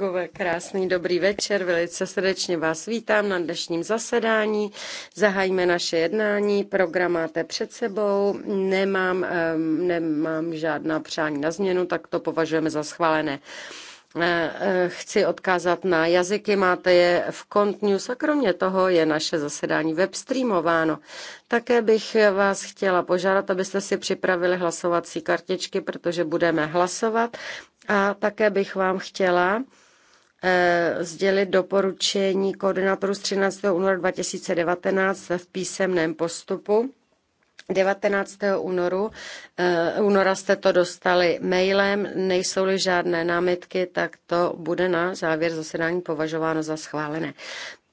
kolegové, krásný dobrý večer. Velice srdečně vás vítám na dnešním zasedání. Zahajíme naše jednání. Program máte před sebou. Nemám, nemám žádná přání na změnu, tak to považujeme za schválené. E, e, chci odkázat na jazyky, máte je v Cont News a kromě toho je naše zasedání webstreamováno. Také bych vás chtěla požádat, abyste si připravili hlasovací kartičky, protože budeme hlasovat. A také bych vám chtěla Eh, sdělit doporučení koordinátorů z 13. února 2019 v písemném postupu. 19. únoru, eh, února jste to dostali mailem, nejsou-li žádné námitky, tak to bude na závěr zasedání považováno za schválené.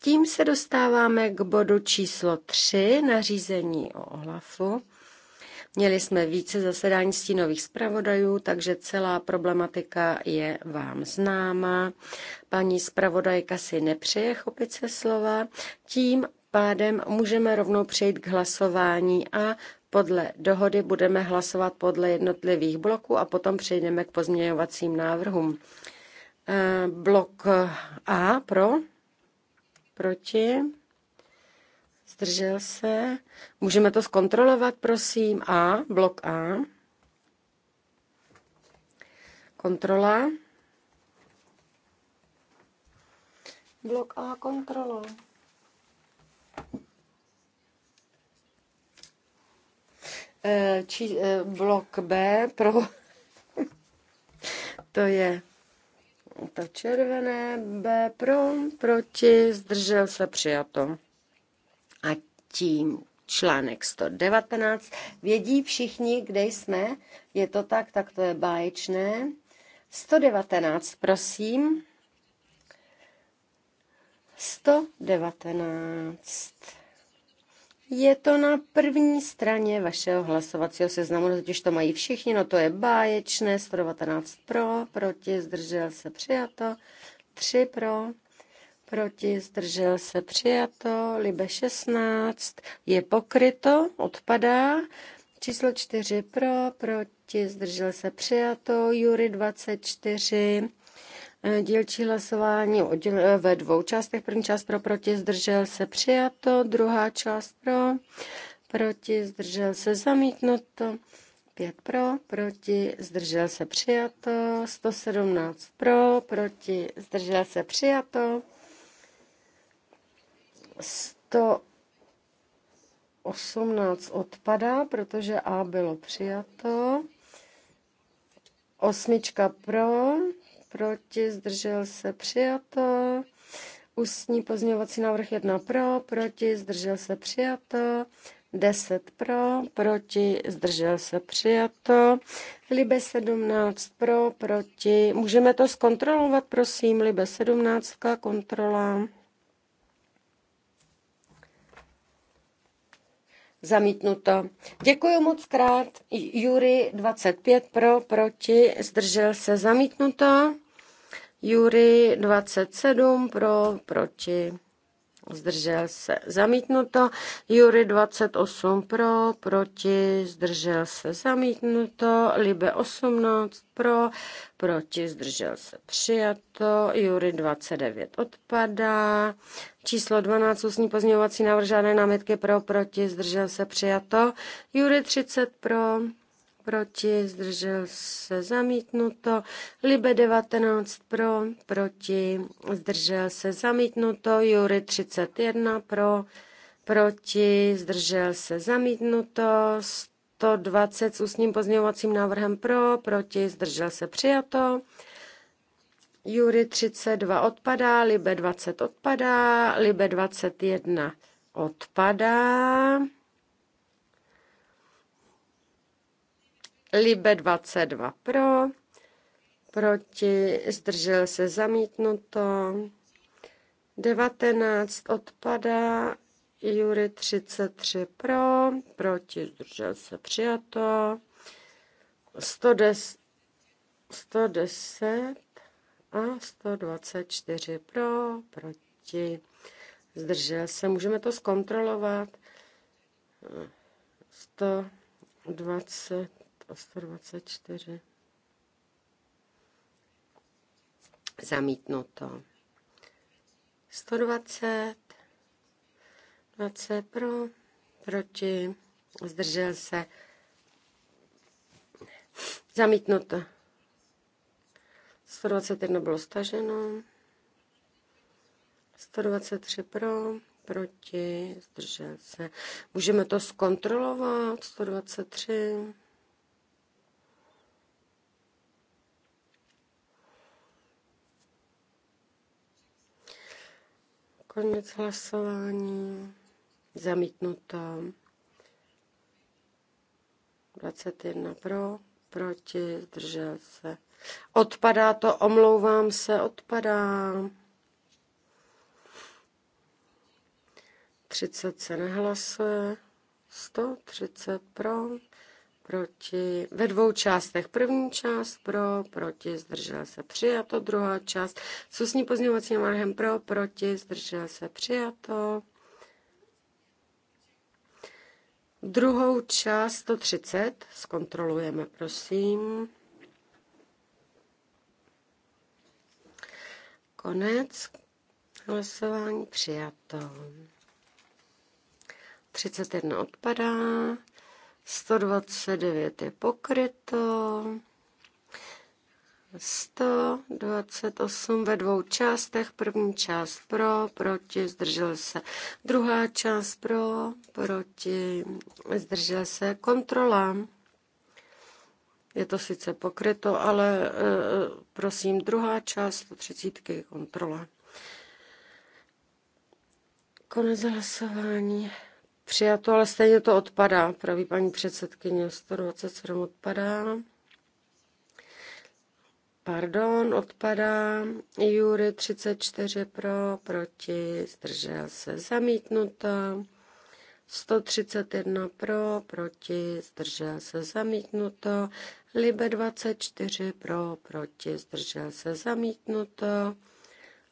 Tím se dostáváme k bodu číslo 3, nařízení o OLAFu. Měli jsme více zasedání stínových zpravodajů, takže celá problematika je vám známa. Paní zpravodajka si nepřeje chopit se slova, tím pádem můžeme rovnou přejít k hlasování a podle dohody budeme hlasovat podle jednotlivých bloků a potom přejdeme k pozměňovacím návrhům. Eh, blok A pro, proti, zdržel se. Můžeme to zkontrolovat, prosím. A, blok A. Kontrola. Blok A, kontrola. Eh, či, eh, blok B pro... to je to červené B pro, proti, zdržel se, přijato tím článek 119. Vědí všichni, kde jsme? Je to tak, tak to je báječné. 119, prosím. 119. Je to na první straně vašeho hlasovacího seznamu, totiž to mají všichni, no to je báječné, 119 pro, proti, zdržel se přijato, 3 pro, proti, zdržel se přijato, Libe 16 je pokryto, odpadá, číslo 4 pro, proti, zdržel se přijato, Jury 24, eh, dílčí hlasování eh, ve dvou částech, první část pro, proti, zdržel se přijato, druhá část pro, proti, zdržel se zamítnuto, 5 pro, proti, zdržel se přijato, 117 pro, proti, zdržel se přijato. 118 odpadá, protože A bylo přijato. Osmička pro, proti, zdržel se přijato. Ústní pozměňovací návrh 1 pro, proti, zdržel se přijato. 10 pro, proti, zdržel se přijato. Libe 17 pro, proti. Můžeme to zkontrolovat, prosím, Libe 17, kontrola. Zamítnuto. Děkuji moc krát. Jury 25 pro, proti, zdržel se zamítnuto. Jury 27 pro, proti, zdržel se zamítnuto, Jury 28 pro, proti, zdržel se zamítnuto, Libe 18 pro, proti, zdržel se přijato, Jury 29 odpadá, číslo 12 ústní pozměňovací návrh žádné námitky pro, proti, zdržel se přijato, Jury 30 pro, proti, zdržel se zamítnuto. Libe 19 pro, proti, zdržel se zamítnuto. Jury 31 pro, proti, zdržel se zamítnuto. 120 s ústním pozměňovacím návrhem pro, proti, zdržel se přijato. Jury 32 odpadá, Libe 20 odpadá, Libe 21 odpadá. Libe 22 pro, proti, zdržel se zamítnuto, 19 odpadá, Jury 33 pro, proti, zdržel se přijato, 110, 110 a 124 pro, proti, zdržel se, můžeme to zkontrolovat, 120 a 124. Zamítnuto. 120, 20 pro, proti, zdržel se. Zamítnuto. 121 bylo staženo. 123 pro, proti, zdržel se. Můžeme to zkontrolovat. 123. Konec hlasování. Zamítnuto. 21 pro, proti, zdržel se. Odpadá to, omlouvám se, odpadá. 30 se nehlasuje, 130 pro, proti, ve dvou částech. První část pro, proti, zdržel se přijato. Druhá část s ústním pozměňovacím návrhem pro, proti, zdržel se přijato. Druhou část 130 zkontrolujeme, prosím. Konec hlasování přijato. 31 odpadá. 129 je pokryto. 128 ve dvou částech. První část pro, proti, zdržel se. Druhá část pro, proti, zdržel se. Kontrola. Je to sice pokryto, ale e, e, prosím, druhá část 30 kontrola. Konec hlasování. Přijato, ale stejně to odpadá, praví paní předsedkyně. 127 odpadá. Pardon, odpadá. Jury 34 pro, proti, zdržel se zamítnuto. 131 pro, proti, zdržel se zamítnuto. Libe 24 pro, proti, zdržel se zamítnuto.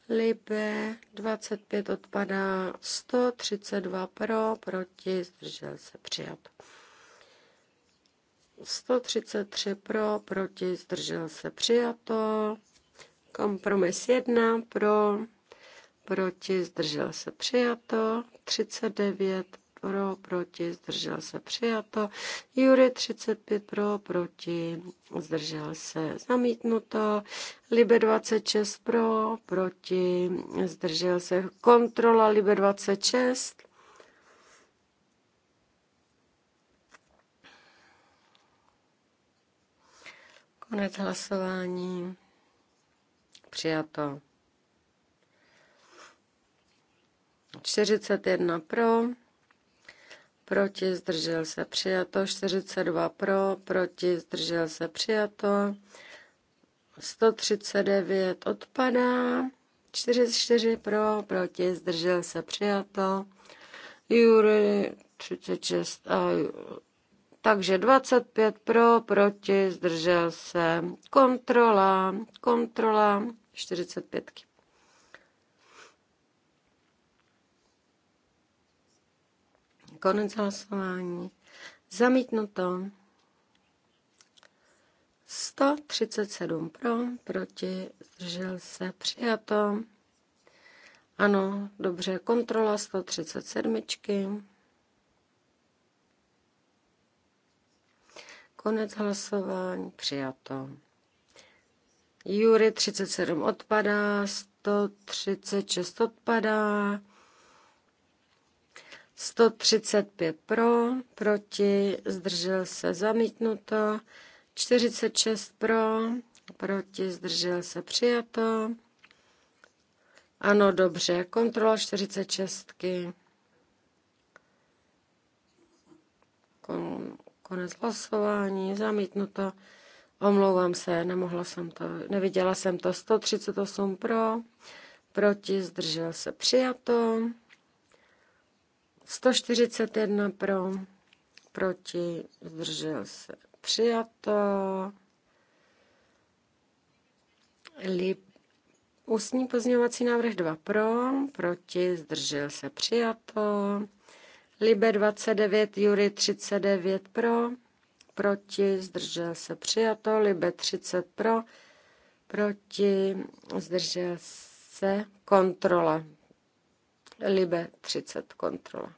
Libe 25 odpadá 132 pro, proti, zdržel se přijat. 133 pro, proti, zdržel se přijato. Kompromis 1 pro, proti, zdržel se přijato. 39 pro, proti, zdržel se přijato. Jury 35 pro, proti, zdržel se zamítnuto. Libe 26 pro, proti, zdržel se kontrola Libe 26. Konec hlasování. Přijato. 41 pro, proti, zdržel se přijato, 42 pro, proti, zdržel se přijato, 139 odpadá, 44 pro, proti, zdržel se přijato, Jury 36 a takže 25 pro, proti, zdržel se, kontrola, kontrola, 45. Konec hlasování. Zamítnuto. 137 pro, proti, zdržel se, přijato. Ano, dobře, kontrola 137. Konec hlasování, přijato. Jury 37 odpadá, 136 odpadá. 135 pro, proti, zdržel se zamítnuto, 46 pro, proti, zdržel se přijato. Ano, dobře, kontrola 46. Kon, konec hlasování, zamítnuto. Omlouvám se, nemohla jsem to, neviděla jsem to. 138 pro, proti, zdržel se přijato. 141 pro, proti, zdržel se, přijato. Lib, ústní pozměňovací návrh 2 pro, proti, zdržel se, přijato. Libe 29, Jury 39 pro, proti, zdržel se, přijato. Libe 30 pro, proti, zdržel se, kontrola. Libe 30 kontrola.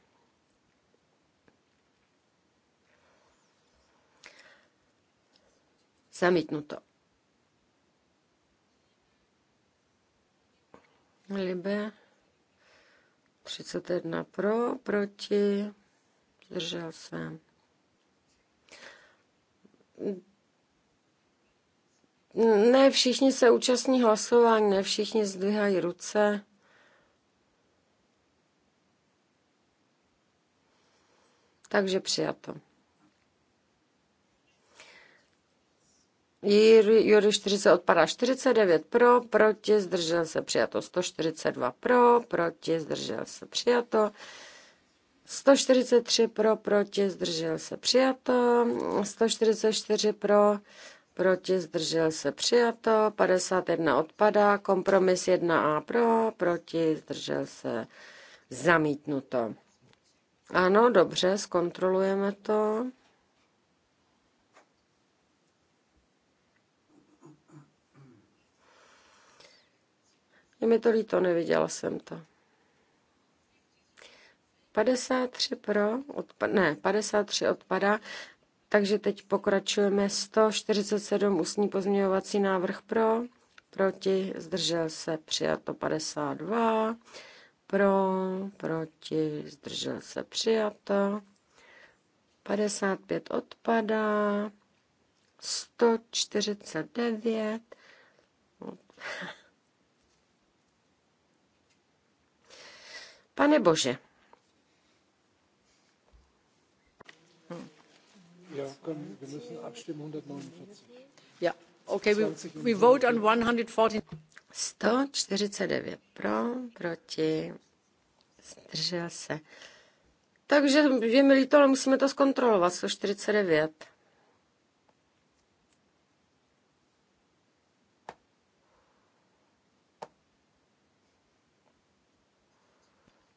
Zamítnuto. Libe 31 pro, proti, zdržel se. Ne všichni se účastní hlasování, ne všichni zdvihají ruce. Takže přijato. Jury 40 odpadá 49 pro, proti, zdržel se přijato 142 pro, proti, zdržel se přijato 143 pro, proti, zdržel se přijato 144 pro, proti, zdržel se přijato 51 odpadá, kompromis 1A pro, proti, zdržel se zamítnuto. Ano, dobře, zkontrolujeme to. Je mi to líto, neviděla jsem to. 53 pro, odpa, ne, 53 odpada. takže teď pokračujeme 147 ústní pozměňovací návrh pro, proti, zdržel se, přijato 52 pro, proti, zdržel se přijato. 55 odpadá. 149. Pane Bože. Ja, komm, wir müssen abstimmen 149. Ja, okay, we, we vote on 149. 149 pro, proti, zdržel se. Takže je mi líto, ale musíme to zkontrolovat. 149.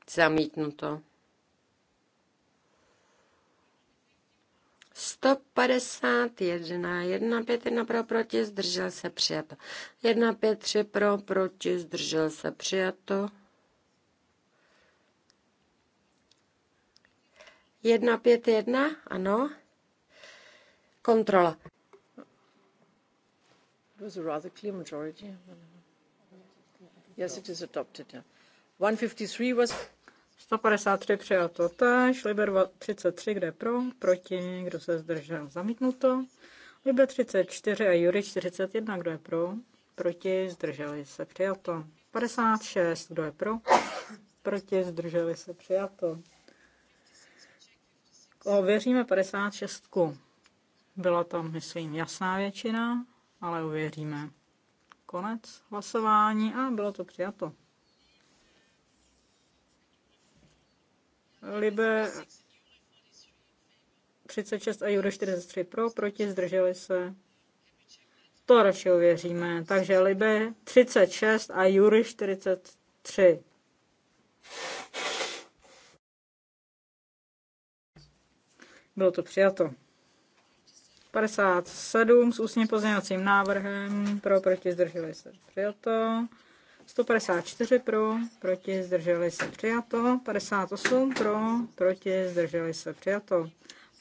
Zamítnuto. 151, 1 pro, proti, zdržel se přijato. 3 pro, proti, zdržel se přijato. 1, ano. Kontrola. It was a rather clear majority. Yes, it is adopted. Yeah. 153 was 153 přijal to tež. Liber 33, kde pro, proti, kdo se zdržel, zamítnuto. Liber 34 a Jury 41, kdo je pro, proti, zdrželi se, přijal to. 56, kdo je pro, proti, zdrželi se, přijal přijato. Ověříme 56. Byla tam, myslím, jasná většina, ale uvěříme. Konec hlasování a bylo to přijato. Libe 36 a Jure 43 pro, proti zdrželi se. To radši uvěříme. Takže Libe 36 a Jury 43. Bylo to přijato. 57 s ústním pozměňovacím návrhem, pro proti zdrželi se přijato. 154 pro, proti zdrželi se přijato, 58 pro, proti zdrželi se přijato.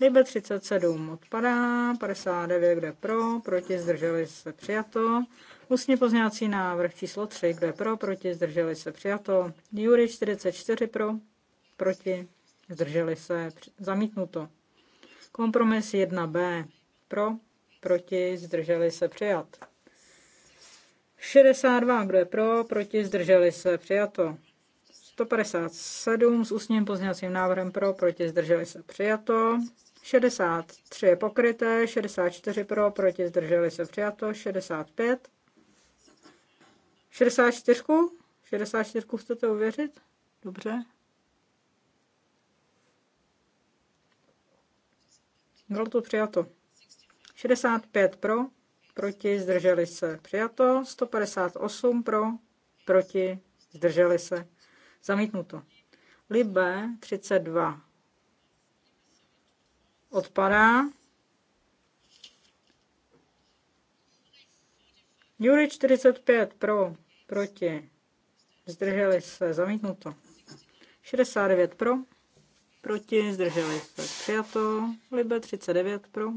Libe 37 odpadá, 59 kde pro, proti zdrželi se přijato. Ústní pozněvací návrh číslo 3 kde pro, proti zdrželi se přijato. Jury 44 pro, proti zdrželi se zamítnuto. Kompromis 1b pro, proti zdrželi se přijat. 62, kdo je pro, proti, zdrželi se, přijato. 157 s ústním pozměňovacím návrhem pro, proti, zdrželi se, přijato. 63 je pokryté, 64 pro, proti, zdrželi se, přijato. 65. 64? 64 chcete uvěřit? Dobře. Bylo to přijato. 65 pro, proti, zdrželi se. Přijato 158 pro, proti, zdrželi se. Zamítnuto. Libe 32 odpadá. Jury 45 pro, proti, zdrželi se, zamítnuto. 69 pro, proti, zdrželi se, přijato. Libe 39 pro,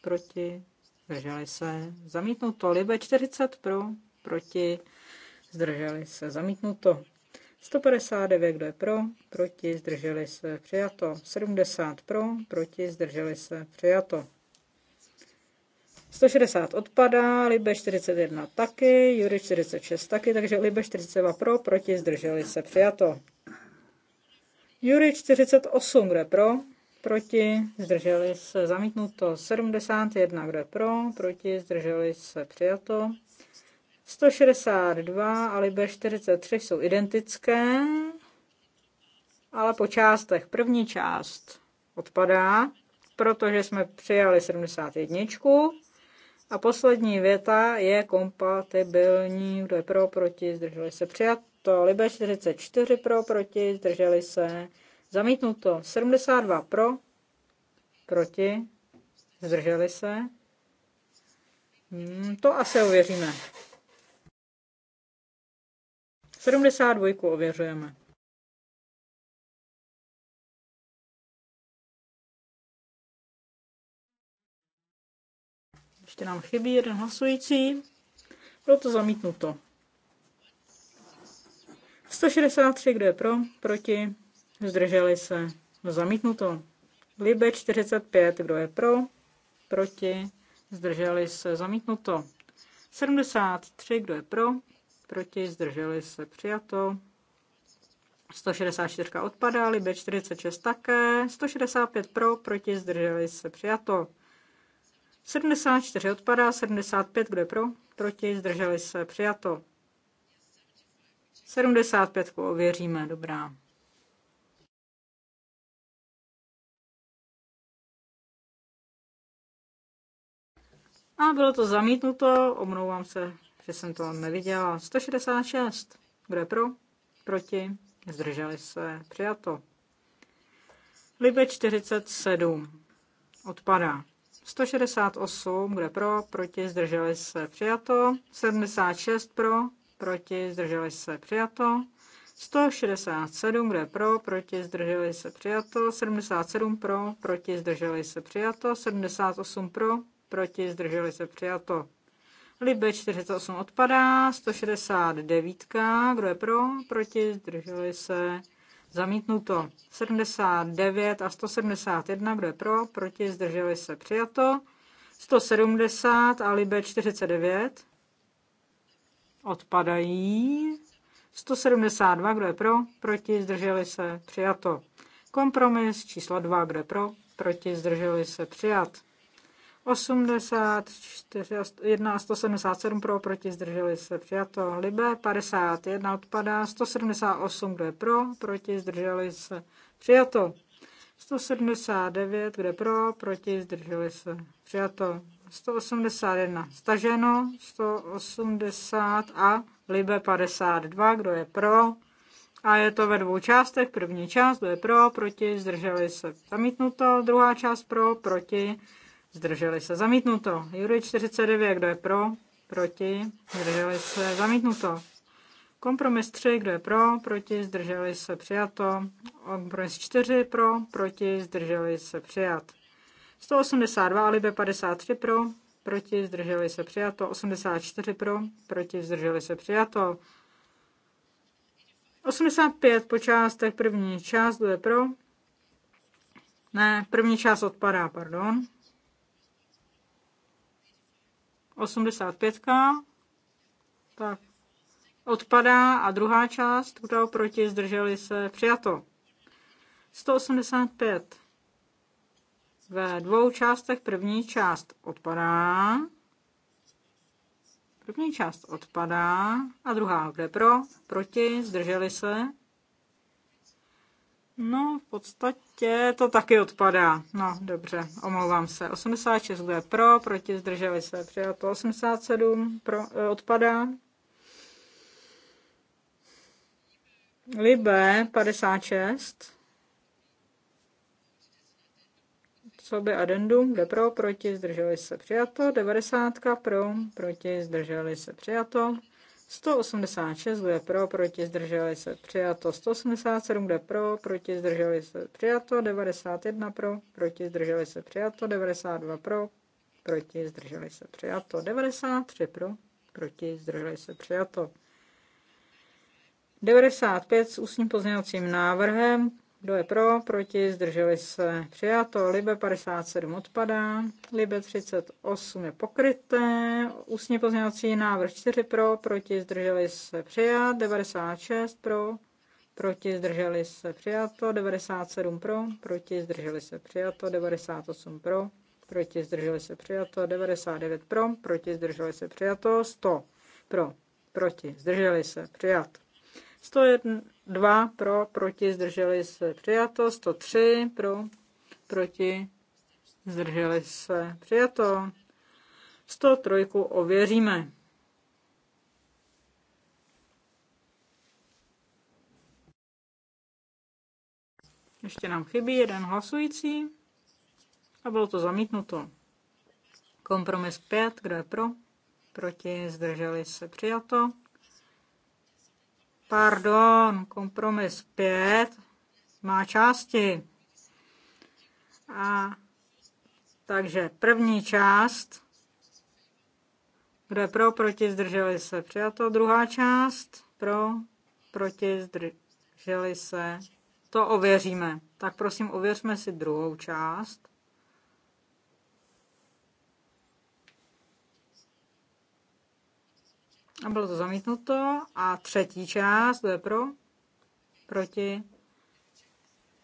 proti, zdrželi se, zamítnuto. Libe 40 pro, proti, zdrželi se, zamítnuto. 159, kdo je pro, proti, zdrželi se, přijato. 70 pro, proti, zdrželi se, přijato. 160 odpadá, Libe 41 taky, Jury 46 taky, takže Libe 42 pro, proti, zdrželi se, přijato. Jury 48, je pro, proti, zdrželi se zamítnuto 71, kdo je pro, proti, zdrželi se přijato. 162 a Libe 43 jsou identické, ale po částech. První část odpadá, protože jsme přijali 71. A poslední věta je kompatibilní, kdo je pro, proti, zdrželi se přijato. Libe 44 pro, proti, zdrželi se Zamítnuto. 72 pro, proti, zdrželi se. Hmm, to asi ověříme. 72 ověřujeme. Ještě nám chybí jeden hlasující. Bylo to zamítnuto. 163, kdo je pro, proti, Zdrželi se. No, zamítnuto. Libe 45, kdo je pro? Proti. Zdrželi se. Zamítnuto. 73, kdo je pro? Proti. Zdrželi se. Přijato. 164 odpadá, Libe 46 také. 165 pro, proti. Zdrželi se. Přijato. 74 odpadá, 75 kdo je pro? Proti. Zdrželi se. Přijato. 75 ověříme, dobrá. A bylo to zamítnuto, omlouvám se, že jsem to neviděla. 166. Kdo je pro? Proti? Zdrželi se. Přijato. Libe 47. Odpadá. 168. Kdo je pro? Proti? Zdrželi se. Přijato. 76 pro? Proti? Zdrželi se. Přijato. 167, je pro, proti, zdrželi se přijato, 77 pro, proti, zdrželi se přijato, 78 pro, proti, zdrželi se přijato. Libe 48 odpadá, 169, kdo je pro, proti, zdrželi se zamítnuto. 79 a 171, kdo je pro, proti, zdrželi se přijato. 170 a Libe 49 odpadají. 172, kdo je pro, proti, zdrželi se přijato. Kompromis číslo 2, kdo je pro, proti, zdrželi se přijat. 84 1 177 pro, proti zdrželi se přijato. Libe 51 odpadá, 178 kdo je pro, proti zdrželi se přijato. 179 kde pro, proti zdrželi se přijato. 181 staženo, 180 a Libe 52, kdo je pro. A je to ve dvou částech. První část, kdo je pro, proti, zdrželi se zamítnuto. Druhá část pro, proti, zdrželi se, zamítnuto. Jury 49, kdo je pro, proti, zdrželi se, zamítnuto. Kompromis 3, kdo je pro, proti, zdrželi se, přijato. Kompromis 4, pro, proti, zdrželi se, přijat. 182, Alibe 53 pro, proti, zdrželi se, přijato. 84 pro, proti, zdrželi se, přijato. 85 po částech, první část, kdo je pro? Ne, první část odpadá, pardon. 85. Tak odpadá a druhá část, kdo proti, zdrželi se, přijato. 185. Ve dvou částech první část odpadá. První část odpadá a druhá, kde pro, proti, zdrželi se, No, v podstatě to taky odpadá. No, dobře, omlouvám se. 86 bude pro, proti zdrželi se. Přijato 87 pro, eh, odpadá. Libe 56. Co by addendum? kde pro, proti, zdrželi se přijato. 90 pro, proti, zdrželi se přijato. 186, kdo je pro, proti, zdrželi se, přijato. 187, kdo je pro, proti, zdrželi se, přijato. 91 pro, proti, zdrželi se, přijato. 92 pro, proti, zdrželi se, přijato. 93 pro, proti, zdrželi se, přijato. 95 s ústním pozměňovacím návrhem kdo je pro, proti, zdrželi se, přijato. Libe 57 odpadá, Libe 38 je pokryté, ústní pozměňovací návrh 4 pro, proti, zdrželi se, přijat. 96 pro, proti, zdrželi se, přijato. 97 pro, proti, zdrželi se, přijato. 98 pro, proti, zdrželi se, přijato. 99 pro, proti, zdrželi se, přijato. 100 pro, proti, zdrželi se, přijat. 101 2 pro, proti, zdrželi se přijato, 103 pro, proti, zdrželi se přijato, 103 ověříme. Ještě nám chybí jeden hlasující a bylo to zamítnuto. Kompromis 5, kdo je pro? Proti, zdrželi se přijato. Pardon, kompromis 5 má části. A takže první část, kde pro, proti, zdrželi se, přijato. Druhá část, pro, proti, zdrželi se, to ověříme. Tak prosím, ověřme si druhou část. A bylo to zamítnuto. A třetí část, to je pro? Proti?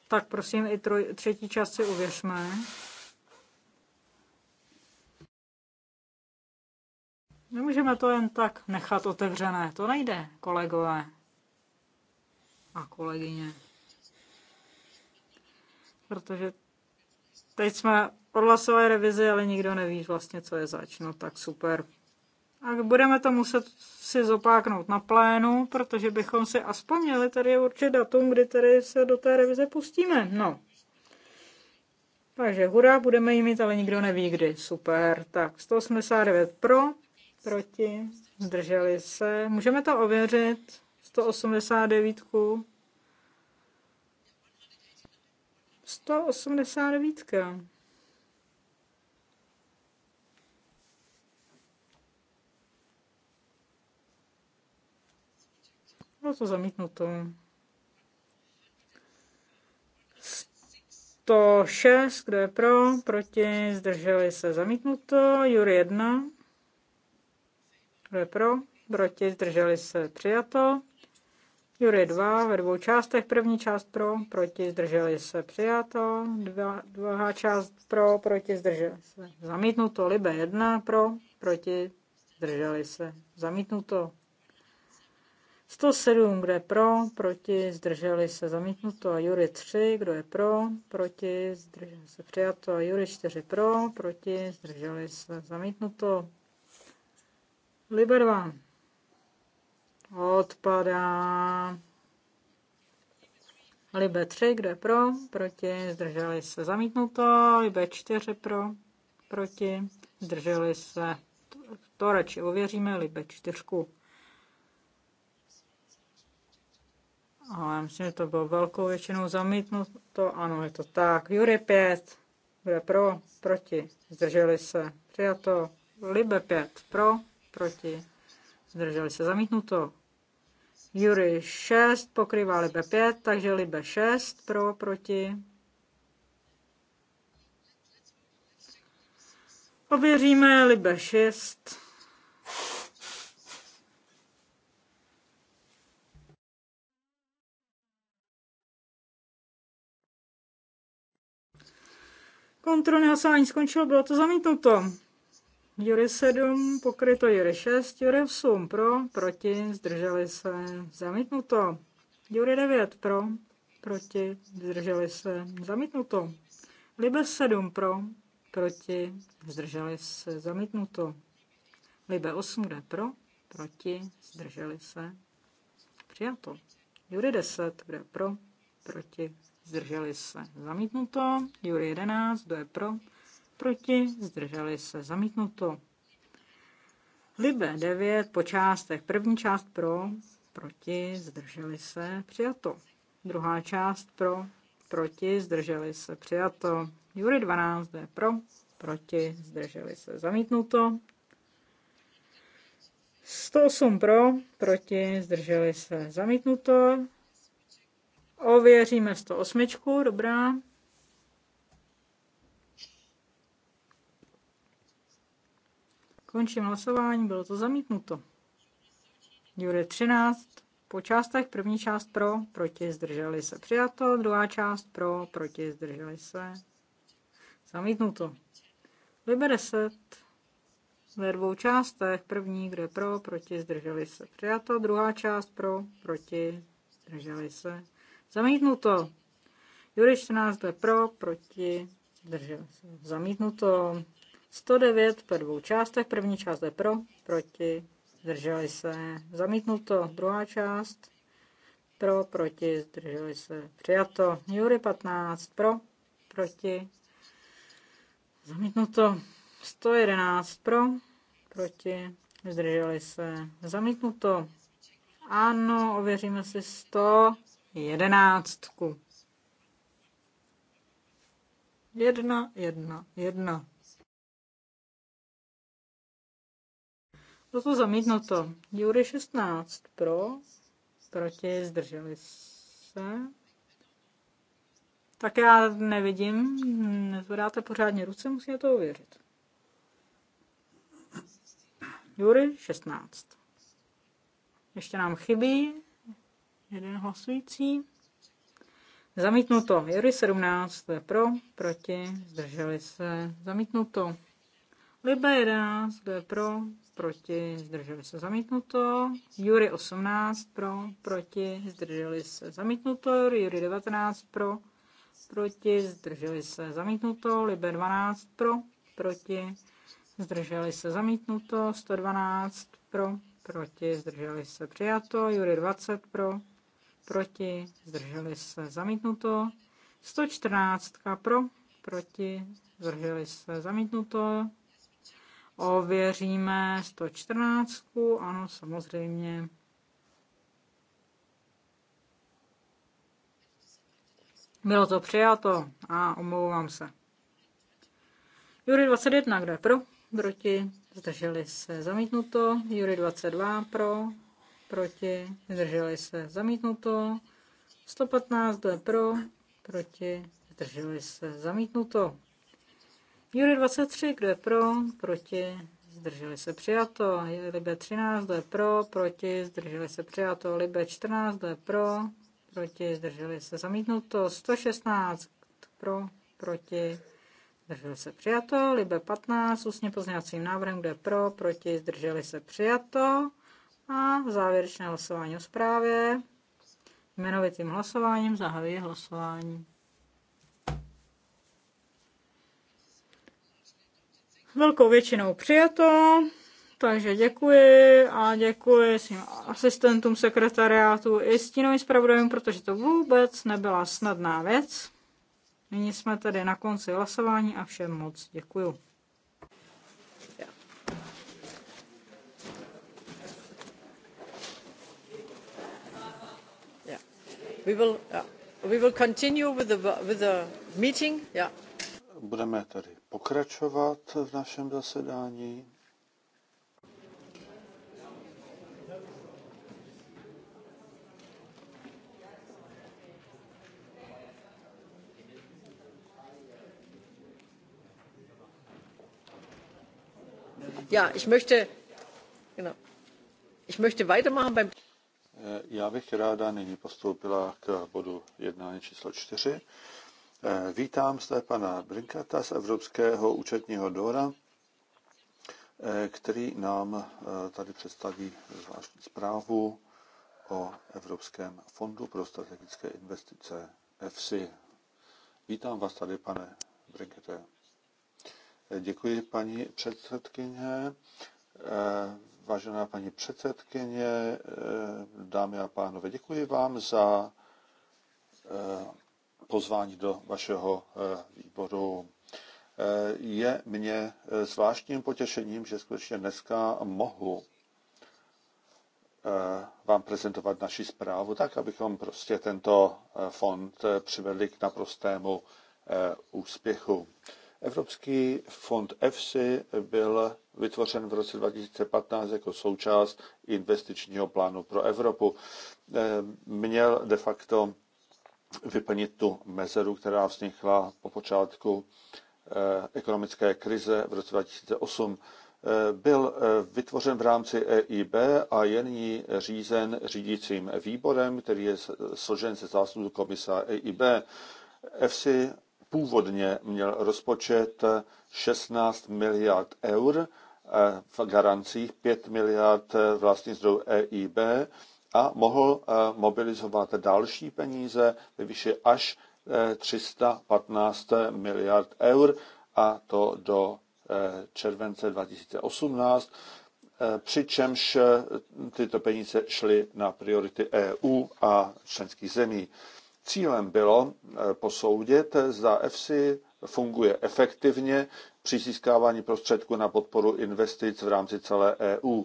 Tak prosím, i troj, třetí část si uvěřme. Nemůžeme to jen tak nechat otevřené. To nejde, kolegové a kolegyně. Protože teď jsme odhlasovali revizi, ale nikdo neví vlastně, co je začno. tak super, a budeme to muset si zopáknout na plénu, protože bychom si aspoň měli tady určit datum, kdy tady se do té revize pustíme. No. Takže hurá, budeme ji mít, ale nikdo neví kdy. Super. Tak 189 pro, proti, zdrželi se. Můžeme to ověřit. 189. 189. Bylo to zamítnuto. 106, kdo je pro, proti, zdrželi se zamítnuto. Jury 1, kdo je pro, proti, zdrželi se přijato. Jury 2 ve dvou částech. První část pro, proti, zdrželi se přijato. Dva, druhá část pro, proti, zdrželi se zamítnuto. Libe 1 pro, proti, zdrželi se zamítnuto. 107, kdo je pro, proti, zdrželi se zamítnuto a Jury 3, kdo je pro, proti, zdrželi se přijato a Jury 4 pro, proti, zdrželi se zamítnuto. Liber 2 odpadá. Libe 3, kdo je pro, proti, zdrželi se zamítnuto, Libe 4 pro, proti, zdrželi se, to, to radši ověříme, Libe 4. Ale myslím, že to bylo velkou většinou zamítnuto. Ano, je to tak. Jury 5. Bude pro, proti. Zdrželi se. Přijato. Libe 5. Pro, proti. Zdrželi se. Zamítnuto. Jury 6 pokrývá Libe 5, takže Libe 6 pro, proti. Ověříme Libe 6. Kontrolní hlasování skončilo, bylo to zamítnuto. Jury 7, pokryto Jury 6, Jury 8 pro, proti, zdrželi se, zamítnuto. Jury 9 pro, proti, zdrželi se, zamítnuto. Libe 7 pro, proti, zdrželi se, zamítnuto. Libe 8 kde pro, proti, zdrželi se, přijato. Jury 10 kde pro, proti, zdrželi se, zamítnuto. Jury 11, kdo je pro, proti, zdrželi se, zamítnuto. Libe 9 po částech. První část pro, proti, zdrželi se, přijato. Druhá část pro, proti, zdrželi se, přijato. Jury 12, kdo je pro, proti, zdrželi se, zamítnuto. 108 pro, proti, zdrželi se, zamítnuto. Ověříme 108, dobrá. Končím hlasování, bylo to zamítnuto. Jury 13, po částech první část pro, proti zdrželi se přijato, druhá část pro, proti zdrželi se zamítnuto. Liber 10, ve dvou částech, první, kde pro, proti zdrželi se přijato, druhá část pro, proti zdrželi se Zamítnuto. Jury 14 bude pro, proti, zdržel se. Zamítnuto. 109 po dvou částech. První část je pro, proti, zdrželi se. Zamítnuto. Druhá část pro, proti, zdrželi se. Přijato. Jury 15 pro, proti, zamítnuto. 111 pro, proti, zdrželi se. Zamítnuto. Ano, ověříme si 100 jedenáctku. Jedna, jedna, jedna. Toto to zamítnuto. Jury 16 pro, proti, zdrželi se. Tak já nevidím, nezvedáte pořádně ruce, musíte to ověřit. Jury 16. Ještě nám chybí Jeden hlasující. Zamítnuto. Jury 17 to je pro, proti, zdrželi se. Zamítnuto. Liba 11 to je pro, proti, zdrželi se. Zamítnuto. Jury 18 pro, proti, zdrželi se. Zamítnuto. Jury 19 pro, proti, zdrželi se. Zamítnuto. Liba 12 pro, proti, zdrželi se. Zamítnuto. 112 pro, proti, zdrželi se. Přijato. Jury 20 pro, proti, zdrželi se zamítnuto. 114 pro, proti, zdrželi se zamítnuto. Ověříme 114, ano, samozřejmě. Bylo to přijato a omlouvám se. Jury 21, kde pro, proti, zdrželi se zamítnuto. Jury 22 pro, proti, zdrželi se, zamítnuto. 115, kdo je pro, proti, zdrželi se, zamítnuto. Jury 23, kdo je pro, proti, zdrželi se, přijato. Libe 13, kdo je pro, proti, zdrželi se, přijato. Libe 14, kdo je pro, proti, zdrželi se, zamítnuto. 116, pro, proti, zdrželi se, přijato. Libe 15, ústně pozněvacím návrhem, kdo je pro, proti, zdrželi se, přijato. A závěrečné hlasování o zprávě. Jmenovitým hlasováním zahajuji hlasování. Velkou většinou přijato, takže děkuji a děkuji svým asistentům sekretariátu i stínovým zpravodajům, protože to vůbec nebyla snadná věc. Nyní jsme tedy na konci hlasování a všem moc děkuji. Budeme tady pokračovat v našem zasedání. Ja, ich möchte, genau, ich möchte weitermachen beim Eh, já bych ráda nyní postoupila k bodu jednání číslo 4. Eh, vítám zde pana Brinkata z Evropského účetního dvora, eh, který nám tady představí zvláštní zprávu o Evropském fondu pro strategické investice EFSI. Vítám vás tady, pane Brinkete. Děkuji, paní předsedkyně. Vážená paní předsedkyně, eh, dámy a pánové, děkuji vám za eh, pozvání do vašeho eh, výboru. Je mně zvláštním potěšením, že skutečně dneska mohu vám prezentovat naši zprávu tak, abychom prostě tento fond přivedli k naprostému úspěchu. Evropský fond EFSI byl vytvořen v roce 2015 jako součást investičního plánu pro Evropu. Eh, měl de facto vyplnit tu mezeru, která vznikla po počátku eh, ekonomické krize v roce 2008. Eh, byl vytvořen v rámci EIB a je nyní řízen řídícím výborem, který je složen ze zástupců komisa EIB. EFSI Původně měl rozpočet 16 miliard eur, eh, v garancích 5 miliard eh, vlastních zdrojů EIB a mohl eh, mobilizovat další peníze ve výši až 315 miliard eur a to do července 2018, přičemž tyto peníze šly na priority EU a členských zemí. Cílem bylo eh, posoudit, eh, zda EFSI funguje efektivně při získávání prostředků na podporu investic v rámci celé EU.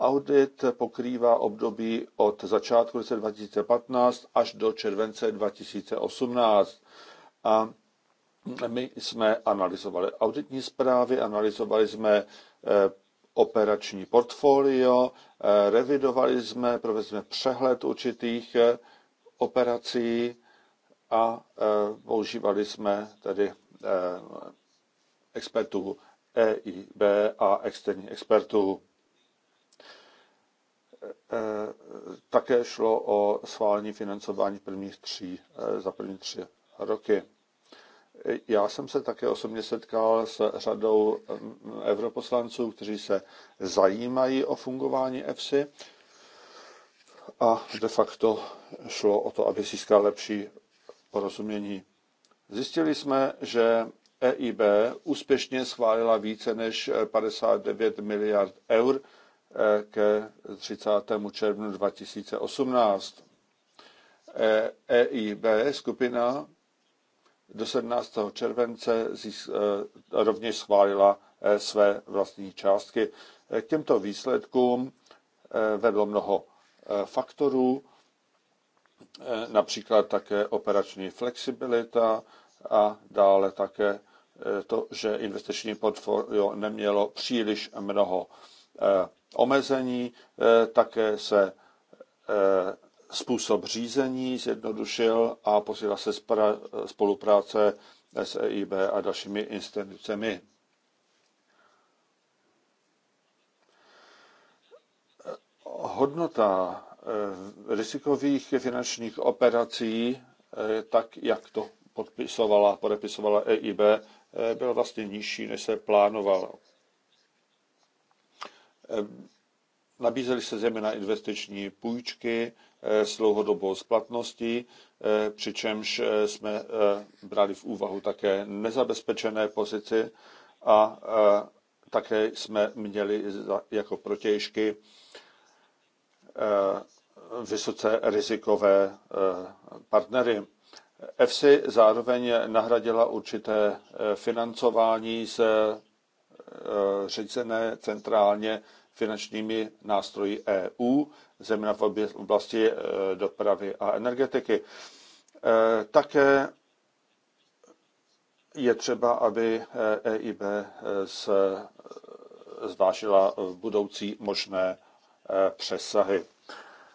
Audit pokrývá období od začátku roce 2015 až do července 2018. A my jsme analyzovali auditní zprávy, analyzovali jsme eh, operační portfolio, revidovali jsme, provedli jsme přehled určitých operací a e, používali jsme tedy e, expertů EIB a externí expertů. E, také šlo o schválení financování prvních tří, za první tři roky. Já jsem se také osobně setkal s řadou europoslanců, kteří se zajímají o fungování EFSI a de facto šlo o to, aby získal lepší porozumění. Zjistili jsme, že EIB úspěšně schválila více než 59 miliard eur eh, ke 30. červnu 2018. EIB eh, e skupina do 17. července eh, rovněž schválila své vlastní částky. K těmto výsledkům vedlo mnoho Eh, faktorů, eh, například také operační flexibilita a dále také eh, to, že investiční portfolio nemělo příliš mnoho omezení, také se způsob řízení zjednodušil a posílila se spolupráce s EIB a dalšími institucemi. hodnota eh, rizikových finančních operací, eh, tak jak to podpisovala, podepisovala EIB, eh, byla vlastně nižší, než se plánovalo. Nabízely se zejména investiční půjčky s dlouhodobou splatností, přičemž jsme brali v úvahu také nezabezpečené pozici a také jsme měli jako protějšky Eh, vysoce rizikové eh, partnery. EFSI zároveň nahradila určité eh, financování z řízené centrálně finančními nástroji EU, zejména v oblasti dopravy a energetiky. Také je třeba, aby EIB e zvážila budoucí možné Eh, přesahy.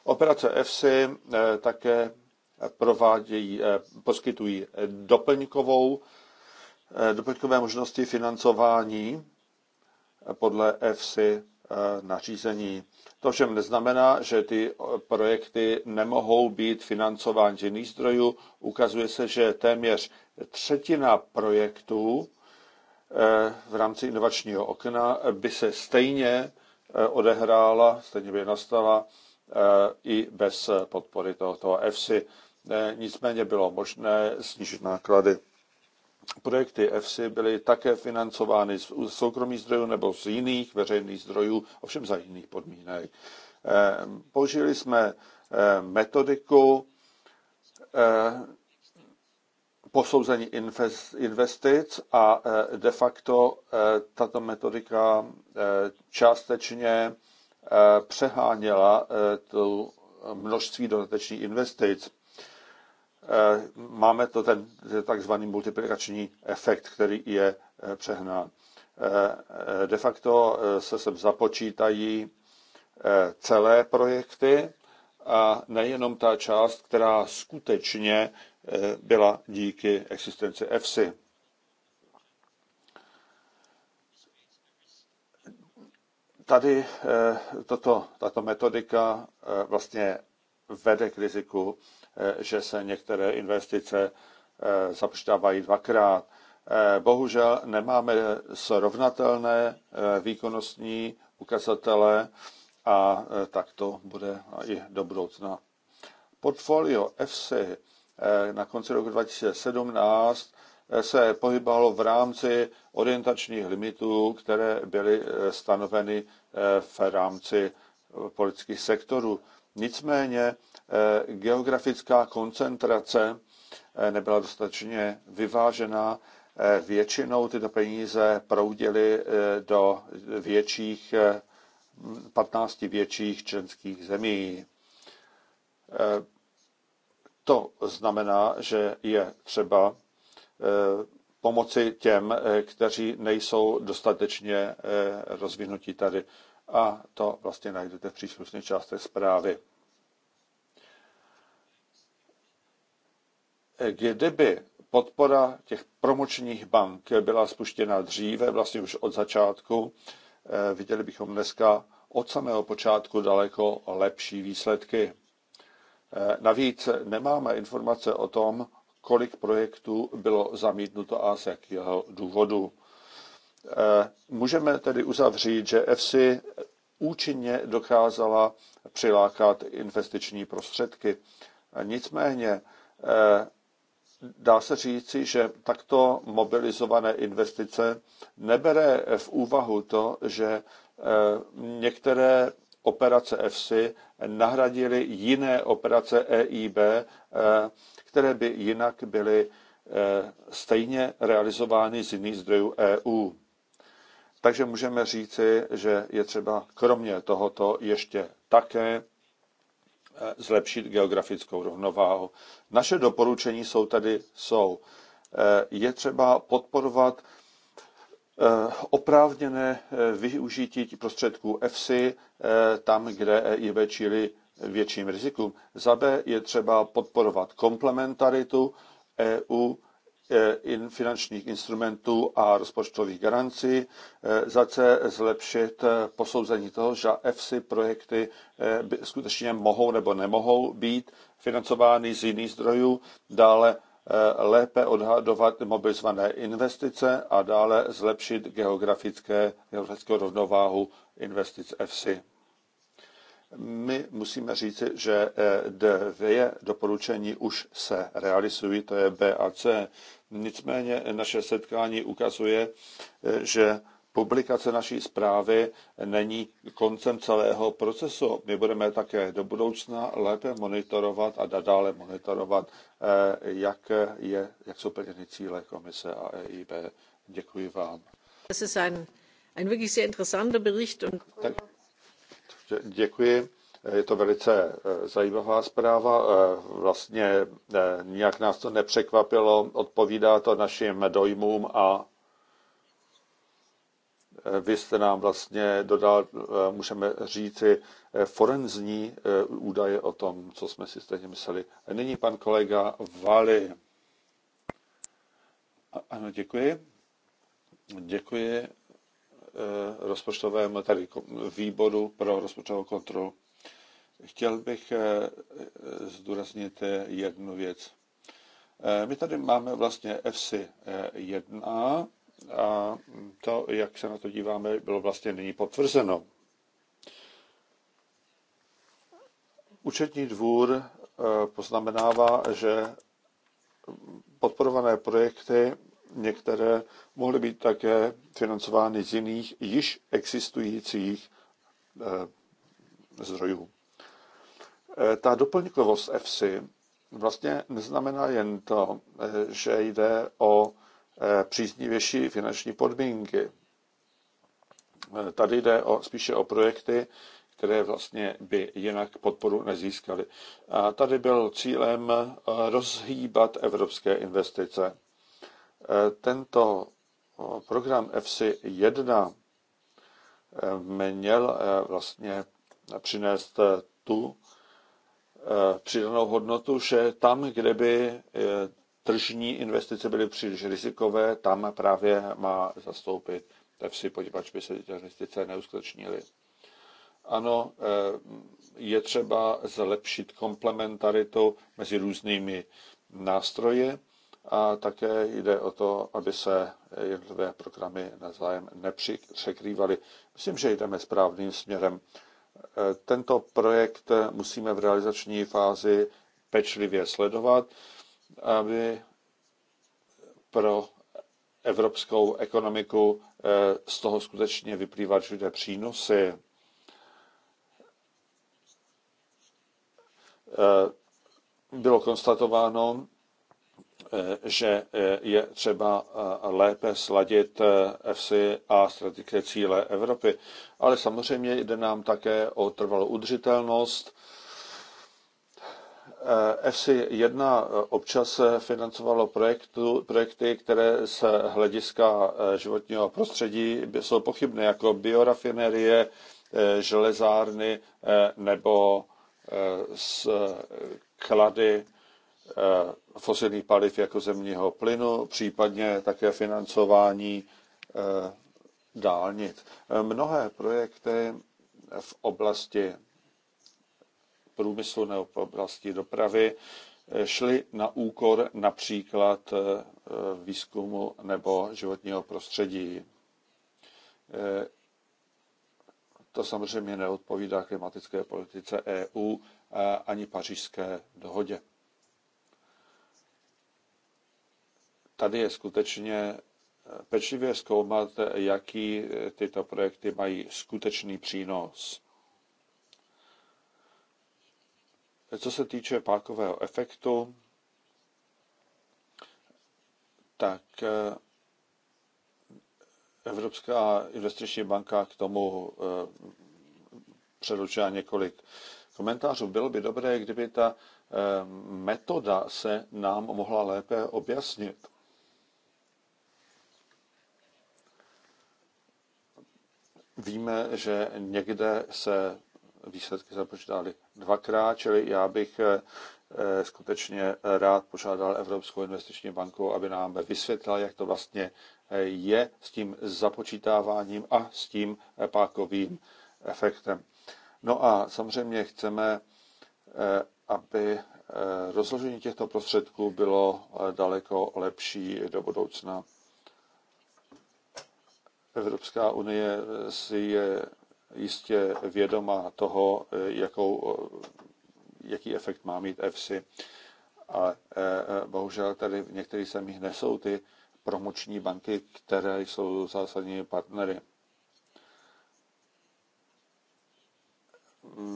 Operace EFSI eh, také provádějí, eh, poskytují doplňkovou, doplňkové možnosti financování podle EFSI nařízení. To všem neznamená, že ty projekty nemohou být financovány z jiných zdrojů. Ukazuje se, že téměř třetina projektů v rámci inovačního okna by se stejně Eh, odehrála, stejně by nastala eh, i bez podpory tohoto EFSI. Eh, nicméně bylo možné snížit náklady. Projekty EFSI byly také financovány z soukromých zdrojů nebo z jiných veřejných zdrojů, ovšem za jiných podmínek. Použili jsme metodiku posouzení investic a eh, de facto eh, tato metodika eh, částečně přeháněla tu množství dodatečných investic. Máme to ten takzvaný multiplikační efekt, který je přehnán. De facto se sem započítají celé projekty a nejenom ta část, která skutečně Eh, byla díky existenci EFSI. Tady eh, toto, tato metodika eh, vlastně vede k riziku, že se některé investice započítávají dvakrát. Bohužel nemáme srovnatelné výkonnostní ukazatele a tak to bude i do budoucna. Portfolio FC. Eh, na konci roku 2017 eh, se pohybovalo v rámci orientačních limitů, které byly eh, stanoveny v rámci politických sektorů. Nicméně geografická koncentrace nebyla dostatečně vyvážená. Většinou tyto peníze proudily do větších, 15 větších členských zemí. To znamená, že je třeba eh, pomoci těm, eh, kteří nejsou dostatečně eh, rozvinutí tady. A to vlastně najdete v příslušné části zprávy. Kdyby podpora těch promočních bank byla spuštěna dříve, vlastně už od začátku, viděli bychom dneska od samého počátku daleko lepší výsledky. Eh, navíc nemáme informace o tom, kolik projektů bylo zamítnuto a z jakého důvodu. Eh, můžeme tedy uzavřít, že EFSI účinně dokázala přilákat investiční prostředky. Eh, nicméně dá se říci, že takto mobilizované investice nebere v úvahu to, že některé operace EFSI nahradily jiné operace EIB, eh, které by jinak byly eh, stejně realizovány z jiných zdrojů EU. Takže můžeme říci, že je třeba kromě tohoto ještě také eh, zlepšit geografickou rovnováhu. Naše doporučení jsou tady jsou. Je třeba podporovat Eh, oprávněné eh, využití prostředků EFSI eh, tam, kde ve čili větším rizikům. Za B je třeba podporovat komplementaritu EU in finančních instrumentů a rozpočtových garancí. Za C zlepšit posouzení toho, že EFSI projekty skutečně mohou nebo nemohou být financovány z jiných zdrojů. Dále Eh, lépe odhadovat mobilizované investice a dále zlepšit geografické, geografickou rovnováhu investic EFSI. My musíme říci, že eh, dvě doporučení už se realizují, to je B a C. Nicméně naše setkání ukazuje, eh, že publikace naší zprávy není koncem celého procesu. My budeme také do budoucna lépe monitorovat a nadále monitorovat, eh, jak, je, jak jsou plněny cíle komise a EIB. Děkuji vám. Tak, děkuji. Je to velice eh, zajímavá zpráva. Eh, vlastně nijak nás to nepřekvapilo, odpovídá to našim dojmům a vy jste nám vlastně dodal, eh, můžeme říci, eh, forenzní eh, údaje o tom, co jsme si stejně mysleli. Nyní pan kolega Vali. Ano, děkuji. Děkuji rozpočtovému tady výboru pro rozpočtovou kontrolu. Chtěl bych zdůraznit jednu věc. My tady máme vlastně FC 1 a to, jak se na to díváme, bylo vlastně nyní potvrzeno. Účetní dvůr eh, poznamenává, že podporované projekty některé mohly být také financovány z jiných již existujících eh, zdrojů. Eh, ta doplňkovost EFSI vlastně neznamená jen to, že jde o Eh, příznivější finanční podmínky. Eh, tady jde o, spíše o projekty, které vlastně by jinak podporu nezískaly. A tady byl cílem eh, rozhýbat evropské investice. Tento program fc 1 měl vlastně přinést tu přidanou hodnotu, že tam, kde by tržní investice byly příliš rizikové, tam právě má zastoupit EFSI, podívat, by se ty investice neuskutečnily. Ano, eh, je třeba zlepšit komplementaritu mezi různými nástroje a také jde o to, aby se jednotlivé programy navzájem nepřekrývaly. Myslím, že jdeme správným směrem. Eh, tento projekt musíme v realizační fázi pečlivě sledovat aby pro evropskou ekonomiku eh, z toho skutečně vyplývat všude přínosy. Eh, bylo konstatováno, eh, že je třeba lépe sladit EFSI a strategické cíle Evropy. Ale samozřejmě jde nám také o trvalou udržitelnost, EFSI eh, 1 eh, občas financovalo projektu, projekty, které z hlediska eh, životního prostředí jsou pochybné, jako biorafinerie, železárny nebo klady fosilních paliv jako zemního plynu, případně také financování dálnic. Mnohé projekty v oblasti průmyslu nebo v oblasti dopravy eh, šly na úkor například eh, výzkumu nebo životního prostředí. Eh, to samozřejmě neodpovídá klimatické politice EU ani pařížské dohodě. Tady je skutečně pečlivě zkoumat, jaký tyto projekty mají skutečný přínos. Co se týče pákového efektu, tak eh, Evropská investiční banka k tomu eh, předložila několik komentářů. Bylo by dobré, kdyby ta eh, metoda se nám mohla lépe objasnit. Víme, že někde se výsledky započítali dvakrát, čili já bych eh, eh, skutečně rád požádal Evropskou investiční banku, aby nám vysvětlila, jak to vlastně eh, je s tím započítáváním a s tím pákovým efektem. No a samozřejmě chceme, aby rozložení těchto prostředků bylo daleko lepší do budoucna. Evropská unie si je jistě vědoma toho, eh, jakou, eh, jaký efekt má mít EFSI. A eh, bohužel tady v některých zemích nesou ty promoční banky, které jsou zásadní partnery.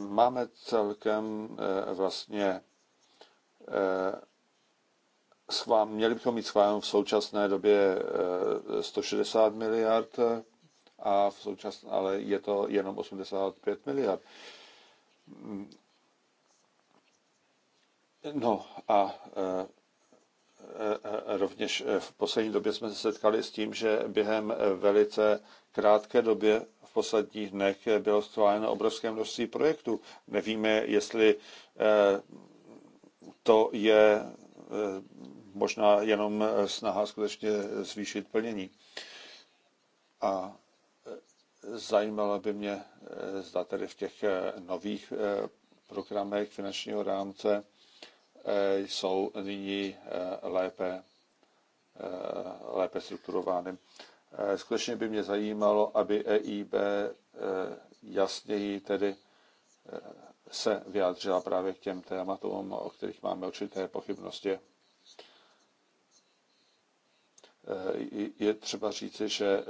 Máme celkem vlastně schvál, měli bychom mít schválen v současné době 160 miliard a v současné, ale je to jenom 85 miliard. Mm. No a e, e, e, rovněž v poslední době jsme se setkali s tím, že během velice krátké době v posledních dnech bylo schváleno obrovské množství projektů. Nevíme, jestli to je možná jenom snaha skutečně zvýšit plnění. A Zajímalo by mě, eh, zda tedy v těch eh, nových eh, programech finančního rámce jsou nyní lépe, lépe strukturovány. Skutečně by mě zajímalo, aby EIB jasněji tedy se vyjádřila právě k těm tématům, o kterých máme určité pochybnosti. Je třeba říci, že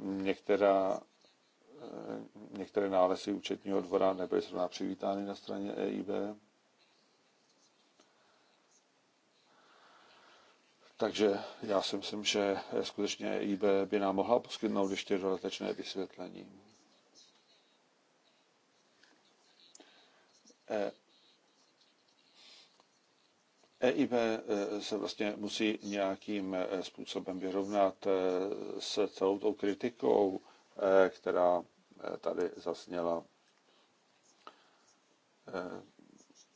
některá, eh, některé nálezy účetního dvora nebyly zrovna přivítány na straně EIB. Takže já si myslím, že eh, skutečně EIB by nám mohla poskytnout ještě dodatečné vysvětlení. Eh, EIB e, se vlastně musí nějakým e, způsobem vyrovnat e, s celou tou kritikou, která tady zasněla.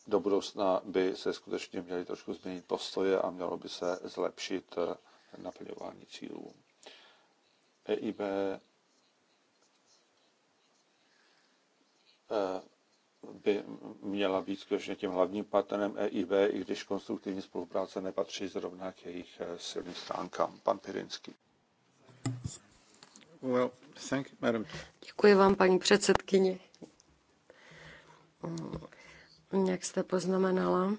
Do budoucna by se skutečně měly trošku změnit postoje a mělo by se zlepšit naplňování cílů. EIB by měla být skutečně tím hlavním partnerem EIB, i když konstruktivní spolupráce nepatří zrovna k jejich eh, silným stránkám. Pan Pirinský. Well, thank you, madam. Děkuji vám, paní předsedkyně. Mm, jak jste poznamenala,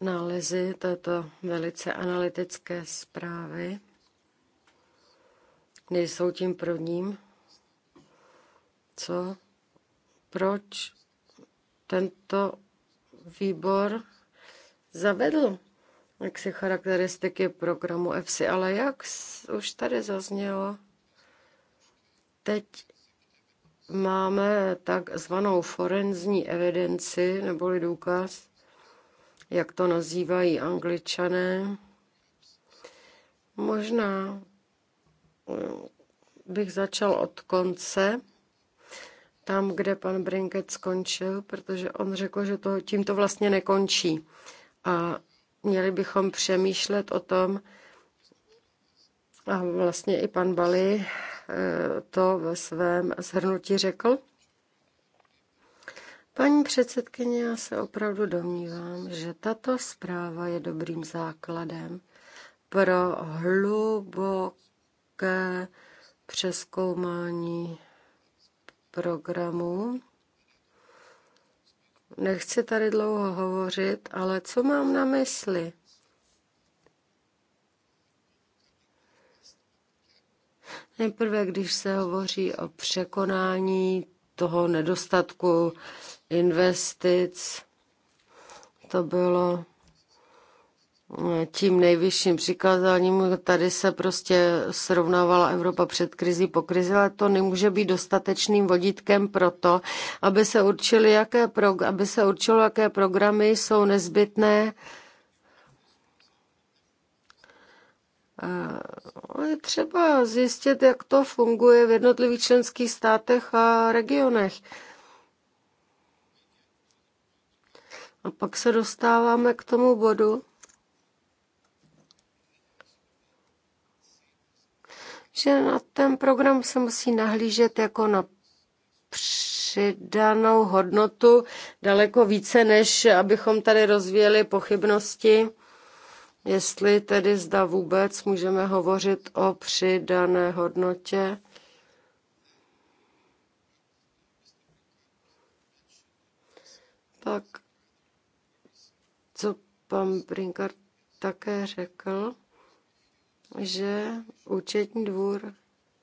nálezy této velice analytické zprávy nejsou tím prvním, co proč tento výbor zavedl jak charakteristiky programu EFSI, ale jak už tady zaznělo, teď máme takzvanou forenzní evidenci neboli důkaz, jak to nazývají angličané. Možná eh, bych začal od konce tam, kde pan Brinket skončil, protože on řekl, že to, tím to vlastně nekončí. A měli bychom přemýšlet o tom, a vlastně i pan Bali eh, to ve svém zhrnutí řekl. Paní předsedkyně, já se opravdu domnívám, že tato zpráva je dobrým základem pro hluboké přeskoumání programu. Nechci tady dlouho hovořit, ale co mám na mysli? Nejprve, když se hovoří o překonání toho nedostatku investic, to bylo tím nejvyšším přikázáním. Tady se prostě srovnávala Evropa před krizí, po krizi, ale to nemůže být dostatečným vodítkem pro to, aby se, určili, jaké prog- aby se určilo, jaké programy jsou nezbytné eh, je třeba zjistit, jak to funguje v jednotlivých členských státech a regionech. A pak se dostáváme k tomu bodu, že na ten program se musí nahlížet jako na přidanou hodnotu daleko více, než abychom tady rozvíjeli pochybnosti, jestli tedy zda vůbec můžeme hovořit o přidané hodnotě. tak co pan Brinkart také řekl, že účetní dvůr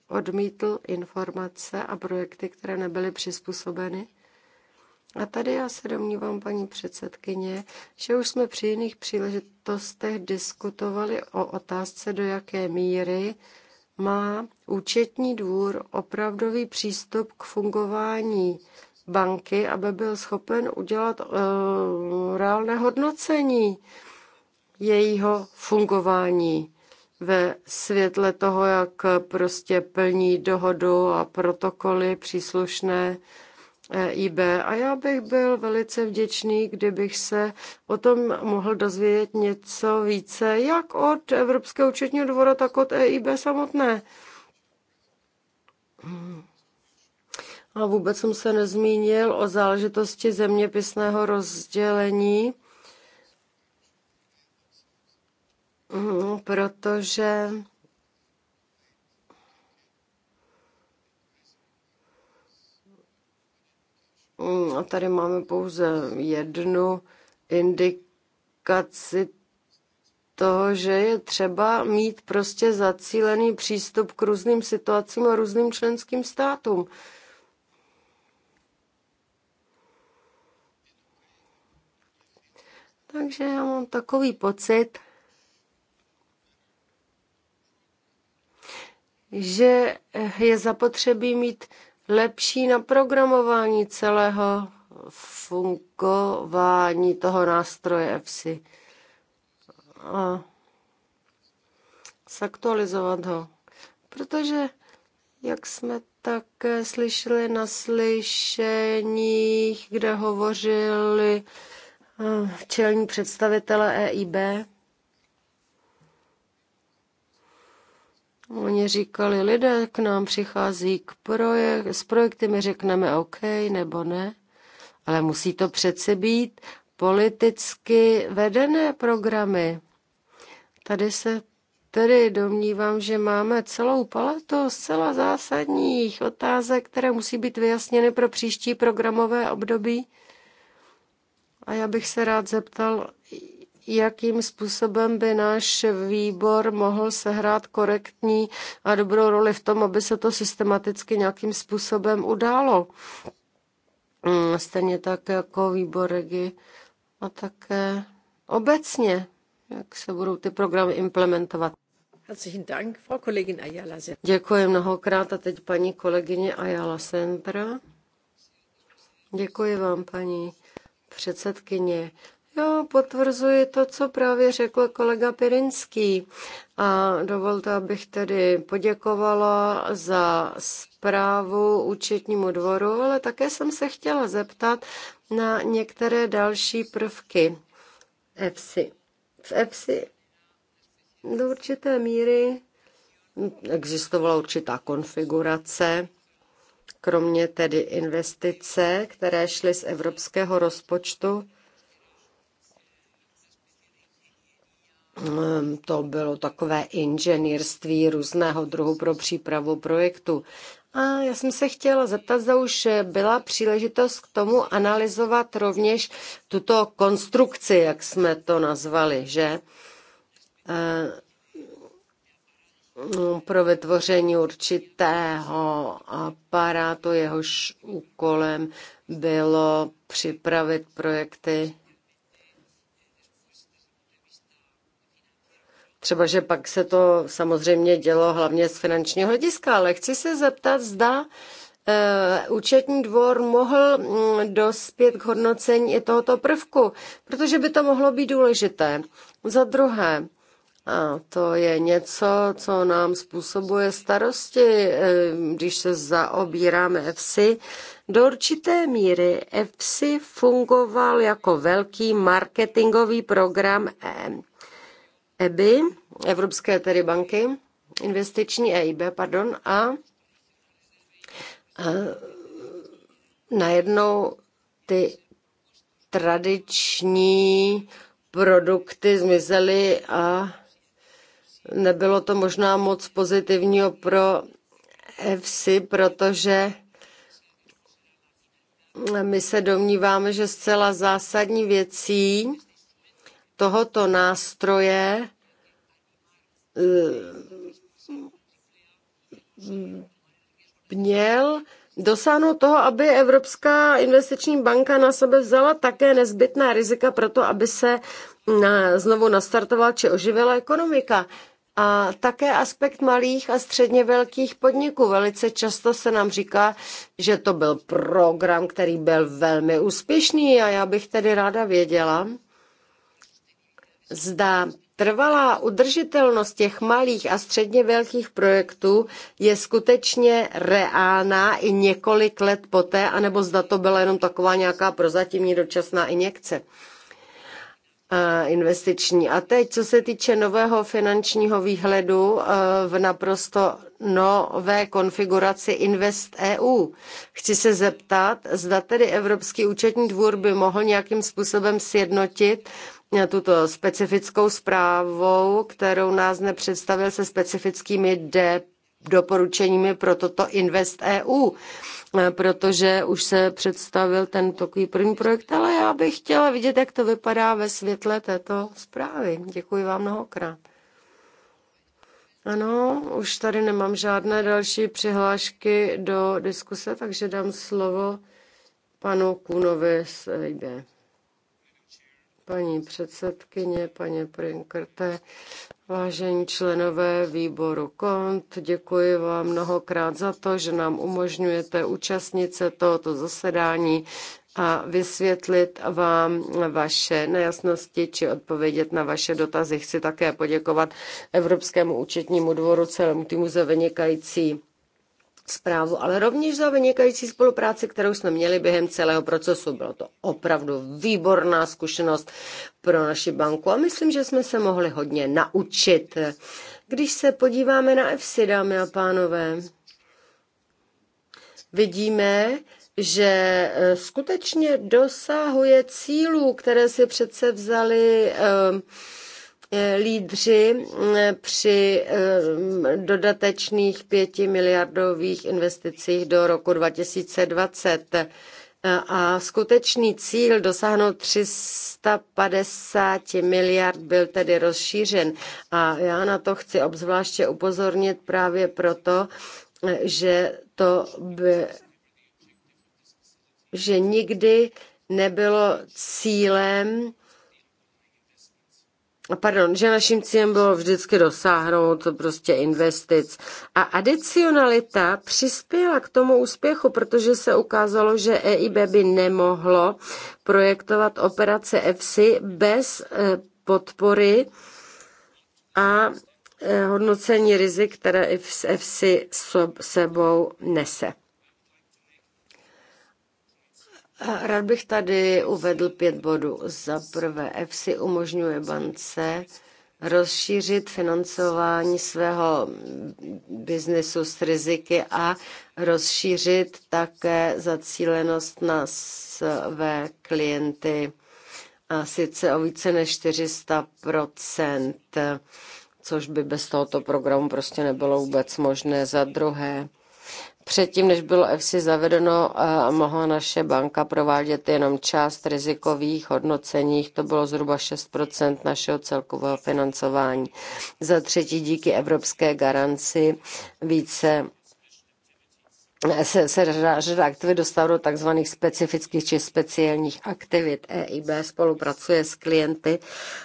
odmítl informace a projekty, které nebyly přizpůsobeny. A tady já se domnívám, paní předsedkyně, že už jsme při jiných příležitostech diskutovali o otázce, do jaké míry má účetní dvůr opravdový přístup k fungování banky, aby byl schopen udělat uh, reálné hodnocení jejího fungování ve světle toho, jak prostě plní dohodu a protokoly příslušné eh, IB. A já bych byl velice vděčný, kdybych se o tom mohl dozvědět něco více, jak od Evropského účetního dvora, tak od EIB samotné. A vůbec jsem se nezmínil o záležitosti zeměpisného rozdělení Mhm, protože mm, A tady máme pouze jednu indikaci toho, že je třeba mít prostě zacílený přístup k různým situacím a různým členským státům. Takže já mám takový pocit, že je zapotřebí mít lepší naprogramování celého fungování toho nástroje EPSI a zaktualizovat ho. Protože, jak jsme také slyšeli na slyšeních, kde hovořili eh, čelní představitele EIB, Oni říkali, lidé k nám přichází k projek- s projekty, my řekneme OK nebo ne, ale musí to přece být politicky vedené programy. Tady se tedy domnívám, že máme celou paletu zcela zásadních otázek, které musí být vyjasněny pro příští programové období. A já bych se rád zeptal jakým způsobem by náš výbor mohl sehrát korektní a dobrou roli v tom, aby se to systematicky nějakým způsobem událo. Mm, stejně tak jako výbor regi a také obecně, jak se budou ty programy implementovat. Děkuji mnohokrát a teď paní kolegyně Ayala Sendra. Děkuji vám, paní předsedkyně. No, potvrzuji to, co právě řekl kolega Pirinský. A dovolte, abych tedy poděkovala za zprávu účetnímu dvoru, ale také jsem se chtěla zeptat na některé další prvky EPSI. V EPSI do určité míry existovala určitá konfigurace, kromě tedy investice, které šly z evropského rozpočtu Mm, to bylo takové inženýrství různého druhu pro přípravu projektu. A já jsem se chtěla zeptat, zda už byla příležitost k tomu analyzovat rovněž tuto konstrukci, jak jsme to nazvali, že eh, pro vytvoření určitého aparátu, jehož úkolem bylo připravit projekty Třeba, že pak se to samozřejmě dělo hlavně z finančního hlediska, ale chci se zeptat, zda eh, účetní dvor mohl mm, dospět k hodnocení i tohoto prvku, protože by to mohlo být důležité. Za druhé, a to je něco, co nám způsobuje starosti, eh, když se zaobíráme EFSI. Do určité míry EFSI fungoval jako velký marketingový program eh, EBI, Evropské tedy banky, investiční EIB, pardon, a, a najednou ty tradiční produkty zmizely a nebylo to možná moc pozitivního pro EFSI, protože my se domníváme, že zcela zásadní věcí tohoto nástroje eh, měl dosáhnout toho, aby Evropská investiční banka na sebe vzala také nezbytná rizika pro to, aby se znovu nastartovala či oživila ekonomika. A také aspekt malých a středně velkých podniků. Velice často se nám říká, že to byl program, který byl velmi úspěšný a já bych tedy ráda věděla, zda trvalá udržitelnost těch malých a středně velkých projektů je skutečně reálná i několik let poté, anebo zda to byla jenom taková nějaká prozatímní dočasná injekce eh, investiční. A teď, co se týče nového finančního výhledu eh, v naprosto nové konfiguraci Invest EU. Chci se zeptat, zda tedy Evropský účetní dvůr by mohl nějakým způsobem sjednotit tuto specifickou zprávou, kterou nás nepředstavil se specifickými D doporučeními pro toto Invest EU, protože už se představil ten takový první projekt, ale já bych chtěla vidět, jak to vypadá ve světle této zprávy. Děkuji vám mnohokrát. Ano, už tady nemám žádné další přihlášky do diskuse, takže dám slovo panu Kůnovi z EIB paní předsedkyně, paní Prinkrte, vážení členové výboru KONT, děkuji vám mnohokrát za to, že nám umožňujete účastnit se tohoto zasedání a vysvětlit vám vaše nejasnosti či odpovědět na vaše dotazy. Chci také poděkovat Evropskému účetnímu dvoru celému týmu za vynikající zprávu, ale rovněž za vynikající spolupráci, kterou jsme měli během celého procesu. Bylo to opravdu výborná zkušenost pro naši banku a myslím, že jsme se mohli hodně naučit. Když se podíváme na EFSI, dámy a pánové, vidíme, že eh, skutečně dosahuje cílů, které si přece vzali eh, Eh, lídři eh, při eh, dodatečných pěti miliardových investicích do roku 2020 a skutečný cíl dosáhnout 350 miliard byl tedy rozšířen. A já na to chci obzvláště upozornit právě proto, že to by, že nikdy nebylo cílem pardon, že naším cílem bylo vždycky dosáhnout prostě investic. A adicionalita přispěla k tomu úspěchu, protože se ukázalo, že EIB by nemohlo projektovat operace EFSI bez eh, podpory a eh, hodnocení rizik, které EFSI sebou nese. Rád bych tady uvedl pět bodů. Za prvé, EFSI umožňuje bance rozšířit financování svého biznesu s riziky a rozšířit také zacílenost na své klienty a sice o více než 400 což by bez tohoto programu prostě nebylo vůbec možné. Za druhé, Předtím, než bylo EFSI zavedeno, eh, mohla naše banka provádět jenom část rizikových hodnocení, to bylo zhruba 6 našeho celkového financování. Za třetí, díky evropské garanci více se, se řada, řada aktivit dostává do tzv. specifických či speciálních aktivit. EIB spolupracuje s klienty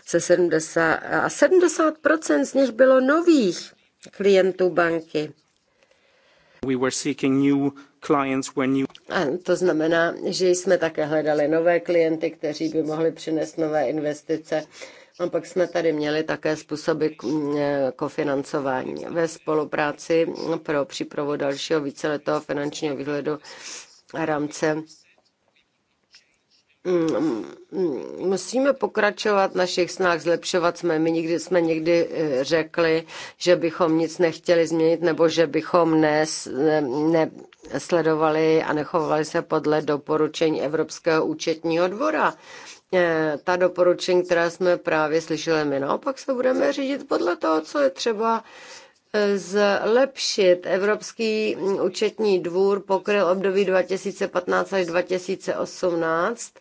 se 70, a 70% z nich bylo nových klientů banky. We were seeking new clients when new... A to znamená, že jsme také hledali nové klienty, kteří by mohli přinést nové investice. A pak jsme tady měli také způsoby mm, e, kofinancování. Ve spolupráci pro přípravu dalšího víceletého finančního výhledu a rámce Mm, mm, musíme pokračovat v našich snách zlepšovat. Jsme, my nikdy, jsme někdy eh, řekli, že bychom nic nechtěli změnit nebo že bychom nes, ne, sledovali a nechovali se podle doporučení Evropského účetního dvora. Eh, ta doporučení, která jsme právě slyšeli, my naopak se budeme řídit podle toho, co je třeba eh, zlepšit. Evropský mm, účetní dvůr pokryl období 2015 až 2018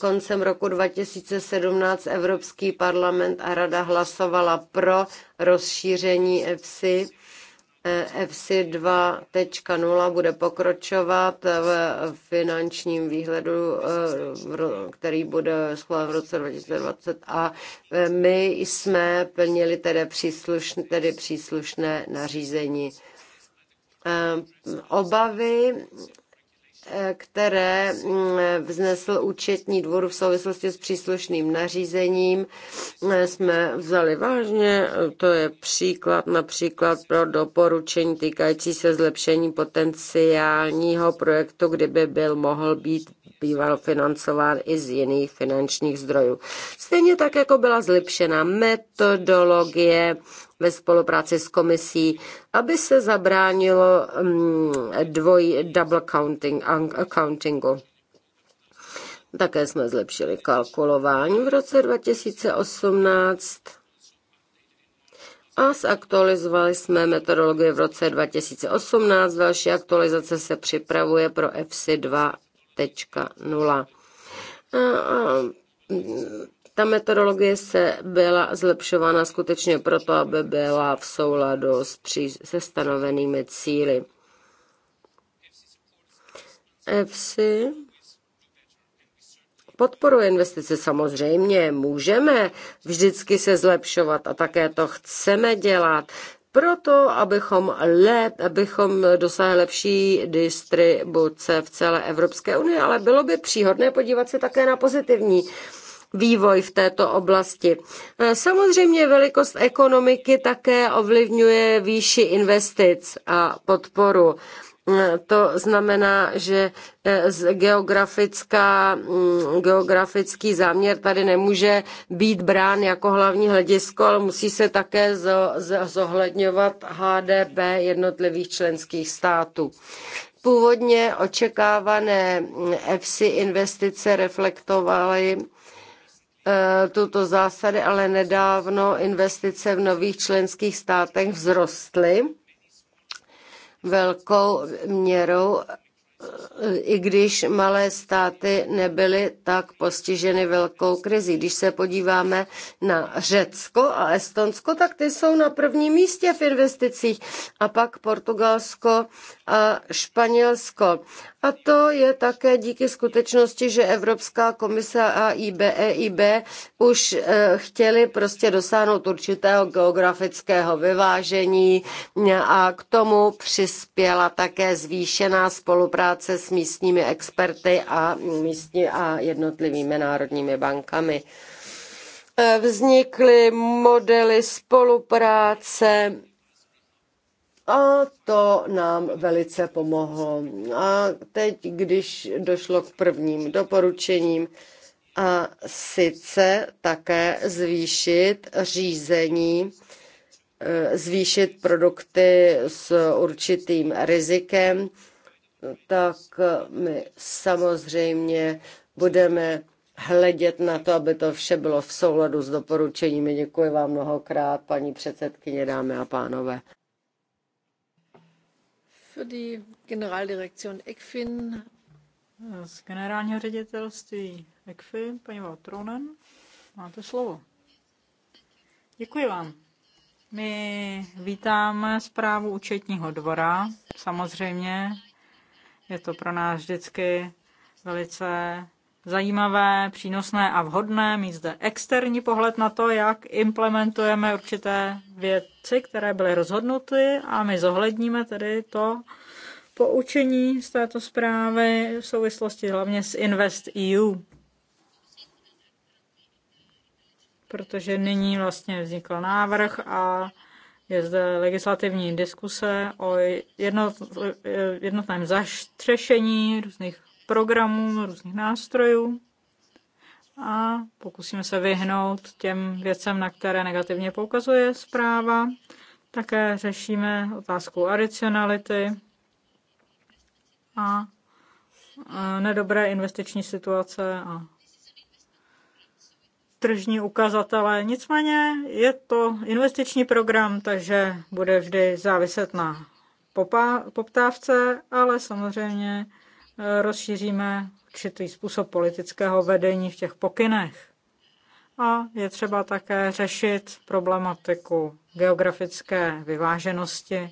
Koncem roku 2017 Evropský parlament a Rada hlasovala pro rozšíření EFSI. EFSI 2.0 bude pokročovat v finančním výhledu, eh, který bude schválen v roce 2020 a eh, my jsme plnili tedy příslušné, tedy příslušné nařízení. Eh, obavy které mm, vznesl účetní dvor v souvislosti s příslušným nařízením, jsme vzali vážně. To je příklad například pro doporučení týkající se zlepšení potenciálního projektu, kdyby byl mohl být býval financován i z jiných finančních zdrojů. Stejně tak, jako byla zlepšena metodologie ve spolupráci s komisí, aby se zabránilo mm, dvoj double counting, accountingu. Také jsme zlepšili kalkulování v roce 2018 a zaktualizovali jsme metodologii v roce 2018. Další aktualizace se připravuje pro FC 2.0. Ta metodologie se byla zlepšována skutečně proto, aby byla v souladu s při, se stanovenými cíly. EFSI podporuje investice samozřejmě, můžeme vždycky se zlepšovat a také to chceme dělat proto, abychom, lep, abychom dosáhli lepší distribuce v celé Evropské unii, ale bylo by příhodné podívat se také na pozitivní vývoj v této oblasti. E, samozřejmě velikost ekonomiky také ovlivňuje výši investic a podporu. E, to znamená, že e, geografická, mm, geografický záměr tady nemůže být brán jako hlavní hledisko, ale musí se také zohledňovat HDP jednotlivých členských států. Původně očekávané EFSI mm, investice reflektovaly Eh, tuto zásady, ale nedávno investice v nových členských státech vzrostly velkou měrou, eh, i když malé státy nebyly tak postiženy velkou krizí. Když se podíváme na Řecko a Estonsko, tak ty jsou na prvním místě v investicích. A pak Portugalsko a Španělsko. A to je také díky skutečnosti, že Evropská komise a IB, EIB už e, chtěli prostě dosáhnout určitého geografického vyvážení a k tomu přispěla také zvýšená spolupráce s místními experty a, místní a jednotlivými národními bankami e, vznikly modely spolupráce a to nám velice pomohlo. A teď, když došlo k prvním doporučením, a sice také zvýšit řízení, eh, zvýšit produkty s určitým rizikem, tak my samozřejmě budeme hledět na to, aby to vše bylo v souladu s doporučeními. Děkuji vám mnohokrát, paní předsedkyně, dámy a pánové. Z generálního ředitelství ECFIN, paní Valtronen, máte slovo. Děkuji vám. My vítáme zprávu účetního dvora. Samozřejmě je to pro nás vždycky velice zajímavé, přínosné a vhodné mít zde externí pohled na to, jak implementujeme určité věci, které byly rozhodnuty a my zohledníme tedy to poučení z této zprávy v souvislosti hlavně s Invest EU. Protože nyní vlastně vznikl návrh a je zde legislativní diskuse o jednotném zaštřešení různých programů, různých nástrojů a pokusíme se vyhnout těm věcem, na které negativně poukazuje zpráva. Také řešíme otázku adicionality a e, nedobré investiční situace a tržní ukazatele. Nicméně je to investiční program, takže bude vždy záviset na poptávce, ale samozřejmě rozšíříme určitý způsob politického vedení v těch pokynech. A je třeba také řešit problematiku geografické vyváženosti,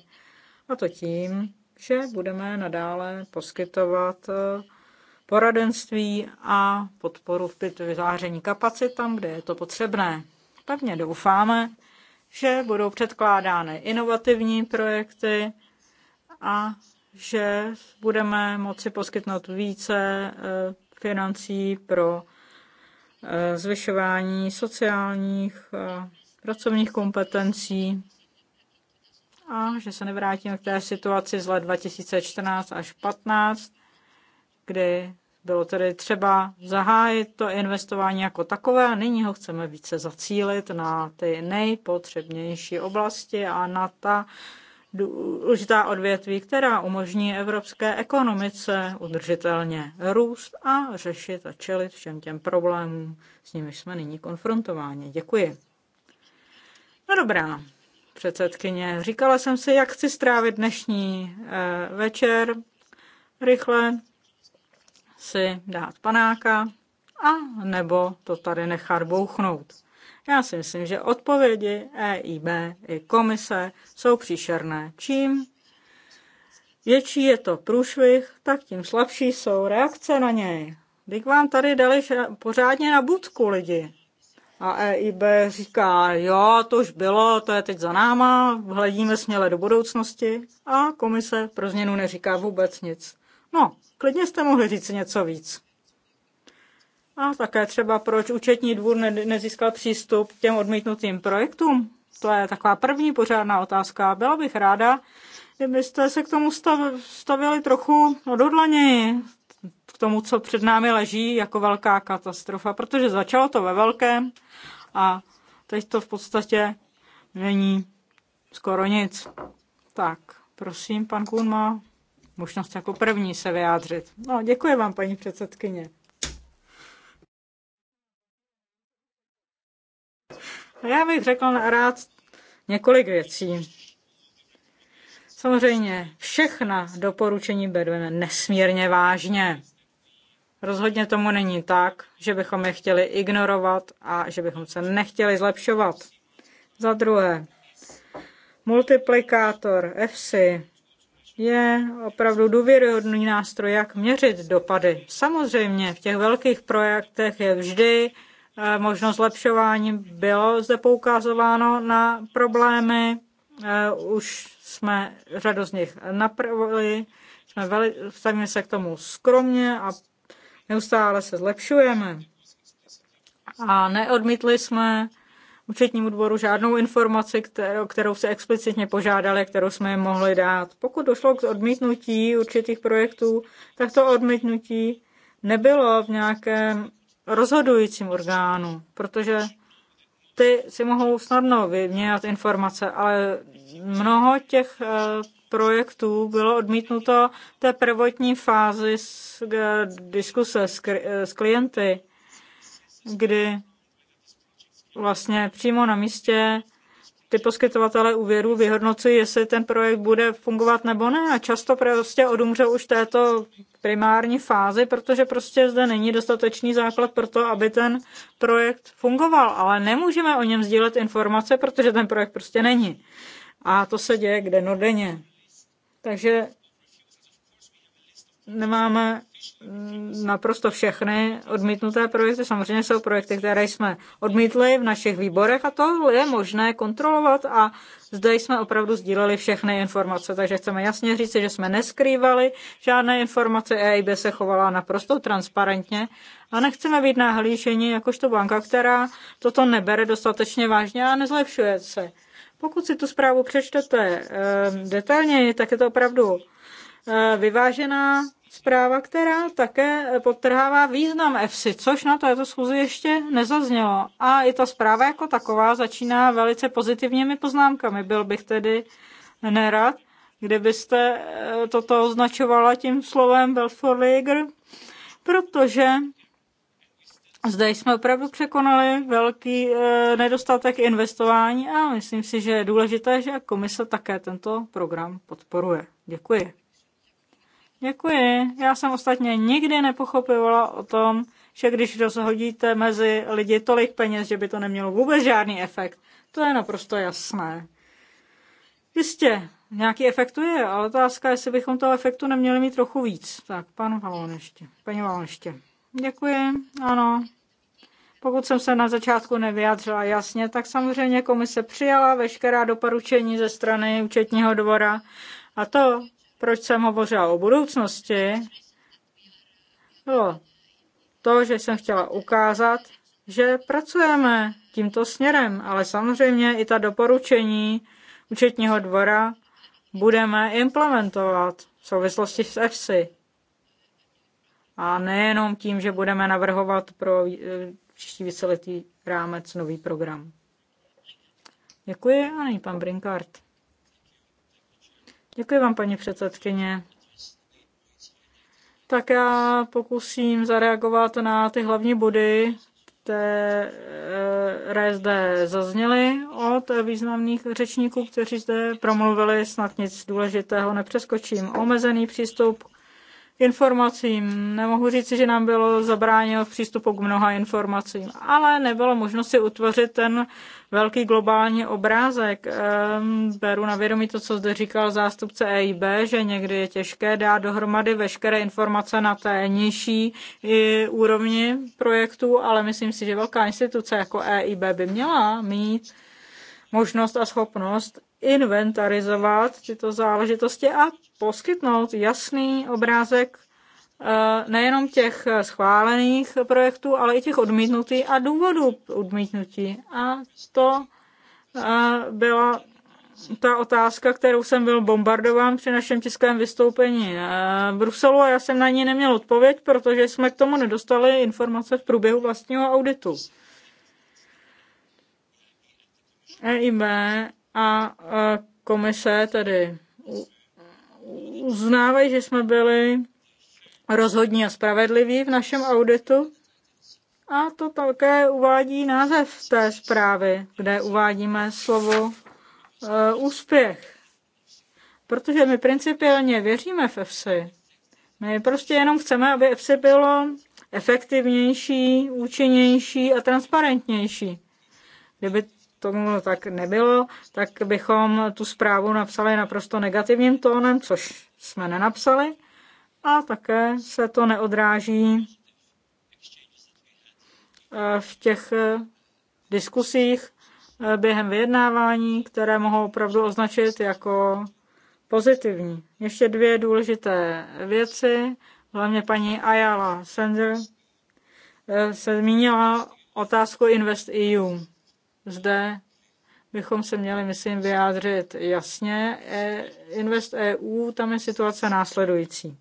a to tím, že budeme nadále poskytovat eh, poradenství a podporu v vytváření kapacit tam, kde je to potřebné. Pevně doufáme, že budou předkládány inovativní projekty a že budeme moci poskytnout více eh, financí pro eh, zvyšování sociálních pracovních kompetencí a že se nevrátíme k té situaci z let 2014 až 15, kdy bylo tedy třeba zahájit to investování jako takové a nyní ho chceme více zacílit na ty nejpotřebnější oblasti a na ta důležitá odvětví, která umožní evropské ekonomice udržitelně růst a řešit a čelit všem těm problémům, s nimiž jsme nyní konfrontováni. Děkuji. No dobrá, předsedkyně, říkala jsem si, jak chci strávit dnešní eh, večer rychle si dát panáka a nebo to tady nechat bouchnout. Já si myslím, že odpovědi EIB i komise jsou příšerné. Čím větší je to průšvih, tak tím slabší jsou reakce na něj. Když vám tady dali pořádně na budku lidi. A EIB říká, jo, to už bylo, to je teď za náma, hledíme směle do budoucnosti. A komise pro změnu neříká vůbec nic. No, klidně jste mohli říct něco víc. A také třeba, proč účetní dvůr nezískal přístup k těm odmítnutým projektům. To je taková první pořádná otázka. Byla bych ráda, kdybyste se k tomu stavili trochu odhodlaněji, k tomu, co před námi leží jako velká katastrofa, protože začalo to ve velkém a teď to v podstatě není skoro nic. Tak, prosím, pan Kůn má možnost jako první se vyjádřit. No, děkuji vám, paní předsedkyně. A já bych řekl rád několik věcí. Samozřejmě všechna doporučení bereme nesmírně vážně. Rozhodně tomu není tak, že bychom je chtěli ignorovat a že bychom se nechtěli zlepšovat. Za druhé, multiplikátor FC je opravdu důvěryhodný nástroj, jak měřit dopady. Samozřejmě v těch velkých projektech je vždy Eh, možnost zlepšování. Bylo zde poukazováno na problémy, eh, už jsme řadu z nich napravili, jsme veli, stavíme se k tomu skromně a neustále se zlepšujeme. A neodmítli jsme účetnímu dvoru žádnou informaci, kterou, kterou se explicitně požádali, kterou jsme jim mohli dát. Pokud došlo k odmítnutí určitých projektů, tak to odmítnutí nebylo v nějakém rozhodujícím orgánu, protože ty si mohou snadno vyměnit informace, ale mnoho těch eh, projektů bylo odmítnuto té prvotní fázi s, eh, diskuse s, eh, s klienty, kdy vlastně přímo na místě ty poskytovatele úvěru vyhodnocují, jestli ten projekt bude fungovat nebo ne a často prostě odumřou už této primární fázi, protože prostě zde není dostatečný základ pro to, aby ten projekt fungoval, ale nemůžeme o něm sdílet informace, protože ten projekt prostě není. A to se děje kde no denně. Takže nemáme naprosto všechny odmítnuté projekty. Samozřejmě jsou projekty, které jsme odmítli v našich výborech a to je možné kontrolovat a zde jsme opravdu sdíleli všechny informace, takže chceme jasně říct, že jsme neskrývali žádné informace, EIB se chovala naprosto transparentně a nechceme být nahlíženi jakožto banka, která toto nebere dostatečně vážně a nezlepšuje se. Pokud si tu zprávu přečtete ehm, detailněji, tak je to opravdu ehm, vyvážená zpráva, která také eh, podtrhává význam EFSI, což na této schůzi ještě nezaznělo. A i ta zpráva jako taková začíná velice pozitivními poznámkami. Byl bych tedy nerad, kdybyste eh, toto označovala tím slovem Belforliger, protože zde jsme opravdu překonali velký eh, nedostatek investování a myslím si, že je důležité, že komise také tento program podporuje. Děkuji. Děkuji. Já jsem ostatně nikdy nepochopovala o tom, že když rozhodíte mezi lidi tolik peněz, že by to nemělo vůbec žádný efekt. To je naprosto jasné. Jistě, nějaký efekt to je, ale otázka, jestli bychom toho efektu neměli mít trochu víc. Tak, pan Valon ještě. Paní Valon ještě. Děkuji, ano. Pokud jsem se na začátku nevyjádřila jasně, tak samozřejmě komise přijala veškerá doporučení ze strany účetního dvora. A to, proč jsem hovořila o budoucnosti, bylo to, že jsem chtěla ukázat, že pracujeme tímto směrem, ale samozřejmě i ta doporučení účetního dvora budeme implementovat v souvislosti s EFSI. A nejenom tím, že budeme navrhovat pro eh, příští víceletý rámec nový program. Děkuji a nyní pan Brinkart. Děkuji vám, paní předsedkyně. Tak já pokusím zareagovat na ty hlavní body, eh, které zde zazněly od významných řečníků, kteří zde promluvili, snad nic důležitého nepřeskočím. Omezený přístup informacím. Nemohu říct, že nám bylo zabráněno v přístupu k mnoha informacím, ale nebylo možno si utvořit ten velký globální obrázek. Ehm, beru na vědomí to, co zde říkal zástupce EIB, že někdy je těžké dát dohromady veškeré informace na té nižší úrovni projektu, ale myslím si, že velká instituce jako EIB by měla mít možnost a schopnost inventarizovat tyto záležitosti a poskytnout jasný obrázek eh, nejenom těch schválených projektů, ale i těch odmítnutých a důvodů odmítnutí. A to eh, byla ta otázka, kterou jsem byl bombardován při našem českém vystoupení eh, v Bruselu a já jsem na ní neměl odpověď, protože jsme k tomu nedostali informace v průběhu vlastního auditu. EIB a komise tedy uznávají, že jsme byli rozhodní a spravedliví v našem auditu. A to také uvádí název té zprávy, kde uvádíme slovo e, úspěch. Protože my principiálně věříme v EFSI. My prostě jenom chceme, aby EFSI bylo efektivnější, účinnější a transparentnější. Kdyby tomu tak nebylo, tak bychom tu zprávu napsali naprosto negativním tónem, což jsme nenapsali. A také se to neodráží eh, v těch eh, diskusích eh, během vyjednávání, které mohou opravdu označit jako pozitivní. Ještě dvě důležité věci, hlavně paní Ayala Sender se zmínila otázku Invest EU. Zde bychom se měli, myslím, vyjádřit jasně. E, Invest EU, tam je situace následující.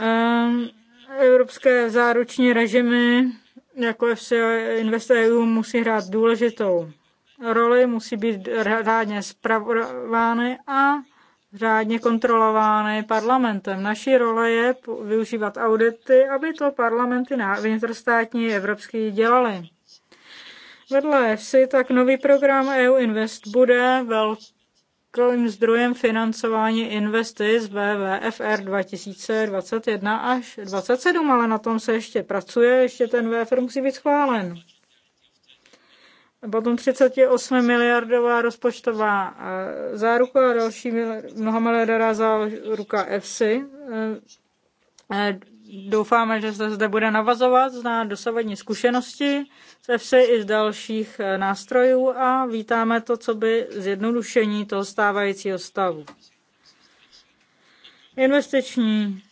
Ehm, evropské záruční režimy jako FC Invest EU musí hrát důležitou roli, musí být řádně zpravovány a řádně kontrolovány parlamentem. Naší role je využívat audity, aby to parlamenty na vnitrostátní evropský dělali. Vedle EFSI tak nový program EU Invest bude velkým zdrojem financování investic VVFR 2021 až 2027, ale na tom se ještě pracuje, ještě ten VFR musí být schválen. Potom 38 miliardová rozpočtová eh, záruka a další mnoha miliardová záruka EFSI. Eh, eh, doufáme, že se zde bude navazovat na dosavadní zkušenosti z EFSI i z dalších nástrojů a vítáme to, co by zjednodušení toho stávajícího stavu. Investiční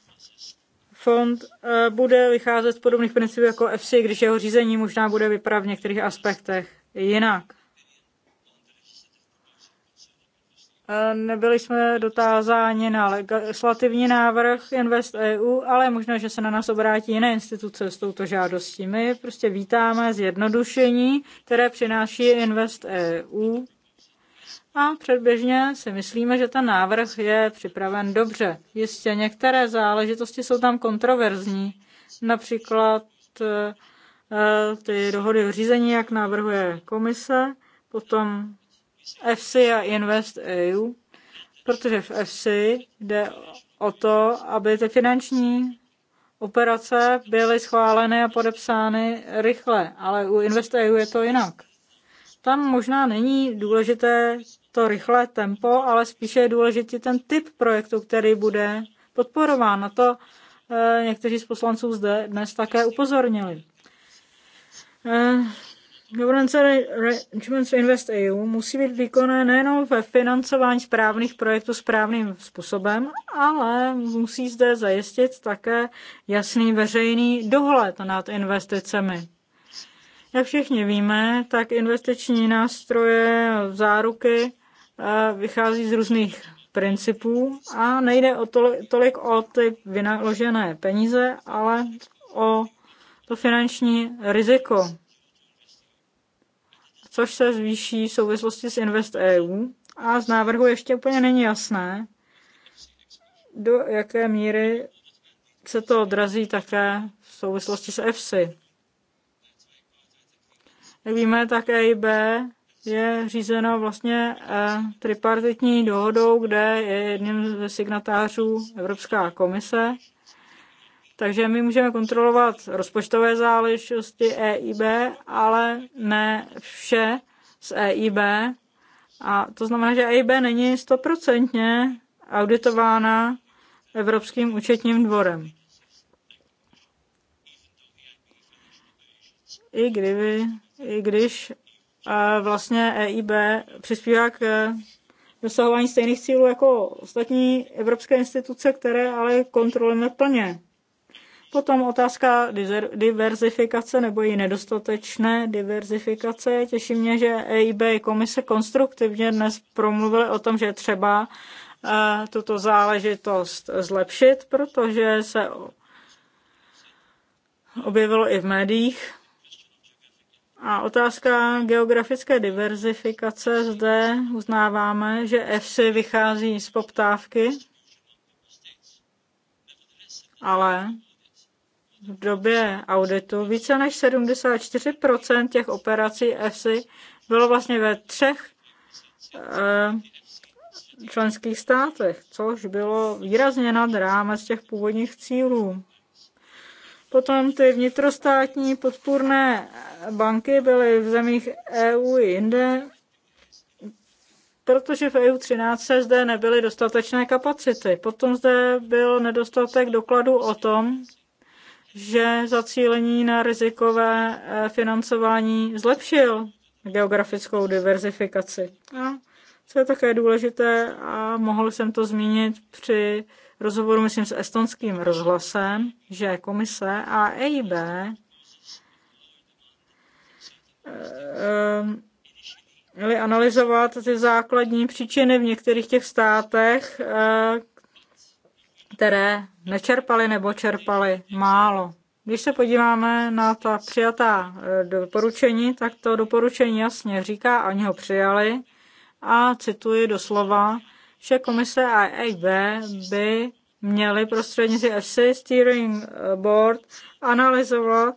fond bude vycházet z podobných principů jako EFSI, když jeho řízení možná bude vypadat v některých aspektech jinak. Nebyli jsme dotázáni na legislativní návrh Invest EU, ale možná, že se na nás obrátí jiné instituce s touto žádostí. My prostě vítáme zjednodušení, které přináší Invest EU a předběžně si myslíme, že ten návrh je připraven dobře. Jistě některé záležitosti jsou tam kontroverzní, například eh, Eh, ty dohody o řízení, jak navrhuje komise, potom EFSI a Invest EU, protože v EFSI jde o to, aby ty finanční operace byly schváleny a podepsány rychle, ale u Invest EU je to jinak. Tam možná není důležité to rychlé tempo, ale spíše je důležitý ten typ projektu, který bude podporován. Na to eh, někteří z poslanců zde dnes také upozornili. Eh, governance Arrangements Invest EU musí být výkonné nejenom ve financování správných projektů správným způsobem, ale musí zde zajistit také jasný veřejný dohled nad investicemi. Jak všichni víme, tak investiční nástroje, záruky eh, vychází z různých principů a nejde o tolik, tolik o ty vynaložené peníze, ale o to finanční riziko, což se zvýší v souvislosti s Invest EU a z návrhu ještě úplně není jasné, do jaké míry se to odrazí také v souvislosti s EFSI. Jak víme, tak EIB je řízeno vlastně eh, tripartitní dohodou, kde je jedním ze signatářů Evropská komise takže my můžeme kontrolovat rozpočtové záležitosti EIB, ale ne vše z EIB. A to znamená, že EIB není stoprocentně auditována Evropským účetním dvorem. I, kdyby, i když eh, vlastně EIB přispívá k dosahování stejných cílů jako ostatní evropské instituce, které ale kontrolujeme plně. Potom otázka diverzifikace nebo její nedostatečné diverzifikace. Těší mě, že EIB i komise konstruktivně dnes promluvili o tom, že třeba eh, tuto záležitost zlepšit, protože se objevilo i v médiích. A otázka geografické diverzifikace zde uznáváme, že EFSI vychází z poptávky, ale v době auditu více než 74% těch operací EFSI bylo vlastně ve třech eh, členských státech, což bylo výrazně nad rámec těch původních cílů. Potom ty vnitrostátní podpůrné banky byly v zemích EU i jinde, protože v EU 13 se zde nebyly dostatečné kapacity. Potom zde byl nedostatek dokladů o tom, že zacílení na rizikové eh, financování zlepšil geografickou diverzifikaci. A co je také důležité, a mohl jsem to zmínit při rozhovoru, myslím, s estonským rozhlasem, že komise a EIB eh, eh, měly analyzovat ty základní příčiny v některých těch státech, které nečerpaly nebo čerpaly málo. Když se podíváme na ta přijatá eh, doporučení, tak to doporučení jasně říká, oni ho přijali a cituji doslova, že komise a EIB by měly prostřednici FC Steering Board analyzovat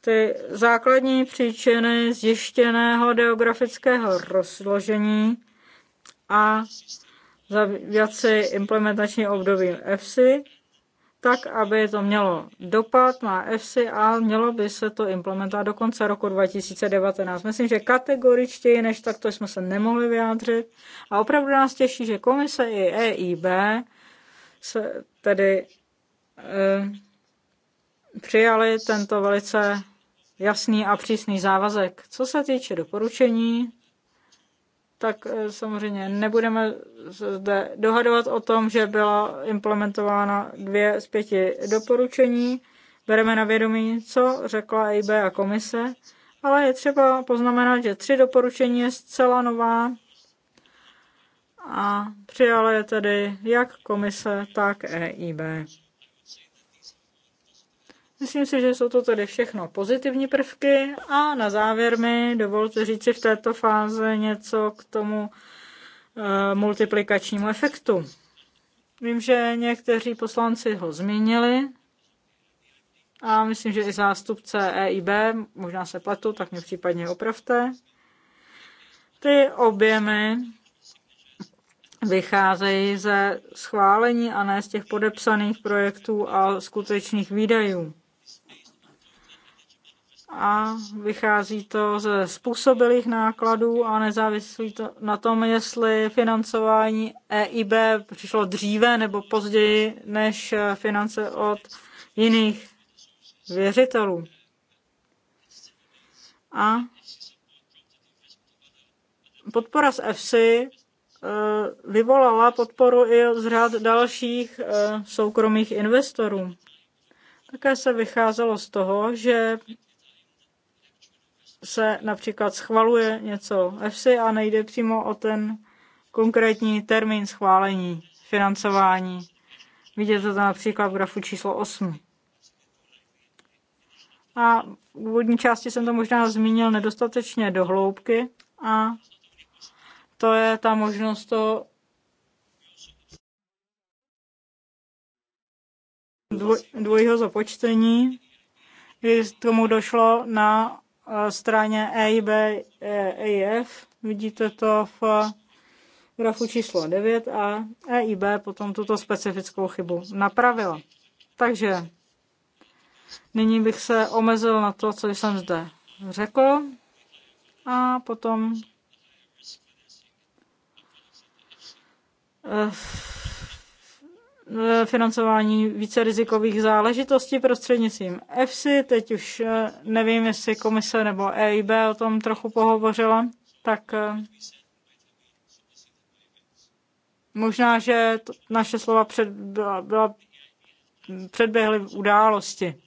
ty základní příčiny zjištěného geografického rozložení a za si implementační období EFSI, tak, aby to mělo dopad na EFSI a mělo by se to implementovat do konce roku 2019. Myslím, že kategoričtěji než takto jsme se nemohli vyjádřit a opravdu nás těší, že komise i EIB se tedy e, přijali tento velice jasný a přísný závazek. Co se týče doporučení, tak eh, samozřejmě nebudeme zde dohadovat o tom, že byla implementována dvě z pěti doporučení. Bereme na vědomí, co řekla EIB a komise, ale je třeba poznamenat, že tři doporučení je zcela nová a přijala je tedy jak komise, tak EIB. Myslím si, že jsou to tady všechno pozitivní prvky a na závěr mi dovolte říci v této fázi něco k tomu e, multiplikačnímu efektu. Vím, že někteří poslanci ho zmínili a myslím, že i zástupce EIB, možná se pletu, tak mě případně opravte. Ty objemy vycházejí ze schválení a ne z těch podepsaných projektů a skutečných výdajů a vychází to ze způsobilých nákladů a nezávislí to na tom, jestli financování EIB přišlo dříve nebo později než finance od jiných věřitelů. A podpora z EFSI eh, vyvolala podporu i z řad dalších eh, soukromých investorů. Také se vycházelo z toho, že se například schvaluje něco EFSI a nejde přímo o ten konkrétní termín schválení financování. Vidíte to například v grafu číslo 8. A v úvodní části jsem to možná zmínil nedostatečně do hloubky a to je ta možnost to dvojího započtení, kdy tomu došlo na straně EIB EIF, e, vidíte to v grafu číslo 9 a EIB potom tuto specifickou chybu napravila. Takže nyní bych se omezil na to, co jsem zde řekl a potom eh, Eh, financování více rizikových záležitostí prostřednictvím EFSI. Teď už eh, nevím, jestli komise nebo EIB o tom trochu pohovořila, tak eh, možná, že naše slova před, byla, byla, předběhly události.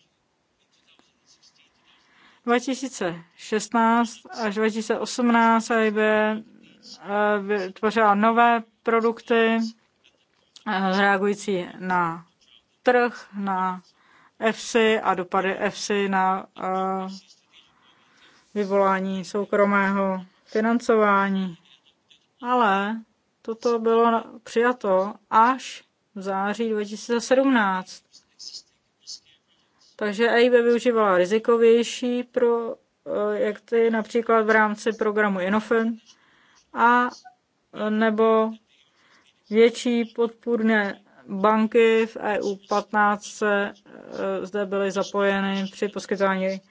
2016 až 2018 EIB vytvořila nové produkty, Eh, reagující na trh, na EFSI a dopady EFSI na eh, vyvolání soukromého financování. Ale toto bylo přijato až v září 2017. Takže EIB využívala rizikovější pro eh, jak ty například v rámci programu Inofen a nebo Větší podpůrné banky v EU 15 e, zde byly zapojeny při poskytování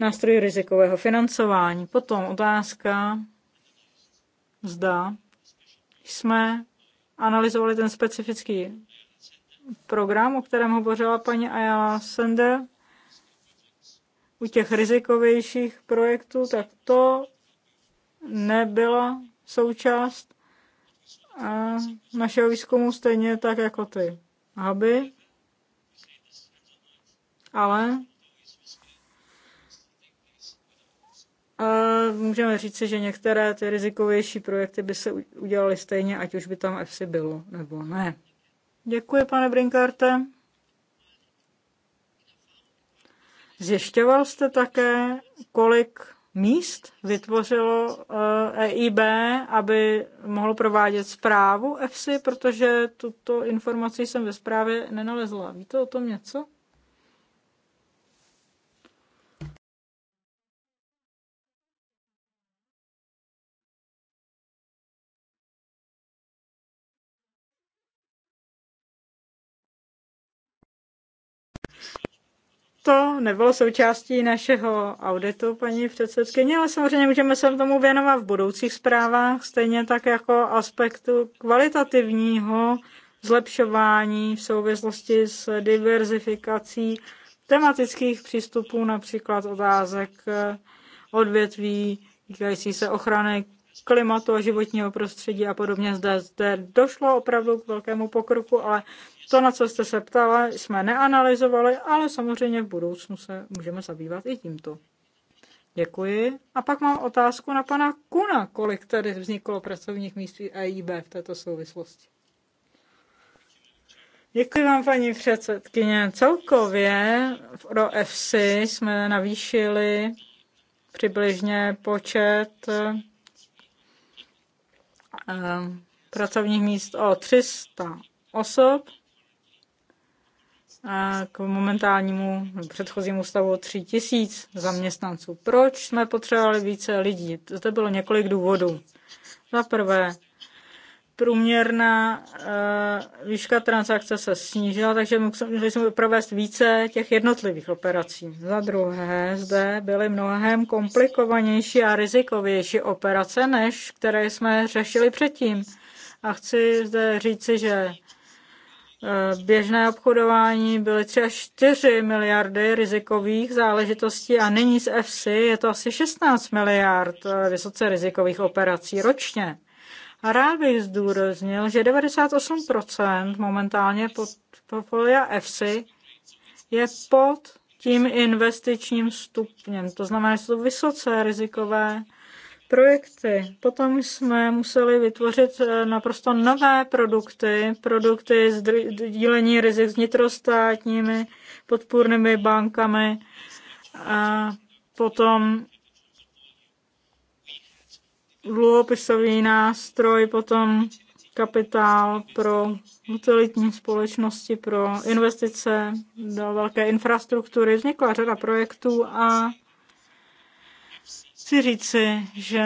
nástrojů rizikového financování. Potom otázka, zda jsme analyzovali ten specifický program, o kterém hovořila paní Ayala Sende, u těch rizikovějších projektů, tak to nebyla součást a našeho výzkumu stejně tak jako ty Aby, ale a můžeme říci, že některé ty rizikovější projekty by se udělaly stejně, ať už by tam EFSI bylo nebo ne. Děkuji, pane Brinkarte. Zjišťoval jste také, kolik míst vytvořilo EIB, eh, e aby mohlo provádět zprávu EFSI, protože tuto informaci jsem ve zprávě nenalezla. Víte o tom něco? to nebylo součástí našeho auditu, paní předsedkyně, ale samozřejmě můžeme se tomu věnovat v budoucích zprávách, stejně tak jako aspektu kvalitativního zlepšování v souvislosti s diverzifikací tematických přístupů, například otázek eh, odvětví týkající se ochrany klimatu a životního prostředí a podobně. Zde, zde došlo opravdu k velkému pokroku, ale to, na co jste se ptala, jsme neanalyzovali, ale samozřejmě v budoucnu se můžeme zabývat i tímto. Děkuji. A pak mám otázku na pana Kuna, kolik tady vzniklo pracovních míst EIB v této souvislosti. Děkuji vám, paní předsedkyně. Celkově pro FC jsme navýšili přibližně počet eh, pracovních míst o 300 osob k momentálnímu předchozímu stavu 3 tisíc zaměstnanců. Proč jsme potřebovali více lidí? To bylo několik důvodů. Za prvé, průměrná uh, výška transakce se snížila, takže museli jsme provést více těch jednotlivých operací. Za druhé, zde byly mnohem komplikovanější a rizikovější operace, než které jsme řešili předtím. A chci zde říci, že Eh, běžné obchodování byly třeba 4 miliardy rizikových záležitostí a nyní z FC je to asi 16 miliard eh, vysoce rizikových operací ročně. A rád bych zdůraznil, že 98% momentálně portfolia FC je pod tím investičním stupněm. To znamená, že jsou to vysoce rizikové projekty. Potom jsme museli vytvořit eh, naprosto nové produkty, produkty z dílení rizik s nitrostátními podpůrnými bankami. A potom dluhopisový nástroj, potom kapitál pro utilitní společnosti, pro investice do velké infrastruktury. Vznikla řada projektů a Chci říci, že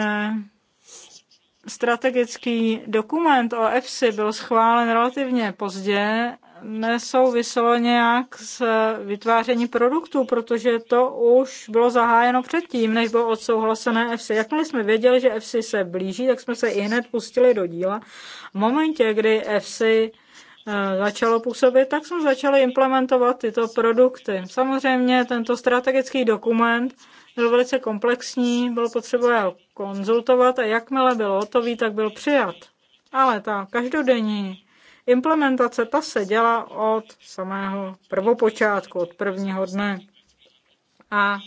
strategický dokument o EFSI byl schválen relativně pozdě, nesouviselo nějak s vytváření produktů, protože to už bylo zahájeno předtím, než bylo odsouhlasené EFSI. Jakmile jsme věděli, že EFSI se blíží, tak jsme se i hned pustili do díla. V momentě, kdy EFSI eh, začalo působit, tak jsme začali implementovat tyto produkty. Samozřejmě tento strategický dokument byl velice komplexní, bylo potřeba ho konzultovat a jakmile bylo hotový, tak byl přijat. Ale ta každodenní implementace, ta se dělá od samého prvopočátku, od prvního dne. A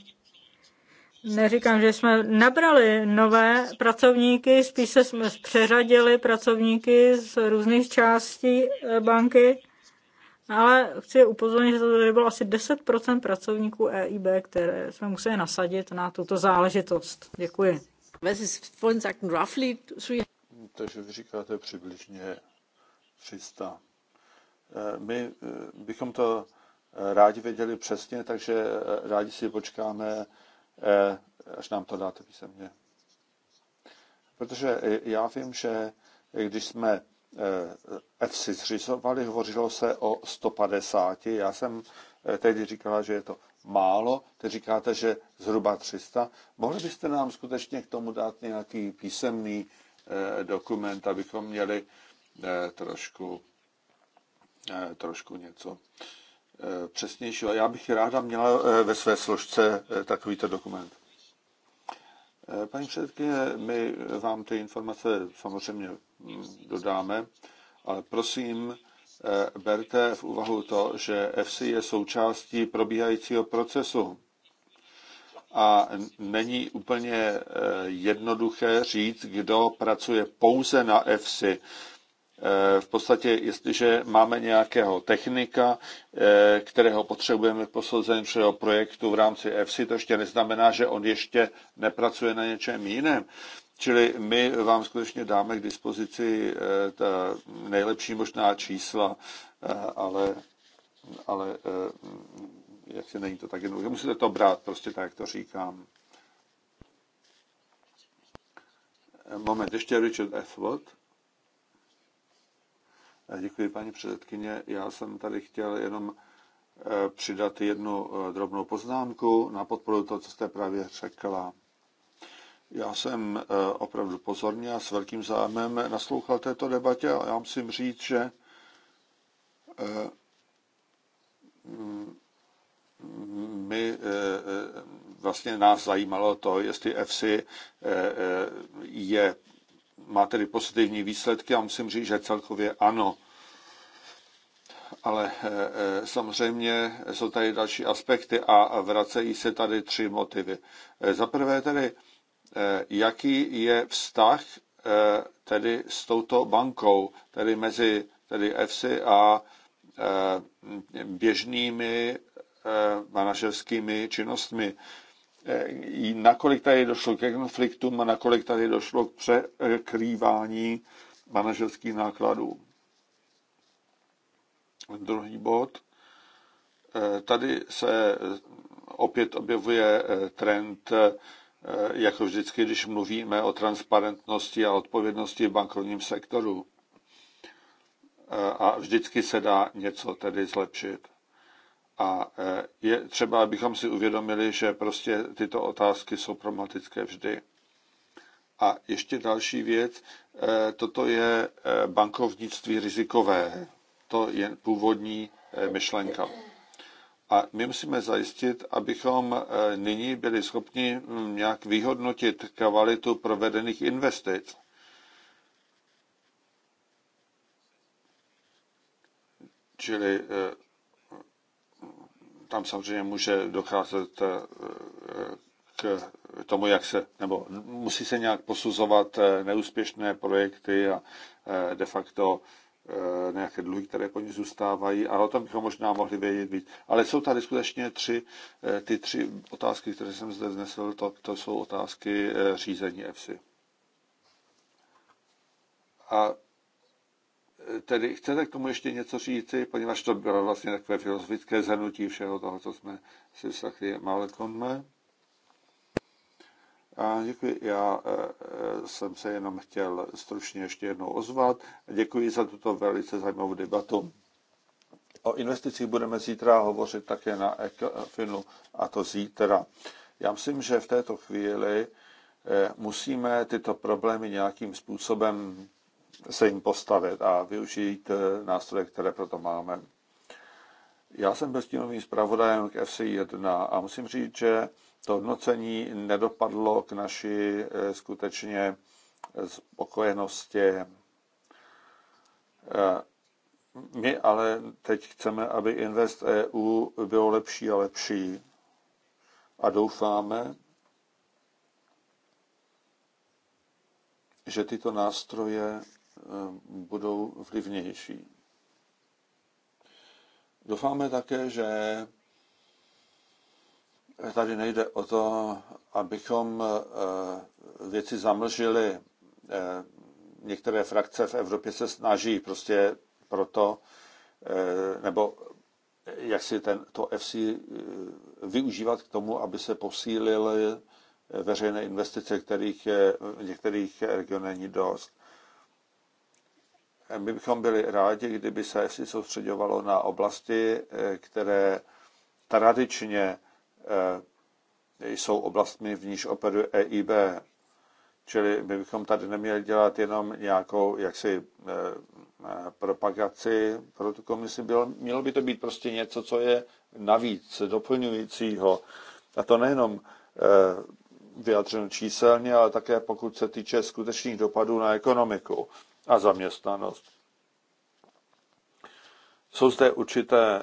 neříkám, že jsme nabrali nové pracovníky, spíše jsme přeřadili pracovníky z různých částí eh, banky, ale chci upozornit, že to bylo asi 10% pracovníků EIB, které jsme museli nasadit na tuto záležitost. Děkuji. Takže vy říkáte přibližně 300. Eh, my eh, bychom to eh, rádi věděli přesně, takže rádi si počkáme, až nám to dáte písemně. Protože já vím, že když jsme EFSI eh, zřizovali, hovořilo se o 150. Já jsem eh, tehdy říkala, že je to málo, teď říkáte, že zhruba 300. Mohli byste nám skutečně k tomu dát nějaký písemný eh, dokument, abychom měli trošku, trošku něco přesnějšího. Já bych ráda měla ve své složce takovýto dokument. Paní předsedkyně, my vám ty informace samozřejmě dodáme, ale prosím, eh, berte v úvahu to, že FC je součástí probíhajícího procesu a není úplně eh, jednoduché říct, kdo pracuje pouze na FC. Eh, v podstatě, jestliže máme nějakého technika, eh, kterého potřebujeme k posouzení třeba projektu v rámci EFSI, to ještě neznamená, že on ještě nepracuje na něčem jiném. Čili my vám skutečně dáme k dispozici eh, ta nejlepší možná čísla, ale, ale jak se není to tak jednoduché. Musíte to brát prostě tak, jak to říkám. Moment, ještě Richard F. Watt. Děkuji, paní předsedkyně. Já jsem tady chtěl jenom eh, přidat jednu eh, drobnou poznámku na podporu toho, co jste právě řekla. Já jsem eh, opravdu pozorně a s velkým zájmem naslouchal této debatě a já musím říct, že my vlastně nás zajímalo to, jestli EFSI je má tedy pozitivní výsledky a musím říct, že celkově ano. Ale eh, eh, samozřejmě jsou tady další aspekty a vracejí se tady tři motivy. Eh, za prvé tedy, jaký je vztah tedy s touto bankou, tedy mezi tedy EFSI a běžnými manažerskými činnostmi. Eh, nakolik tady došlo ke konfliktům a nakolik tady došlo k překrývání manažerských nákladů. Druhý bod. Eh, tady se opět objevuje eh, trend, jako vždycky, když mluvíme o transparentnosti a odpovědnosti v bankovním sektoru. A vždycky se dá něco tedy zlepšit. A e, je třeba, abychom si uvědomili, že prostě tyto otázky jsou problematické vždy. A ještě další věc, e, toto je e, bankovnictví rizikové. To je původní myšlenka. A my musíme zajistit, abychom nyní byli schopni mm, nějak vyhodnotit kvalitu provedených investic. Čili tam samozřejmě může docházet eh, k tomu, jak se, nebo musí se nějak posuzovat eh, neúspěšné projekty a eh, de facto nějaké dluhy, které po ní zůstávají, ale o tom bychom možná mohli vědět víc. Ale jsou tady skutečně tři, ty tři otázky, které jsem zde vznesl, to, to jsou otázky řízení EFSI. A tedy chcete k tomu ještě něco říci, poněvadž to bylo vlastně takové filozofické zhrnutí všeho toho, co jsme si malé konme. A děkuji. Já e, e, jsem se jenom chtěl stručně ještě jednou ozvat. Děkuji za tuto velice zajímavou debatu. O investicích budeme zítra hovořit také na ekfinu a to zítra. Já myslím, že v této chvíli e, musíme tyto problémy nějakým způsobem se jim postavit a využít eh, nástroje, které proto máme. Já jsem byl stínovým zpravodajem k FC1 a musím říct, že to hodnocení nedopadlo k naší eh, skutečně eh, spokojenosti. My ale teď chceme, aby Invest EU bylo lepší a lepší. A doufáme, že tyto nástroje Eh, budou vlivnější. Doufáme také, že tady nejde o to, abychom eh, věci zamlžili. Eh, některé frakce v Evropě se snaží prostě proto, nebo jak si ten, to FC využívat k tomu, aby se posílily veřejné investice, kterých v některých regionech není dost. My bychom byli rádi, kdyby se EFSI soustředovalo na oblasti, eh, které tradičně eh, jsou oblastmi, v níž operuje EIB. Čili my bychom tady neměli dělat jenom nějakou jaksi eh, propagaci pro tu komisi. Bylo, mělo by to být prostě něco, co je navíc doplňujícího. A to nejenom vyjadřeno číselně, ale také pokud se týče skutečných dopadů na ekonomiku a zaměstnanost. Jsou zde určité eh,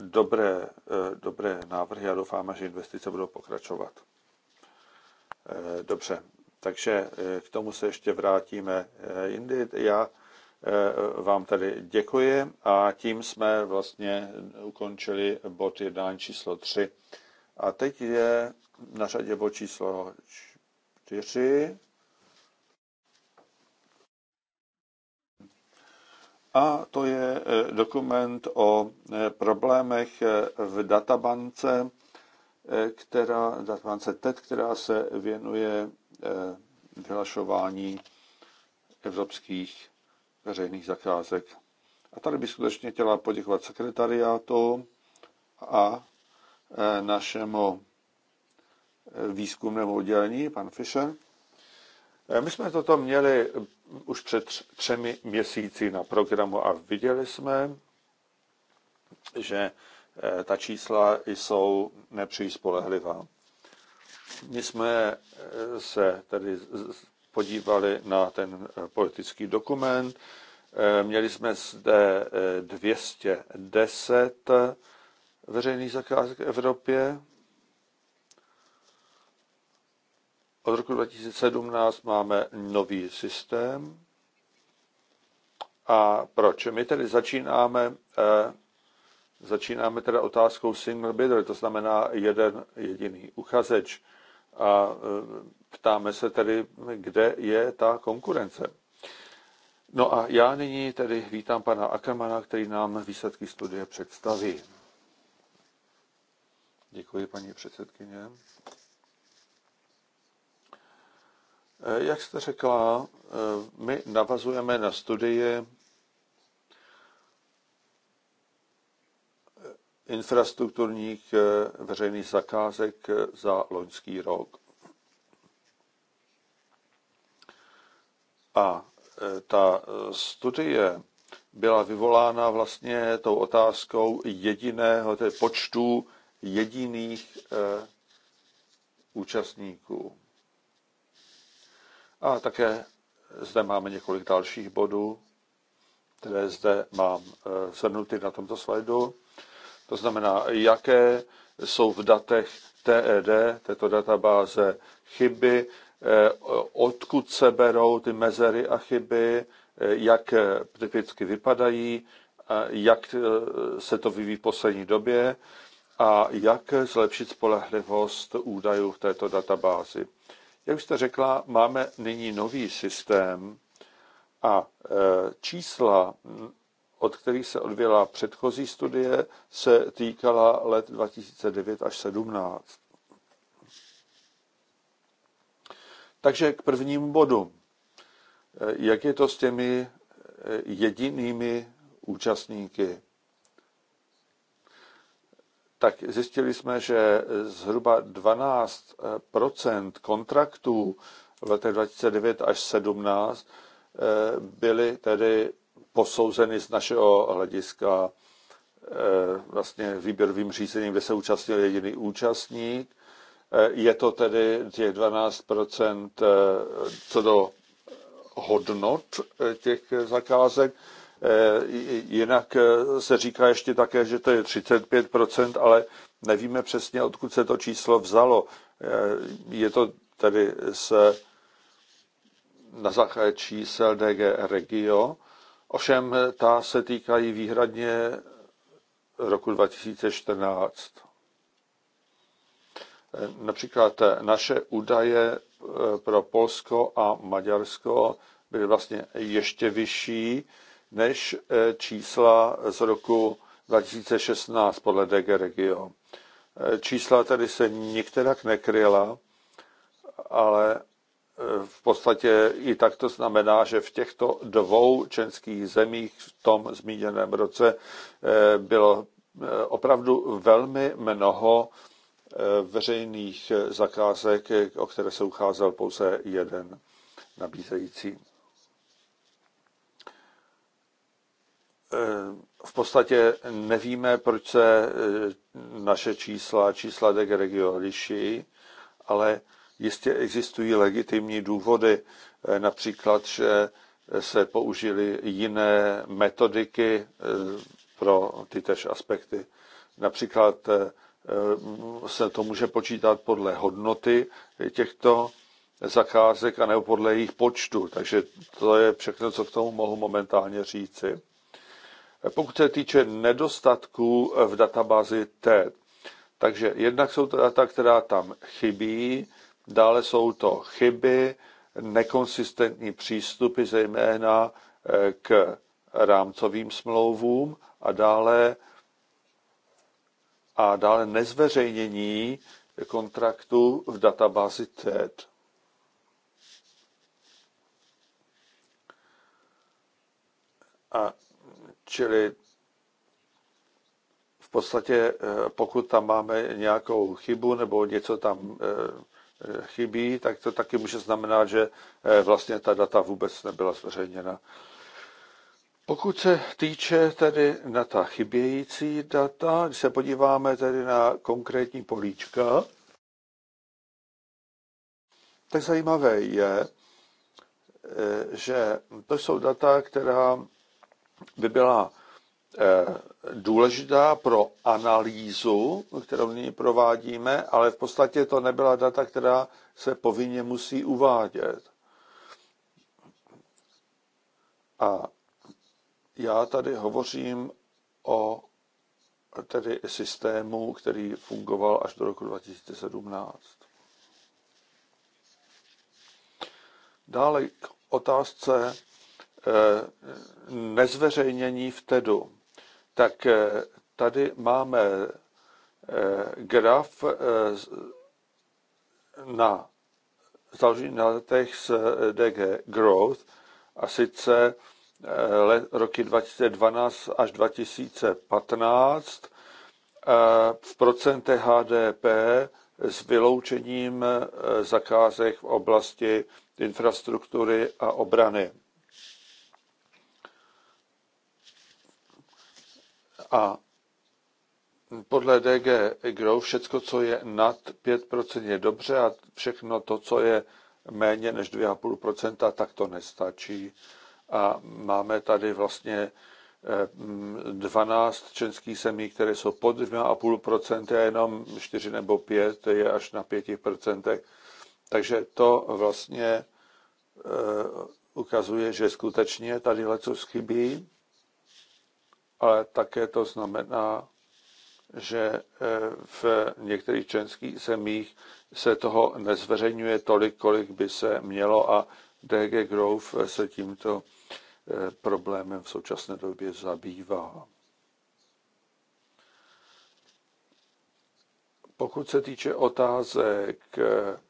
dobré, eh, dobré návrhy a doufám, že investice budou pokračovat. Eh, dobře, takže k tomu se ještě vrátíme jindy. Já vám tady děkuji a tím jsme vlastně ukončili bod jednání číslo 3. A teď je na řadě bod číslo 4. A to je eh, dokument o eh, problémech eh, v databance, která, databance TED, která se věnuje vyhlašování evropských veřejných zakázek. A tady bych skutečně chtěla poděkovat sekretariátu a našemu výzkumnému oddělení, pan Fischer, Eh, my jsme toto měli eh, už před třemi měsíci na programu a viděli jsme, že eh, ta čísla jsou nepříspolehlivá. My jsme se tedy podívali na ten politický dokument. Měli jsme zde 210 veřejných zakázek v Evropě Od roku 2017 máme nový systém. A proč? My tedy začínáme, eh, začínáme teda otázkou single bidder, to znamená jeden jediný uchazeč. A eh, ptáme se tedy, kde je ta konkurence. No a já nyní tedy vítám pana Ackermana, který nám výsledky studie představí. Děkuji, paní předsedkyně. Eh, jak jste řekla, eh, my navazujeme na studii eh, infrastrukturních veřejných zakázek za loňský rok. A ta studie byla vyvolána vlastně tou otázkou jediného, tedy počtu jediných účastníků. A také zde máme několik dalších bodů, které zde mám eh, shrnuty na tomto slajdu. To znamená, jaké jsou v datech TED, této databáze, chyby, eh, odkud se berou ty mezery a chyby, eh, jak typicky vypadají, jak se to vyvíjí v poslední době a jak zlepšit spolehlivost údajů v této databázi. Jak už jste řekla, máme nyní nový systém a e, čísla, od kterých se odvěla předchozí studie, se týkala let 2009 až 17. Takže k prvnímu bodu. E, jak je to s těmi e, jedinými účastníky? tak zjistili jsme, že zhruba 12 kontraktů v letech 2009 až 17 eh, byly tedy posouzeny z našeho hlediska eh, vlastně výběrovým řízením, kde se účastnil jediný účastník. Eh, je to tedy těch 12 co do hodnot těch zakázek Eh, jinak eh, se říká ještě také, že to je 35%, ale nevíme přesně, odkud se to číslo vzalo. Eh, je to tedy z, na základě čísel DG Regio, ovšem ta se týkají výhradně roku 2014. Například naše údaje pro Polsko a Maďarsko byly vlastně ještě vyšší, než eh, čísla z roku 2016 podle DG Regio. Eh, čísla tady se nikterak nekryla, ale eh, v podstatě i tak to znamená, že v těchto dvou českých zemích v tom zmíněném roce bylo opravdu velmi mnoho veřejných zakázek, o které se ucházel pouze jeden nabízející. Eh, v podstatě nevíme, proč se eh, naše čísla, čísla DG Regio liší, ale jistě existují legitimní důvody, eh, například, že se použily jiné metodiky pro ty tež aspekty. Například se to může počítat podle hodnoty těchto zakázek a nebo podle jejich počtu. Takže to je všechno, co k tomu mohu momentálně říci. Pokud se týče nedostatků v databázi TED, takže jednak jsou to data, která tam chybí, dále jsou to chyby, nekonsistentní přístupy, zejména eh, k rámcovým smlouvům a dále, a dále nezveřejnění kontraktu v databázi TED. A Čili v podstatě, eh, pokud tam máme nějakou chybu nebo něco tam eh, eh, chybí, tak to taky může znamenat, že vlastně ta data vůbec nebyla zveřejněna. Pokud se týče tedy na ta chybějící data, když se podíváme tedy na konkrétní políčka, tak zajímavé je, že to jsou data, která by byla eh, důležitá pro analýzu, kterou nyní provádíme, ale v podstatě to nebyla data, která se povinně musí uvádět. A já tady hovořím o tedy systému, který fungoval až do roku 2017. Dále k otázce Eh, nezveřejnění v TEDu, tak eh, tady máme eh, graf na založení na letech z DG Growth a sice let, roky 2012 až 2015 v procentech HDP s vyloučením zakázek v oblasti infrastruktury a obrany. A podle DG Grow všecko, co je nad 5%, je dobře a všechno to, co je méně než 2,5%, tak to nestačí. A máme tady vlastně 12 eh, členských semí, které jsou pod 2,5% a jenom 4 nebo 5 je až na 5%. Takže to vlastně eh, ukazuje, že skutečně tady leco chybí ale také to znamená, že e, v některých členských zemích se toho nezveřejňuje tolik, kolik by se mělo a DG Growth se tímto e, problémem v současné době zabývá. Pokud se týče otázek, e,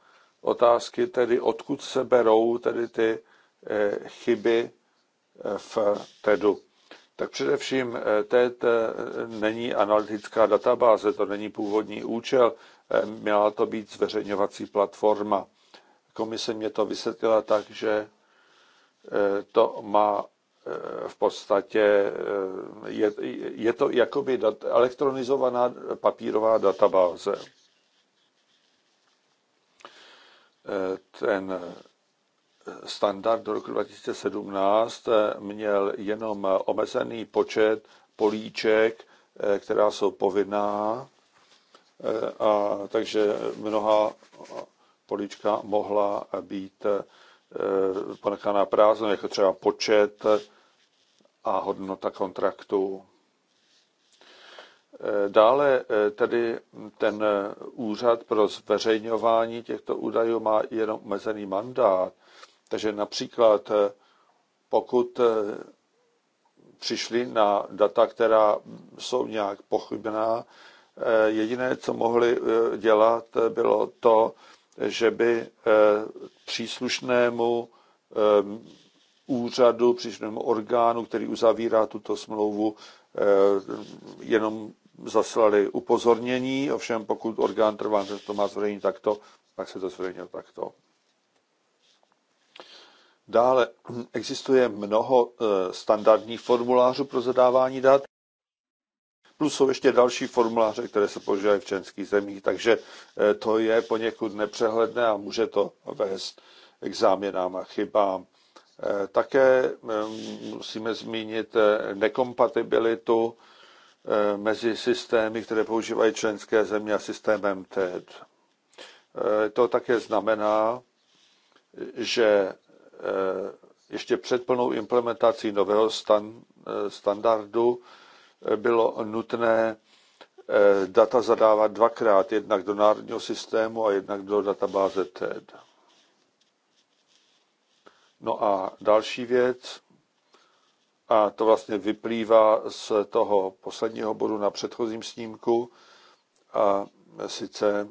otázky tedy, odkud se berou tedy ty chyby v TEDu tak především eh, TET eh, není analytická databáze, to není původní účel, eh, měla to být zveřejňovací platforma. Komise mě to vysvětlila tak, že to má v podstatě, je, je to jakoby dat, elektronizovaná papírová databáze. Ten standard do roku 2017 eh, měl jenom omezený počet políček, eh, která jsou povinná, eh, a takže mnoha políčka mohla být ponechána prázdno, jako třeba počet a hodnota kontraktu. Dále tedy ten úřad pro zveřejňování těchto údajů má jenom omezený mandát, takže například eh, pokud eh, přišli na data, která jsou nějak pochybná, eh, jediné, co mohli dělat, bylo to, že by příslušnému úřadu, příslušnému orgánu, který uzavírá tuto smlouvu, jenom zaslali upozornění, ovšem pokud orgán trvá, že to má zveřejnit takto, tak se to zveřejnil takto. Dále existuje mnoho e, standardních formulářů pro zadávání dat, plus jsou ještě další formuláře, které se používají v členských zemích, takže e, to je poněkud nepřehledné a může to vést k záměnám a chybám. E, také musíme zmínit nekompatibilitu mezi systémy, které používají členské země a systémem TED. To také znamená, že Eh, ještě před plnou implementací nového stan, eh, standardu eh, bylo nutné data zadávat dvakrát, jednak do národního systému a jednak do databáze TED. No a další věc, a to vlastně vyplývá z toho posledního bodu na předchozím snímku, a sice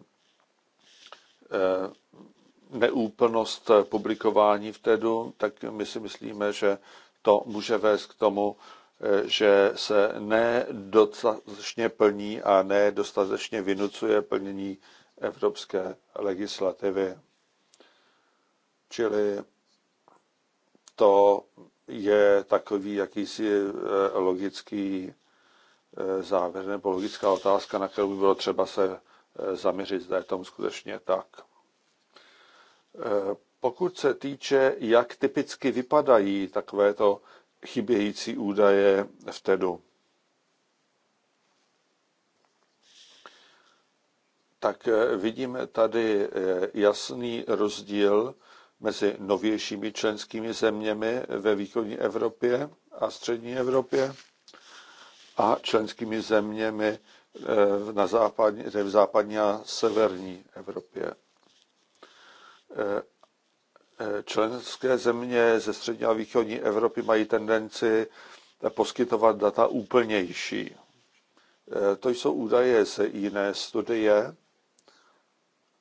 neúplnost eh, publikování v TEDu, tak my si myslíme, že to může vést k tomu, eh, že se nedostatečně plní a nedostatečně vynucuje plnění evropské legislativy. Čili to je takový jakýsi eh, logický závěr nebo logická otázka, na kterou by bylo třeba se zaměřit, zda je tomu skutečně tak. Pokud se týče, jak typicky vypadají takovéto chybějící údaje v TEDu, tak eh, vidíme tady eh, jasný rozdíl mezi novějšími členskými zeměmi ve východní Evropě a střední Evropě a členskými zeměmi eh, na západní, v západní a severní Evropě. Eh, eh, členské země ze střední a východní Evropy mají tendenci eh, poskytovat data úplnější. To jsou údaje z jiné studie.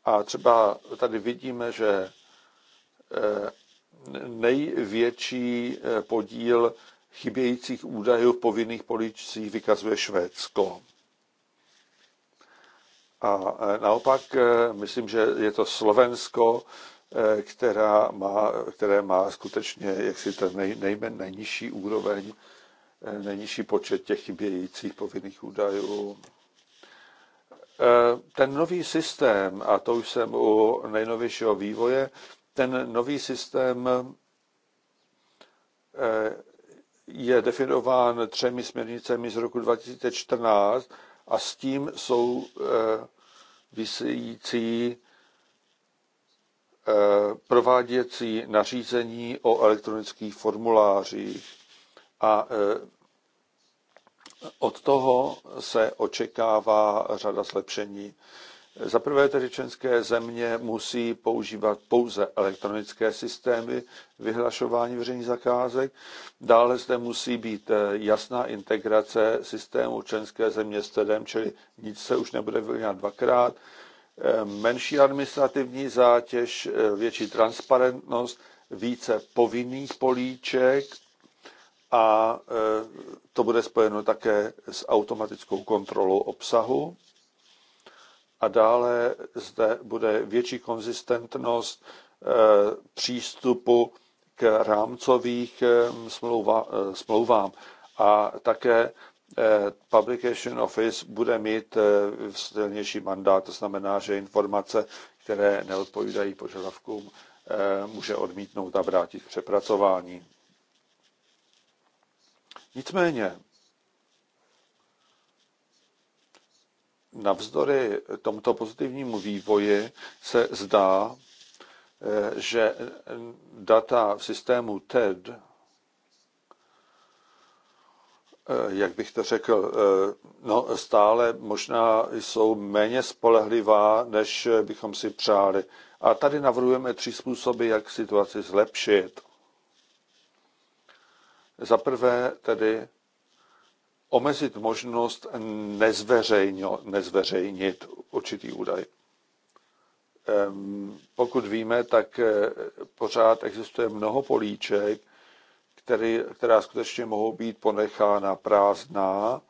A třeba tady vidíme, že největší podíl chybějících údajů v povinných policích vykazuje Švédsko. A e, naopak, e, myslím, že je to Slovensko, e, která má, které má skutečně jaksi ten nej, nejmen, nejnižší úroveň, nejnižší počet těch chybějících povinných údajů. Ten nový systém, a to už jsem u nejnovějšího vývoje, ten nový systém je definován třemi směrnicemi z roku 2014 a s tím jsou eh, vysící eh, prováděcí nařízení o elektronických formulářích. A eh, od toho se očekává řada zlepšení. Za prvé tedy členské země musí používat pouze elektronické systémy vyhlašování veřejných zakázek. Dále zde musí být eh, jasná integrace systému členské země s CEDem, čili nic se už nebude vyhlašovat dvakrát. Eh, menší administrativní zátěž, eh, větší transparentnost, více povinných políček a to bude spojeno také s automatickou kontrolou obsahu a dále zde bude větší konzistentnost eh, přístupu k rámcových eh, eh, smlouvám. A také Publication Office bude mít silnější mandát, to znamená, že informace, které neodpovídají požadavkům, může odmítnout a vrátit k přepracování. Nicméně Navzdory tomuto pozitivnímu vývoji se zdá, eh, že eh, data v systému TED, eh, jak bych to řekl, no, stále možná jsou méně spolehlivá, než bychom si přáli. A tady navrhujeme tři způsoby, jak situaci zlepšit. Za prvé tedy omezit možnost nezveřejnit určitý údaj. Ehm, pokud víme, tak eh, pořád existuje mnoho políček, který, která skutečně mohou být ponechána prázdná,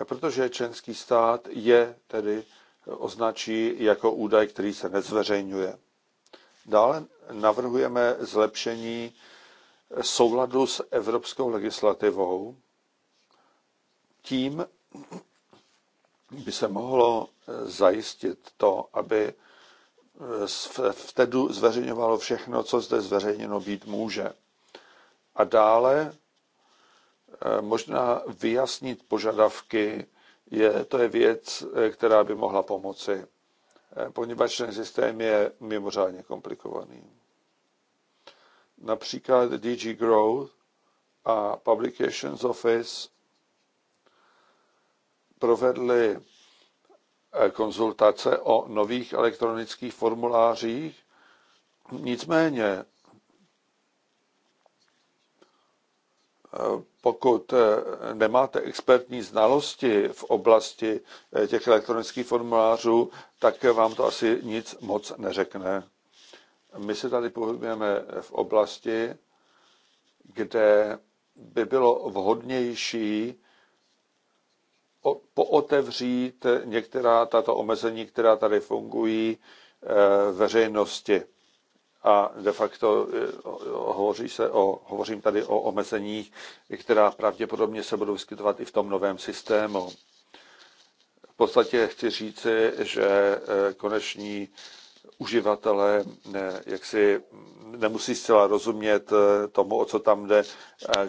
eh, protože členský stát je tedy eh, označí jako údaj, který se nezveřejňuje. Dále navrhujeme zlepšení souladu s evropskou legislativou, tím by se mohlo eh, zajistit to, aby eh, v TEDu zveřejňovalo všechno, co zde zveřejněno být může. A dále eh, možná vyjasnit požadavky, je, to je věc, která by mohla pomoci, poněvadž ten systém je mimořádně komplikovaný. Například DG Growth a Publications Office provedli eh, konzultace o nových elektronických formulářích. Nicméně, eh, pokud eh, nemáte expertní znalosti v oblasti těch elektronických formulářů, tak vám to asi nic moc neřekne. My se tady pohybujeme v oblasti, kde by bylo vhodnější pootevřít některá tato omezení, která tady fungují eh, veřejnosti. A de facto eh, hovoří se o, hovořím tady o omezeních, která pravděpodobně se budou vyskytovat i v tom novém systému. V podstatě chci říci, že eh, koneční uživatelé jaksi nemusí zcela rozumět tomu, o co tam jde.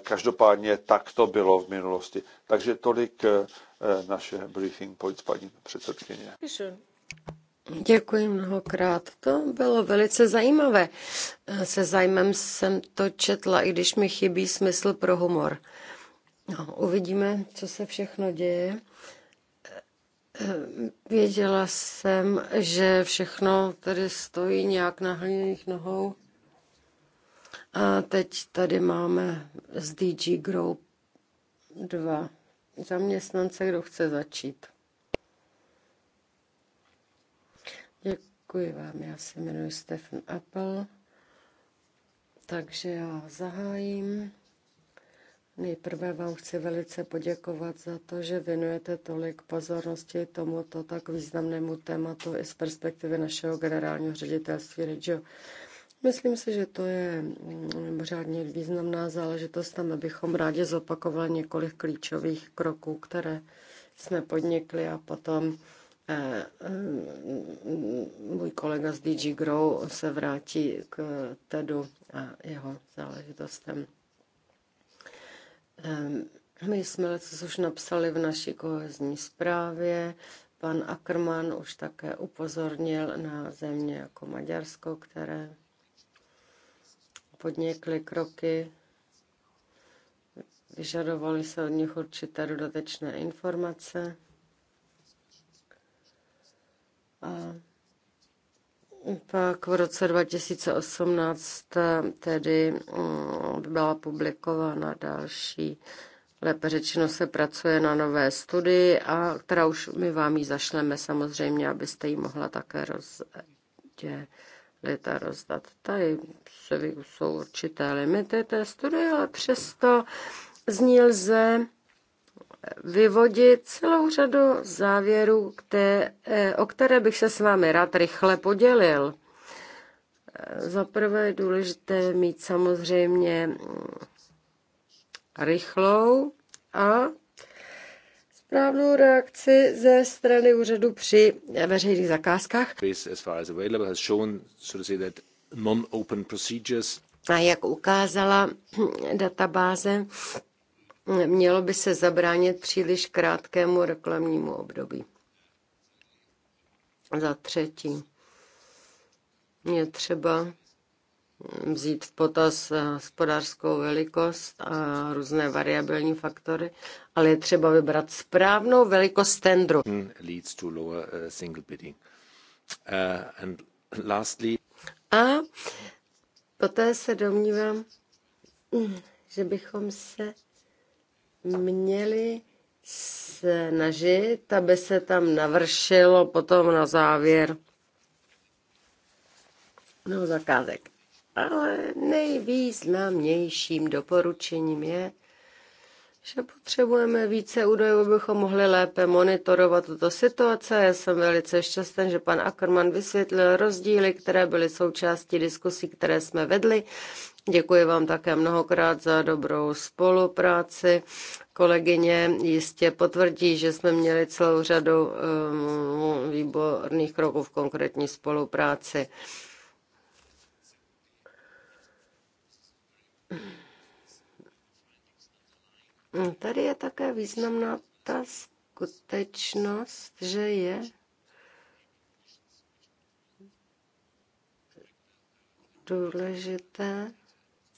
Každopádně tak to bylo v minulosti. Takže tolik Eh, naše briefing point paní předsedkyně. Děkuji mnohokrát. To bylo velice zajímavé. Eh, se zájmem jsem to četla, i když mi chybí smysl pro humor. No, uvidíme, co se všechno děje. Eh, věděla jsem, že všechno tady stojí nějak na hliněných nohou. A teď tady máme z DG Group dva zaměstnance, kdo chce začít. Děkuji vám, já se jmenuji Stefan Apple, takže já zahájím. Nejprve vám chci velice poděkovat za to, že věnujete tolik pozornosti tomuto tak významnému tématu i z perspektivy našeho generálního ředitelství Regio. Myslím si, že to je mm, mimořádně významná záležitost, tam bychom rádi zopakovali několik klíčových kroků, které jsme podnikli a potom eh, eh, můj kolega z DG Grow se vrátí k TEDu a jeho záležitostem. Ehm, my jsme co už napsali v naší kohezní zprávě. Pan Ackermann už také upozornil na země jako Maďarsko, které podnikli kroky, vyžadovali se od nich určité dodatečné informace a pak v roce 2018 tedy mm, byla publikována další, lépe řečeno se pracuje na nové studii, a která už my vám ji zašleme samozřejmě, abyste ji mohla také rozdělit leta rozdat. Tady se jsou určité limity té studie, ale přesto z ní lze vyvodit celou řadu závěrů, které, o které bych se s vámi rád rychle podělil. Za prvé je důležité mít samozřejmě rychlou a správnou reakci ze strany úřadu při veřejných zakázkách. A jak ukázala databáze, mělo by se zabránit příliš krátkému reklamnímu období. Za třetí je třeba vzít v potaz eh, hospodářskou velikost a různé variabilní faktory, ale je třeba vybrat správnou velikost tendru. Hmm, leads to lower eh, single bidding. Eh, and lastly... A poté se domnívám, že bychom se měli snažit, aby se tam navršilo potom na závěr no, zakázek. Ale nejvýznamnějším doporučením je, že potřebujeme více údajů, abychom mohli lépe monitorovat tuto situace. Já jsem velice šťastný, že pan Ackerman vysvětlil rozdíly, které byly součástí diskusí, které jsme vedli. Děkuji vám také mnohokrát za dobrou spolupráci. Kolegyně jistě potvrdí, že jsme měli celou řadu um, výborných kroků v konkrétní spolupráci. Hm, tady je také významná ta skutečnost, že je důležité,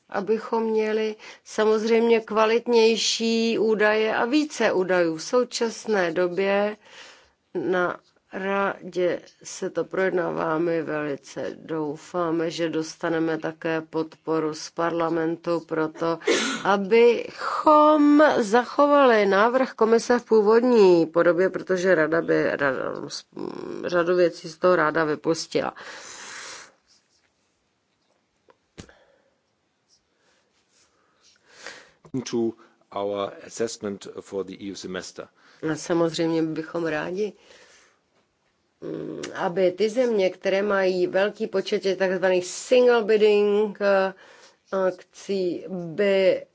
abychom měli samozřejmě kvalitnější údaje a více údajů. V současné době na rádi se to projednáváme velice. Doufáme, že dostaneme také podporu z parlamentu pro to, abychom zachovali návrh komise v původní podobě, protože rada by rada, řadu věcí z toho ráda vypustila. To our assessment for the EU semester. A samozřejmě bychom rádi aby ty země, které mají velký počet tzv. single bidding eh, akcí, by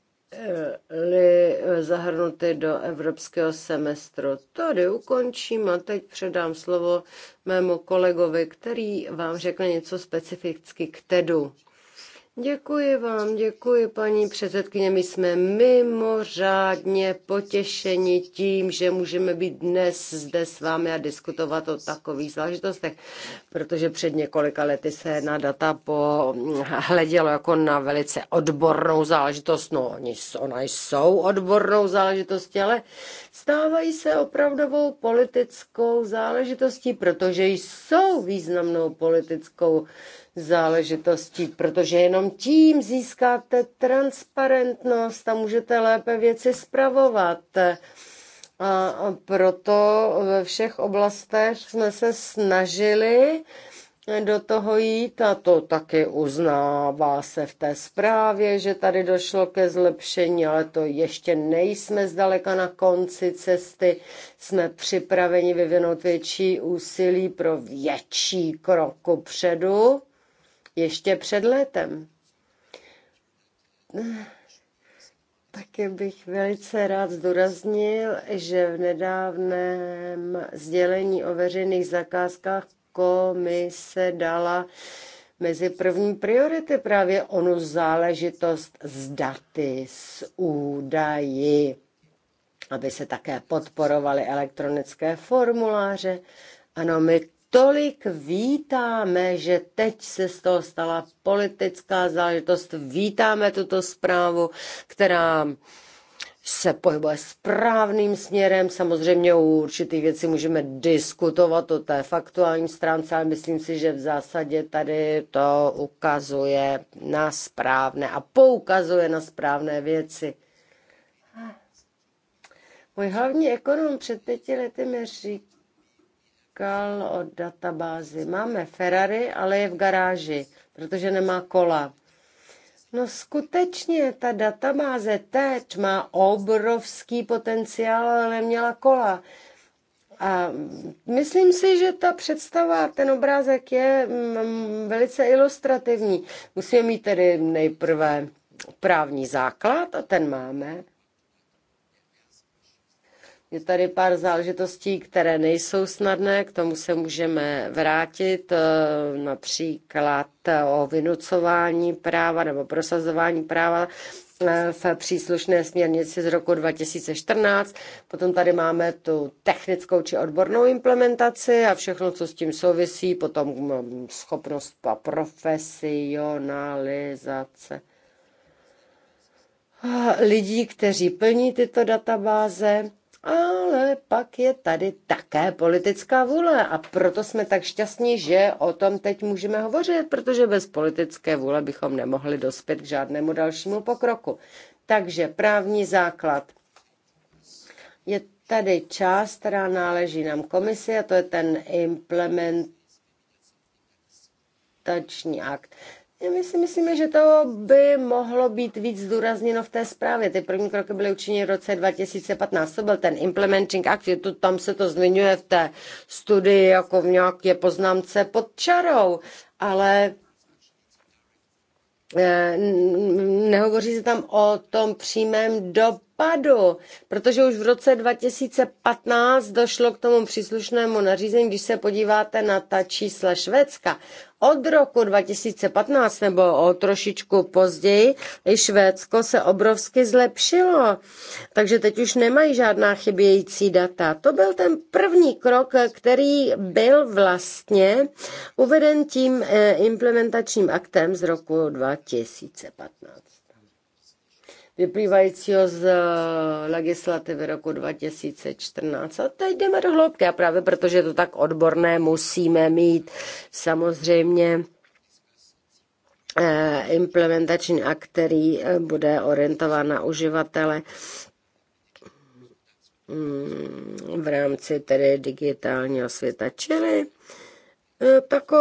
byly eh, zahrnuty do evropského semestru. Tady ukončím a teď předám slovo mému kolegovi, který vám řekne něco specificky k TEDu. Děkuji vám, děkuji paní předsedkyně. My jsme mimořádně potěšeni tím, že můžeme být dnes zde s vámi a diskutovat o takových záležitostech, protože před několika lety se na data pohledělo jako na velice odbornou záležitost. No, oni, ona jsou odbornou záležitostí, ale stávají se opravdovou politickou záležitostí, protože jsou významnou politickou záležitostí, protože jenom tím získáte transparentnost a můžete lépe věci spravovat. A proto ve všech oblastech jsme se snažili do toho jít a to taky uznává se v té zprávě, že tady došlo ke zlepšení, ale to ještě nejsme zdaleka na konci cesty. Jsme připraveni vyvinout větší úsilí pro větší kroku předu ještě před létem. Taky bych velice rád zdůraznil, že v nedávném sdělení o veřejných zakázkách komise dala mezi první priority právě onu záležitost s daty, s údaji, aby se také podporovaly elektronické formuláře. Ano, my tolik vítáme, že teď se z toho stala politická záležitost. Vítáme tuto zprávu, která se pohybuje správným směrem. Samozřejmě u určitých věcí můžeme diskutovat o té faktuální stránce, ale myslím si, že v zásadě tady to ukazuje na správné a poukazuje na správné věci. Můj hlavní ekonom před pěti lety mi říká říkal o databázi. Máme Ferrari, ale je v garáži, protože nemá kola. No skutečně, ta databáze teď má obrovský potenciál, ale neměla kola. A myslím si, že ta představa, ten obrázek je mm, velice ilustrativní. Musíme mít tedy nejprve právní základ a ten máme. Je tady pár záležitostí, které nejsou snadné, k tomu se můžeme vrátit, eh, například eh, o vynucování práva nebo prosazování práva eh, v příslušné směrnici z roku 2014. Potom tady máme tu technickou či odbornou implementaci a všechno, co s tím souvisí, potom mm, schopnost a profesionalizace lidí, kteří plní tyto databáze ale pak je tady také politická vůle a proto jsme tak šťastní, že o tom teď můžeme hovořit, protože bez politické vůle bychom nemohli dospět k žádnému dalšímu pokroku. Takže právní základ. Je tady část, která náleží nám komisi a to je ten implementační akt. My si myslíme, že to by mohlo být víc zdůrazněno v té zprávě. Ty první kroky byly učiněny v roce 2015. To byl ten Implementing Act, je to, tam se to zmiňuje v té studii jako v nějaké poznámce pod čarou, ale eh, nehovoří se tam o tom přímém dopadu dopadu, protože už v roce 2015 došlo k tomu příslušnému nařízení, když se podíváte na ta čísla Švédska. Od roku 2015 nebo o trošičku později i Švédsko se obrovsky zlepšilo, takže teď už nemají žádná chybějící data. To byl ten první krok, který byl vlastně uveden tím eh, implementačním aktem z roku 2015 vyplývajícího z eh, legislativy roku 2014. A teď jdeme do hloubky a právě protože je to tak odborné, musíme mít samozřejmě eh, implementační akt, který eh, bude orientován na uživatele mm, v rámci tedy digitálního světa. Čili E, Tako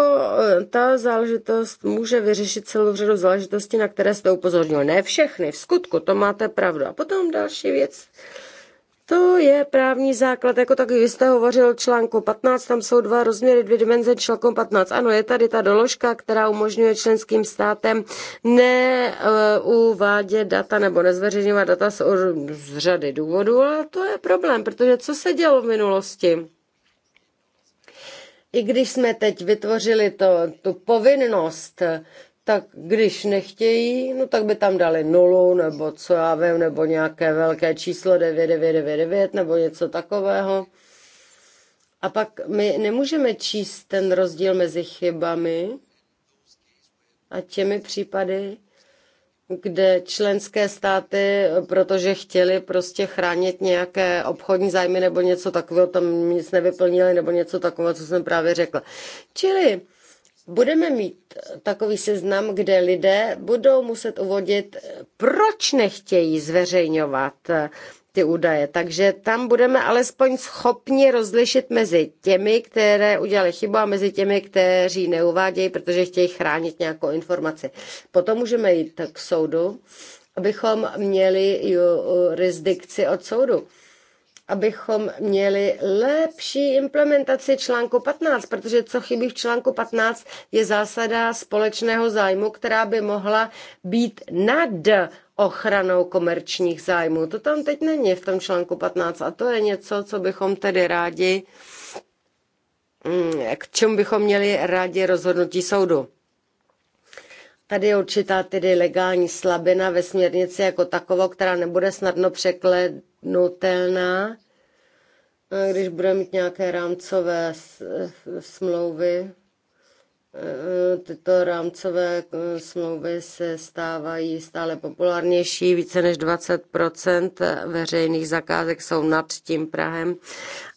e, ta záležitost může vyřešit celou řadu záležitostí, na které jste upozornil. Ne všechny, v skutku, to máte pravdu. A potom další věc. To je právní základ, jako taky vy jste hovořil článku 15, tam jsou dva rozměry, dvě dimenze článku 15. Ano, je tady ta doložka, která umožňuje členským státem neuvádět data nebo nezveřejňovat data z, z řady důvodů, ale to je problém, protože co se dělo v minulosti? I když jsme teď vytvořili to, tu povinnost, tak když nechtějí, no tak by tam dali nulu, nebo co já vím, nebo nějaké velké číslo 9999, nebo něco takového. A pak my nemůžeme číst ten rozdíl mezi chybami a těmi případy, kde členské státy, protože chtěli prostě chránit nějaké obchodní zájmy nebo něco takového, tam nic nevyplnili nebo něco takového, co jsem právě řekla. Čili budeme mít takový seznam, kde lidé budou muset uvodit, proč nechtějí zveřejňovat ty údaje. Takže tam budeme alespoň schopni rozlišit mezi těmi, které udělali chybu a mezi těmi, kteří neuvádějí, protože chtějí chránit nějakou informaci. Potom můžeme jít k soudu, abychom měli jurisdikci od soudu abychom měli lepší implementaci článku 15, protože co chybí v článku 15 je zásada společného zájmu, která by mohla být nad ochranou komerčních zájmů. To tam teď není v tom článku 15 a to je něco, co bychom tedy rádi, mm, k čemu bychom měli rádi rozhodnutí soudu. Tady je určitá tedy legální slabina ve směrnici jako takovou, která nebude snadno překlenutelná, když bude mít nějaké rámcové smlouvy. Eh, tyto rámcové eh, smlouvy se stávají stále populárnější. Více než 20 veřejných zakázek jsou nad tím Prahem.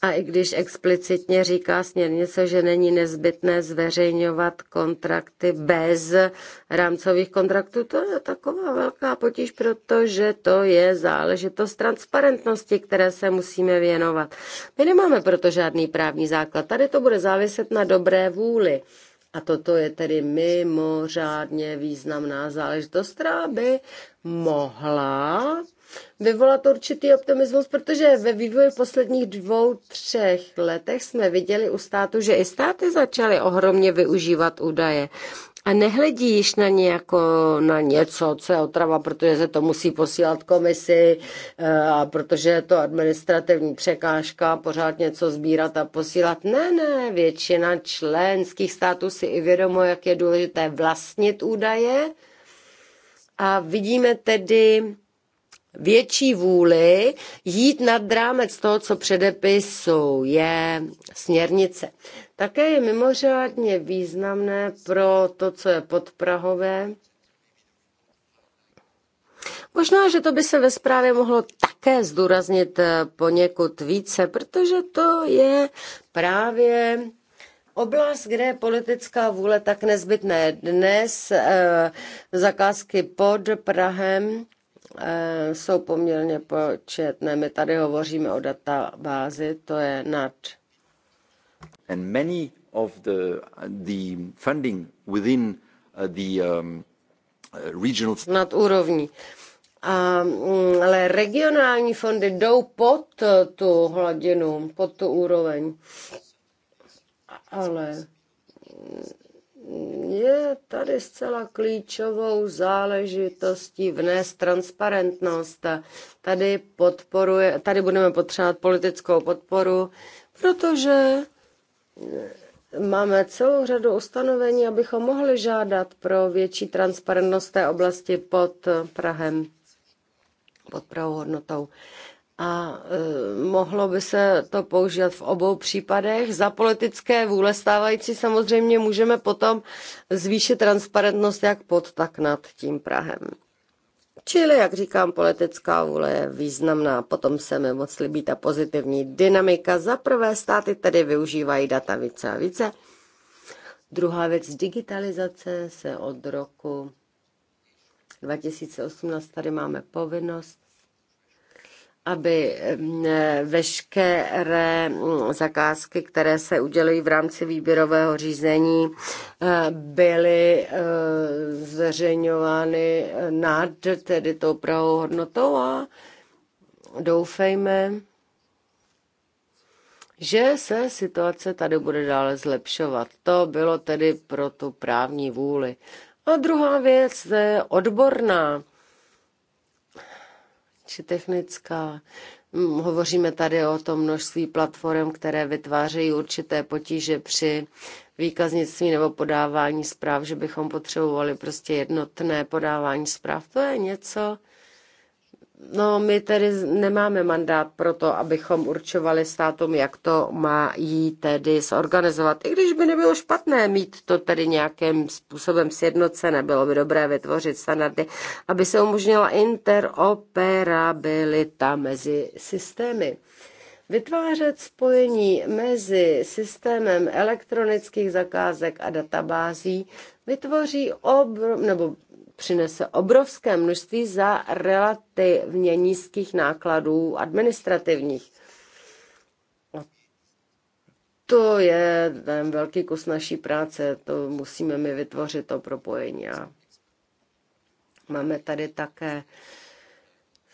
A i když explicitně říká směrnice, že není nezbytné zveřejňovat kontrakty bez rámcových kontraktů, to je taková velká potíž, protože to je záležitost transparentnosti, které se musíme věnovat. My nemáme proto žádný právní základ. Tady to bude záviset na dobré vůli a toto je tedy mimořádně významná záležitost, která by mohla vyvolat určitý optimismus, protože ve vývoji posledních dvou, třech letech jsme viděli u státu, že i státy začaly ohromně využívat údaje a nehledí již na, ně jako na něco, co je otrava, protože se to musí posílat komisi eh, a protože je to administrativní překážka pořád něco sbírat a posílat. Ne, ne, většina členských států si i vědomo, jak je důležité vlastnit údaje a vidíme tedy větší vůli jít nad rámec toho, co předepisuje směrnice. Také je mimořádně významné pro to, co je podprahové. Možná, že to by se ve zprávě mohlo také zdůraznit eh, poněkud více, protože to je právě Oblast, kde je politická vůle tak nezbytné. Dnes eh, zakázky pod Prahem eh, jsou poměrně početné. My tady hovoříme o databázi, to je nad and many of the, the funding within uh, the um, uh, regional nad úrovní. A, mm, ale regionální fondy jdou pod eh, tu hladinu, pod tu úroveň. Ale mm, je tady zcela klíčovou záležitostí vnést transparentnost. Tady, podporuje, tady budeme potřebovat politickou podporu, protože máme celou řadu ustanovení, abychom mohli žádat pro větší transparentnost té oblasti pod Prahem, pod pravou hodnotou. A e, mohlo by se to použít v obou případech. Za politické vůle stávající samozřejmě můžeme potom zvýšit transparentnost jak pod, tak nad tím Prahem. Čili, jak říkám, politická vůle je významná. Potom se mi moc líbí ta pozitivní dynamika. Za prvé státy tedy využívají data více a více. Druhá věc, digitalizace se od roku 2018 tady máme povinnost aby mm, veškeré mm, zakázky, které se udělují v rámci výběrového řízení, eh, byly eh, zveřejňovány nad tedy tou pravou hodnotou a doufejme, že se situace tady bude dále zlepšovat. To bylo tedy pro tu právní vůli. A druhá věc je odborná či technická. Mm, hovoříme tady o tom množství platform, které vytvářejí určité potíže při výkaznictví nebo podávání zpráv, že bychom potřebovali prostě jednotné podávání zpráv. To je něco, No, my tedy nemáme mandát pro to, abychom určovali státům, jak to má jí tedy zorganizovat. I když by nebylo špatné mít to tedy nějakým způsobem sjednocené, bylo by dobré vytvořit standardy, aby se umožnila interoperabilita mezi systémy. Vytvářet spojení mezi systémem elektronických zakázek a databází vytvoří obr- nebo přinese obrovské množství za relativně nízkých nákladů administrativních. To je ten velký kus naší práce, to musíme my vytvořit to propojení. A máme tady také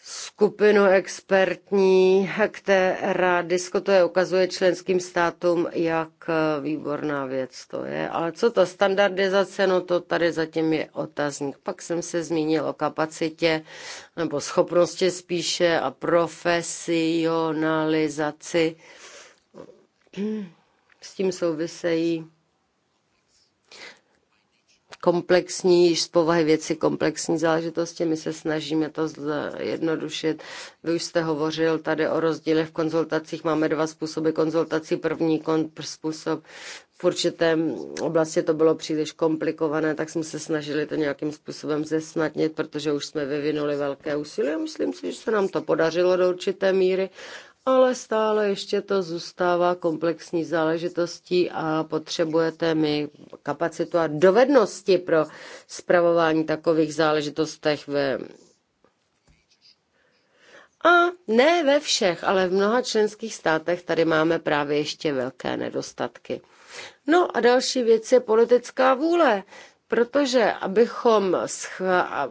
skupinu expertní, která diskutuje, ukazuje členským státům, jak eh, výborná věc to je. Ale co to standardizace, no to tady zatím je otazník. Pak jsem se zmínil o kapacitě nebo schopnosti spíše a profesionalizaci. S tím souvisejí komplexní, již z povahy věci komplexní záležitosti. My se snažíme to zjednodušit. Vy už jste hovořil tady o rozdíle v konzultacích. Máme dva způsoby konzultací. První kon- způsob v určitém oblasti to bylo příliš komplikované, tak jsme se snažili to nějakým způsobem zesnadnit, protože už jsme vyvinuli velké úsilí a myslím si, že se nám to podařilo do určité míry ale stále ještě to zůstává komplexní záležitostí a potřebujete mi kapacitu a dovednosti pro spravování takových záležitostech ve a ne ve všech, ale v mnoha členských státech tady máme právě ještě velké nedostatky. No a další věc je politická vůle, protože abychom,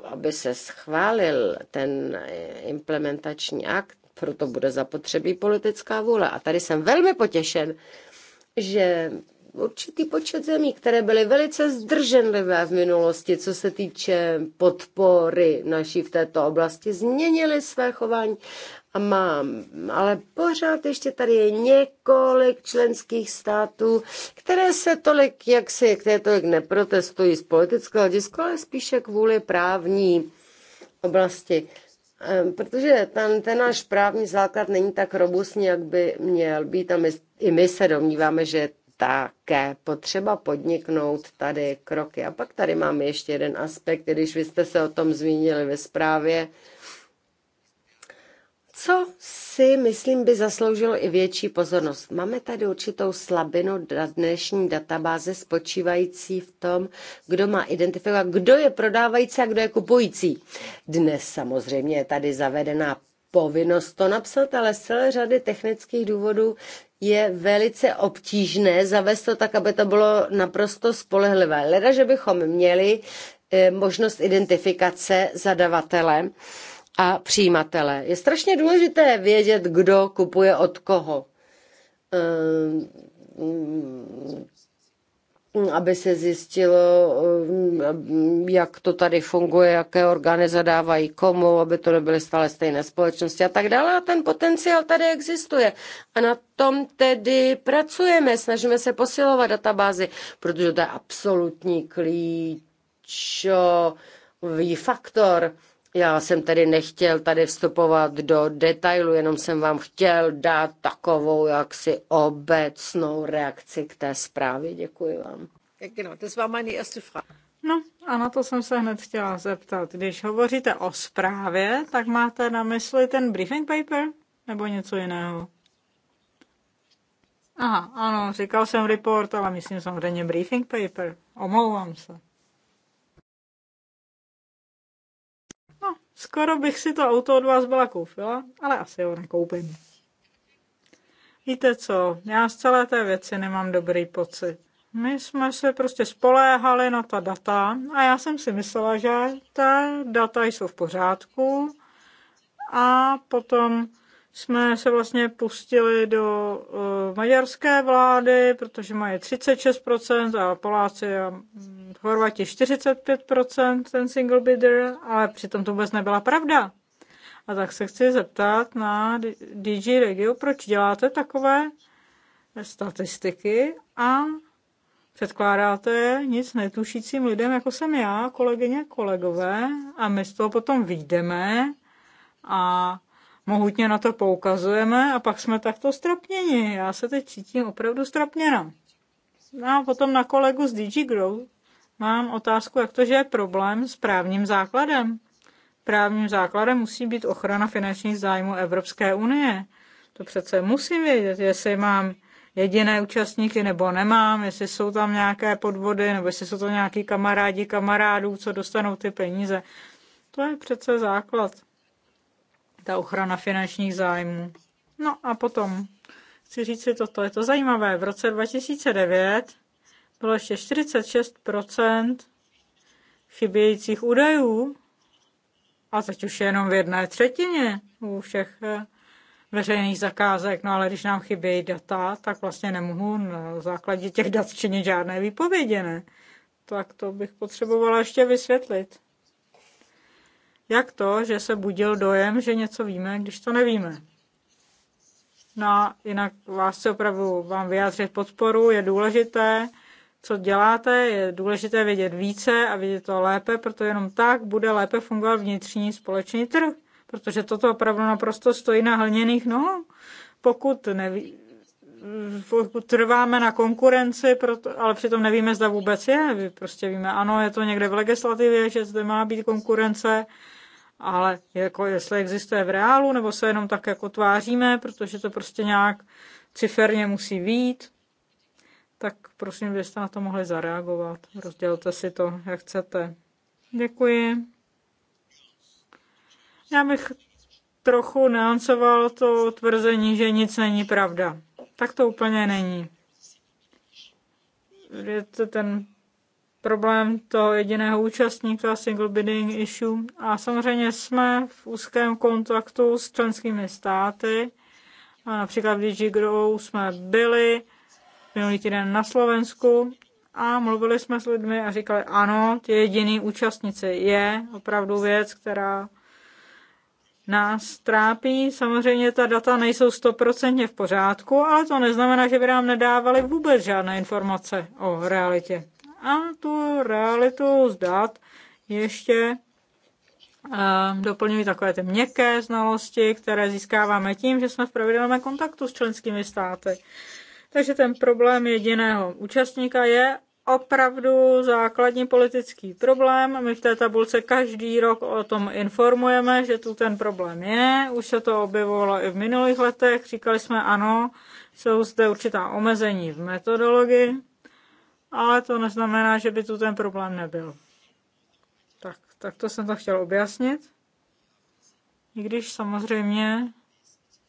aby se schválil ten implementační akt, proto bude zapotřebí politická vůle. A tady jsem velmi potěšen, že určitý počet zemí, které byly velice zdrženlivé v minulosti, co se týče podpory naší v této oblasti, změnili své chování a mám. Ale pořád ještě tady je několik členských států, které se tolik, jak si, které tolik neprotestují z politického hlediska, ale spíše kvůli právní oblasti. Protože ten, ten náš právní základ není tak robustní, jak by měl být a my, i my se domníváme, že je také potřeba podniknout tady kroky. A pak tady máme ještě jeden aspekt, když vy jste se o tom zmínili ve zprávě, co si myslím by zasloužilo i větší pozornost. Máme tady určitou slabinu dnešní databáze spočívající v tom, kdo má identifikovat, kdo je prodávající a kdo je kupující. Dnes samozřejmě je tady zavedená povinnost to napsat, ale z celé řady technických důvodů je velice obtížné zavést to tak, aby to bylo naprosto spolehlivé. Leda, že bychom měli eh, možnost identifikace zadavatele, a přijímatele. Je strašně důležité vědět, kdo kupuje od koho, ehm, aby se zjistilo, ehm, jak to tady funguje, jaké orgány zadávají komu, aby to nebyly stále stejné společnosti a tak dále. A ten potenciál tady existuje. A na tom tedy pracujeme, snažíme se posilovat databázy, protože to je absolutní klíčový faktor já jsem tedy nechtěl tady vstupovat do detailu, jenom jsem vám chtěl dát takovou jaksi obecnou reakci k té zprávě. Děkuji vám. No a na to jsem se hned chtěla zeptat. Když hovoříte o zprávě, tak máte na mysli ten briefing paper nebo něco jiného? Aha, ano, říkal jsem report, ale myslím samozřejmě briefing paper. Omlouvám se. Skoro bych si to auto od vás byla koupila, ale asi ho nekoupím. Víte co, já z celé té věci nemám dobrý pocit. My jsme se prostě spoléhali na ta data a já jsem si myslela, že ta data jsou v pořádku a potom jsme se vlastně pustili do eh, maďarské vlády, protože mají 36% a Poláci a mm, Chorvati 45% ten single bidder, ale přitom to vůbec nebyla pravda. A tak se chci zeptat na DG Regio, proč děláte takové statistiky a předkládáte je nic netušícím lidem, jako jsem já, kolegyně, kolegové, a my z toho potom vyjdeme a mohutně na to poukazujeme a pak jsme takto strapněni. Já se teď cítím opravdu strapněna. No a potom na kolegu z DG Grow mám otázku, jak to, že je problém s právním základem. Právním základem musí být ochrana finančních zájmů Evropské unie. To přece musím vědět, jestli mám jediné účastníky nebo nemám, jestli jsou tam nějaké podvody, nebo jestli jsou to nějaký kamarádi kamarádů, co dostanou ty peníze. To je přece základ ta ochrana finančních zájmů. No a potom chci říct si toto, je to zajímavé. V roce 2009 bylo ještě 46 chybějících údajů a teď už je jenom v jedné třetině u všech eh, veřejných zakázek, no ale když nám chybějí data, tak vlastně nemohu na základě těch dat činit žádné výpovědi, ne? Tak to bych potřebovala ještě vysvětlit. Jak to, že se budil dojem, že něco víme, když to nevíme? No a jinak vás se opravdu vám vyjádřit podporu, je důležité, co děláte, je důležité vědět více a vědět to lépe, protože jenom tak bude lépe fungovat vnitřní společný trh, protože toto opravdu naprosto stojí na hlněných nohou. Pokud neví, pokud trváme na konkurenci, proto, ale přitom nevíme, zda vůbec je. Prostě víme, ano, je to někde v legislativě, že zde má být konkurence, ale jako jestli existuje v reálu, nebo se jenom tak jako tváříme, protože to prostě nějak ciferně musí být, tak prosím, byste na to mohli zareagovat. Rozdělte si to, jak chcete. Děkuji. Já bych trochu neancoval to tvrzení, že nic není pravda. Tak to úplně není. Je to ten problém toho jediného účastníka, single bidding issue. A samozřejmě jsme v úzkém kontaktu s členskými státy. A například v DG Grow jsme byli minulý týden na Slovensku a mluvili jsme s lidmi a říkali, ano, ty jediný účastnice je opravdu věc, která nás trápí. Samozřejmě ta data nejsou stoprocentně v pořádku, ale to neznamená, že by nám nedávali vůbec žádné informace o realitě a tu realitu zdat. ještě eh, doplňují takové ty měkké znalosti, které získáváme tím, že jsme v pravidelném kontaktu s členskými státy. Takže ten problém jediného účastníka je opravdu základní politický problém. My v té tabulce každý rok o tom informujeme, že tu ten problém je. Už se to objevovalo i v minulých letech. Říkali jsme ano, jsou zde určitá omezení v metodologii ale to neznamená, že by tu ten problém nebyl. Tak, tak to jsem to chtěl objasnit. I když samozřejmě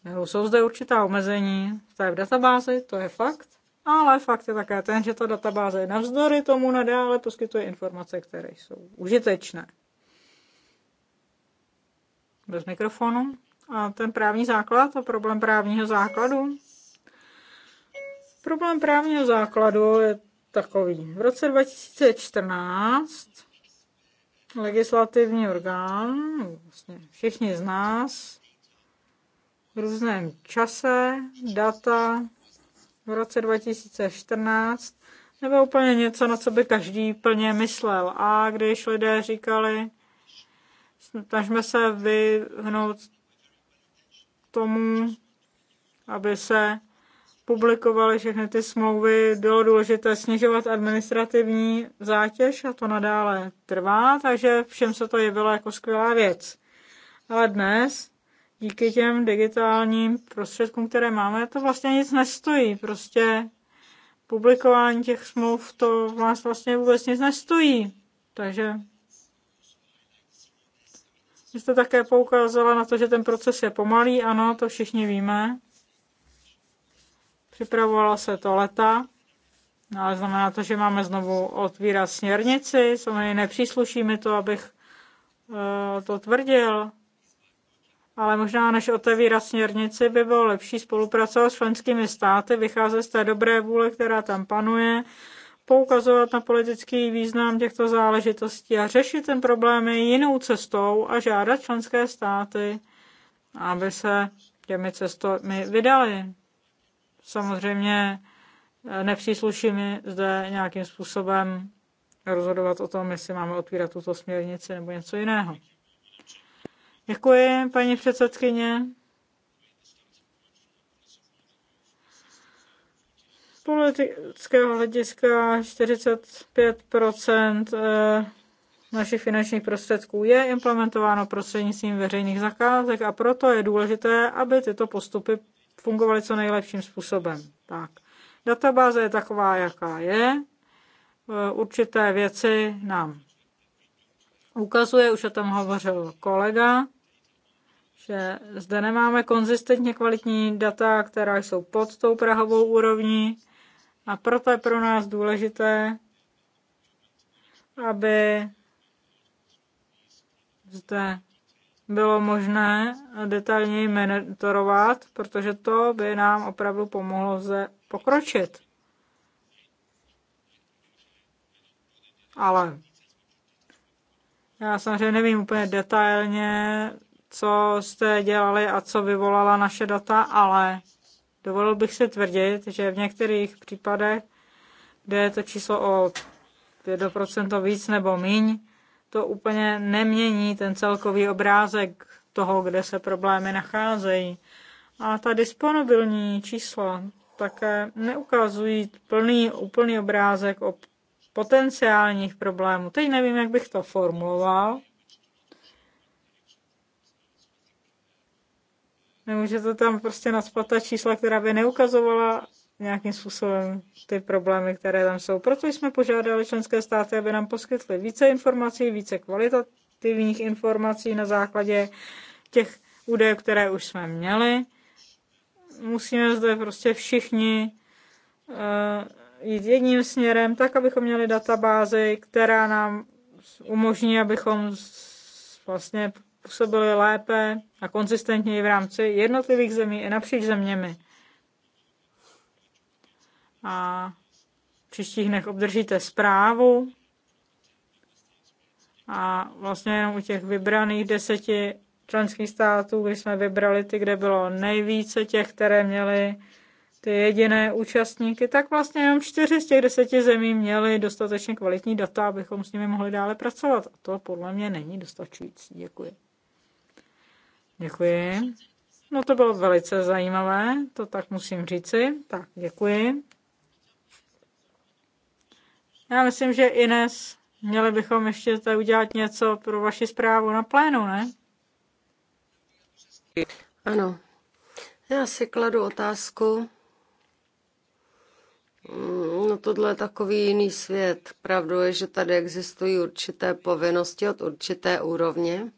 nebo jsou zde určitá omezení, to je v databázi, to je fakt, ale fakt je také ten, že ta databáze navzdory tomu nadále poskytuje informace, které jsou užitečné. Bez mikrofonu. A ten právní základ a problém právního základu. Problém právního základu je takový. V roce 2014 legislativní orgán, vlastně všichni z nás, v různém čase, data, v roce 2014, nebo úplně něco, na co by každý plně myslel. A když lidé říkali, snažme se vyhnout tomu, aby se publikovali všechny ty smlouvy, bylo důležité snižovat administrativní zátěž a to nadále trvá, takže všem se to jevilo jako skvělá věc. Ale dnes, díky těm digitálním prostředkům, které máme, to vlastně nic nestojí. Prostě publikování těch smluv to vás vlastně vůbec nic nestojí. Takže vy jste také poukázala na to, že ten proces je pomalý, ano, to všichni víme. Připravovalo se to leta, no ale znamená to, že máme znovu otvírat směrnici. Samozřejmě nepřísluší mi to, abych eh, to tvrdil, ale možná než otevírat směrnici, by bylo lepší spolupracovat s členskými státy, vycházet z té dobré vůle, která tam panuje, poukazovat na politický význam těchto záležitostí a řešit ten problém jinou cestou a žádat členské státy, aby se těmi cestami vydali. Samozřejmě eh, nepřísluší mi zde nějakým způsobem rozhodovat o tom, jestli máme otvírat tuto směrnici nebo něco jiného. Děkuji, paní předsedkyně. Z politického hlediska 45 eh, našich finančních prostředků je implementováno prostřednictvím veřejných zakázek a proto je důležité, aby tyto postupy fungovaly co nejlepším způsobem. Tak. Databáze je taková, jaká je. E, určité věci nám ukazuje, už o tom hovořil kolega, že zde nemáme konzistentně kvalitní data, která jsou pod tou prahovou úrovní a proto je pro nás důležité, aby zde bylo možné detailněji monitorovat, protože to by nám opravdu pomohlo ze pokročit. Ale já samozřejmě nevím úplně detailně, co jste dělali a co vyvolala naše data, ale dovolil bych se tvrdit, že v některých případech, kde je to číslo o 5% víc nebo míň, to úplně nemění ten celkový obrázek toho, kde se problémy nacházejí. A ta disponibilní čísla také neukazují plný, úplný obrázek o potenciálních problémů. Teď nevím, jak bych to formuloval. Nemůžete tam prostě nadspat ta čísla, která by neukazovala nějakým způsobem ty problémy, které tam jsou. Proto jsme požádali členské státy, aby nám poskytly více informací, více kvalitativních informací na základě těch údajů, které už jsme měli. Musíme zde prostě všichni eh, jít jedním směrem, tak abychom měli databázi, která nám umožní, abychom vlastně působili lépe a konzistentněji v rámci jednotlivých zemí i napříč zeměmi a v příštích dnech obdržíte zprávu a vlastně jenom u těch vybraných deseti členských států, kdy jsme vybrali ty, kde bylo nejvíce těch, které měly ty jediné účastníky, tak vlastně jenom čtyři z těch deseti zemí měly dostatečně kvalitní data, abychom s nimi mohli dále pracovat. A to podle mě není dostačující. Děkuji. Děkuji. No to bylo velice zajímavé, to tak musím říci. Tak, děkuji. Já myslím, že Ines, měli bychom ještě tady udělat něco pro vaši zprávu na plénu, ne? Ano. Já si kladu otázku. Mm, no tohle je takový jiný svět. Pravdu je, že tady existují určité povinnosti od určité úrovně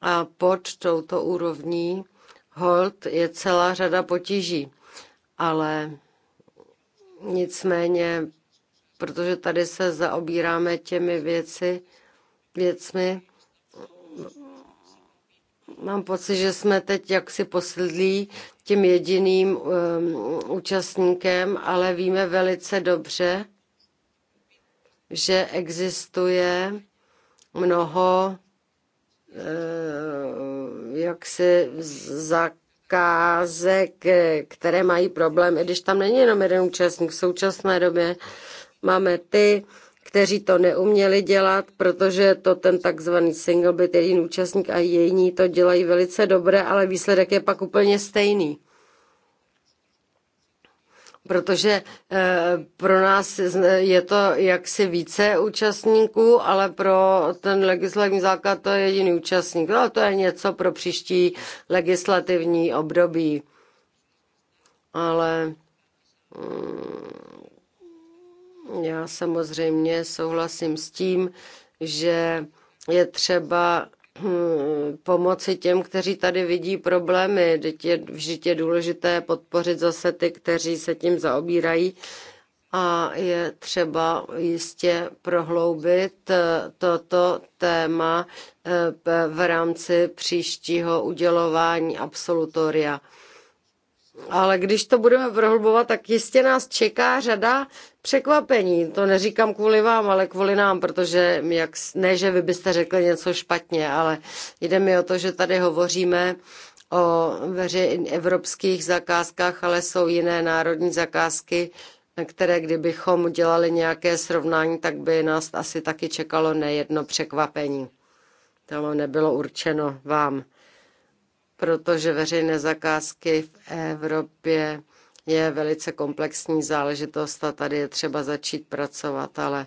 a pod touto úrovní hold je celá řada potíží. Ale nicméně protože tady se zaobíráme těmi věci, věcmi. Mám pocit, že jsme teď jaksi posedlí tím jediným um, účastníkem, ale víme velice dobře, že existuje mnoho uh, jaksi zakázek, eh, které mají problém, i když tam není jenom jeden účastník v současné době. Uh, Máme ty, kteří to neuměli dělat, protože to ten takzvaný single byt, jeden účastník a jiní to dělají velice dobře, ale výsledek je pak úplně stejný. Protože eh, pro nás je to jaksi více účastníků, ale pro ten legislativní základ to je jediný účastník. No, to je něco pro příští legislativní období. Ale mm, já samozřejmě souhlasím s tím, že je třeba hm, pomoci těm, kteří tady vidí problémy. Teď je vždyť je důležité podpořit zase ty, kteří se tím zaobírají a je třeba jistě prohloubit eh, toto téma eh, v rámci příštího udělování absolutoria. Ale když to budeme prohlubovat, tak jistě nás čeká řada překvapení. To neříkám kvůli vám, ale kvůli nám, protože jak, ne, že vy byste řekli něco špatně, ale jde mi o to, že tady hovoříme o veřejn, evropských zakázkách, ale jsou jiné národní zakázky, které kdybychom dělali nějaké srovnání, tak by nás asi taky čekalo nejedno překvapení. To nebylo určeno vám, protože veřejné zakázky v Evropě je velice komplexní záležitost a tady je třeba začít pracovat, ale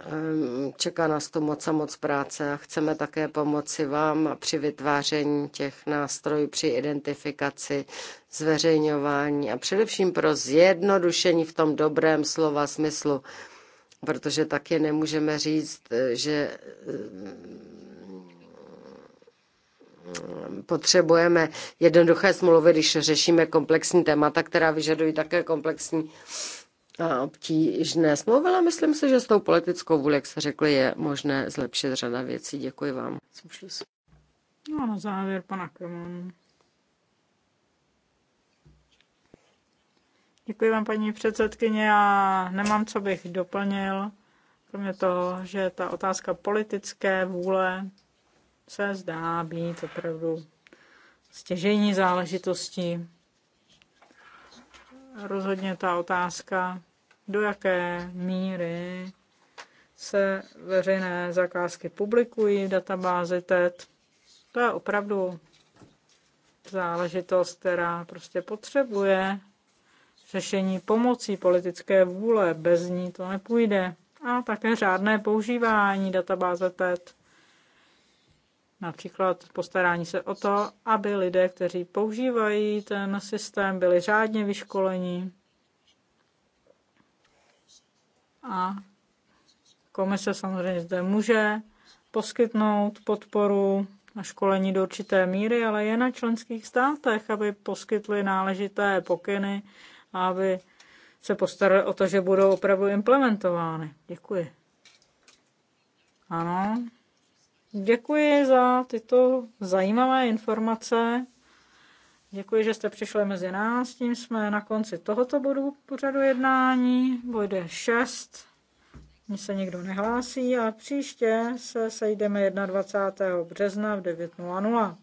ehm, čeká nás to moc a moc práce a chceme také pomoci vám při vytváření těch nástrojů, při identifikaci, zveřejňování a především pro zjednodušení v tom dobrém slova smyslu, protože taky nemůžeme říct, že Mm, potřebujeme jednoduché smlouvy, když řešíme komplexní témata, která vyžadují také komplexní a obtížné smlouvy, ale myslím si, že s tou politickou vůli, jak se řekli, je možné zlepšit řada věcí. Děkuji vám. No a na závěr pana Kremon. Děkuji vám, paní předsedkyně. Já nemám, co bych doplnil, kromě toho, že ta otázka politické vůle se zdá být opravdu stěžejní záležitosti. Rozhodně ta otázka, do jaké míry se veřejné zakázky publikují v databázi TED, to je opravdu záležitost, která prostě potřebuje řešení pomocí politické vůle. Bez ní to nepůjde. A také řádné používání databáze TED. Například postarání se o to, aby lidé, kteří používají ten systém, byli řádně vyškoleni. A komise samozřejmě zde může poskytnout podporu na školení do určité míry, ale je na členských státech, aby poskytly náležité pokyny a aby se postarali o to, že budou opravdu implementovány. Děkuji. Ano, Děkuji za tyto zajímavé informace. Děkuji, že jste přišli mezi nás. Tím jsme na konci tohoto bodu pořadu jednání. Bude 6. Mně se nikdo nehlásí a příště se sejdeme 21. března v 9.00.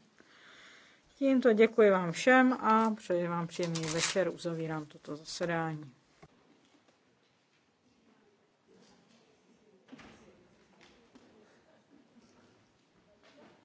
Tímto děkuji vám všem a přeji vám příjemný večer. Uzavírám toto zasedání.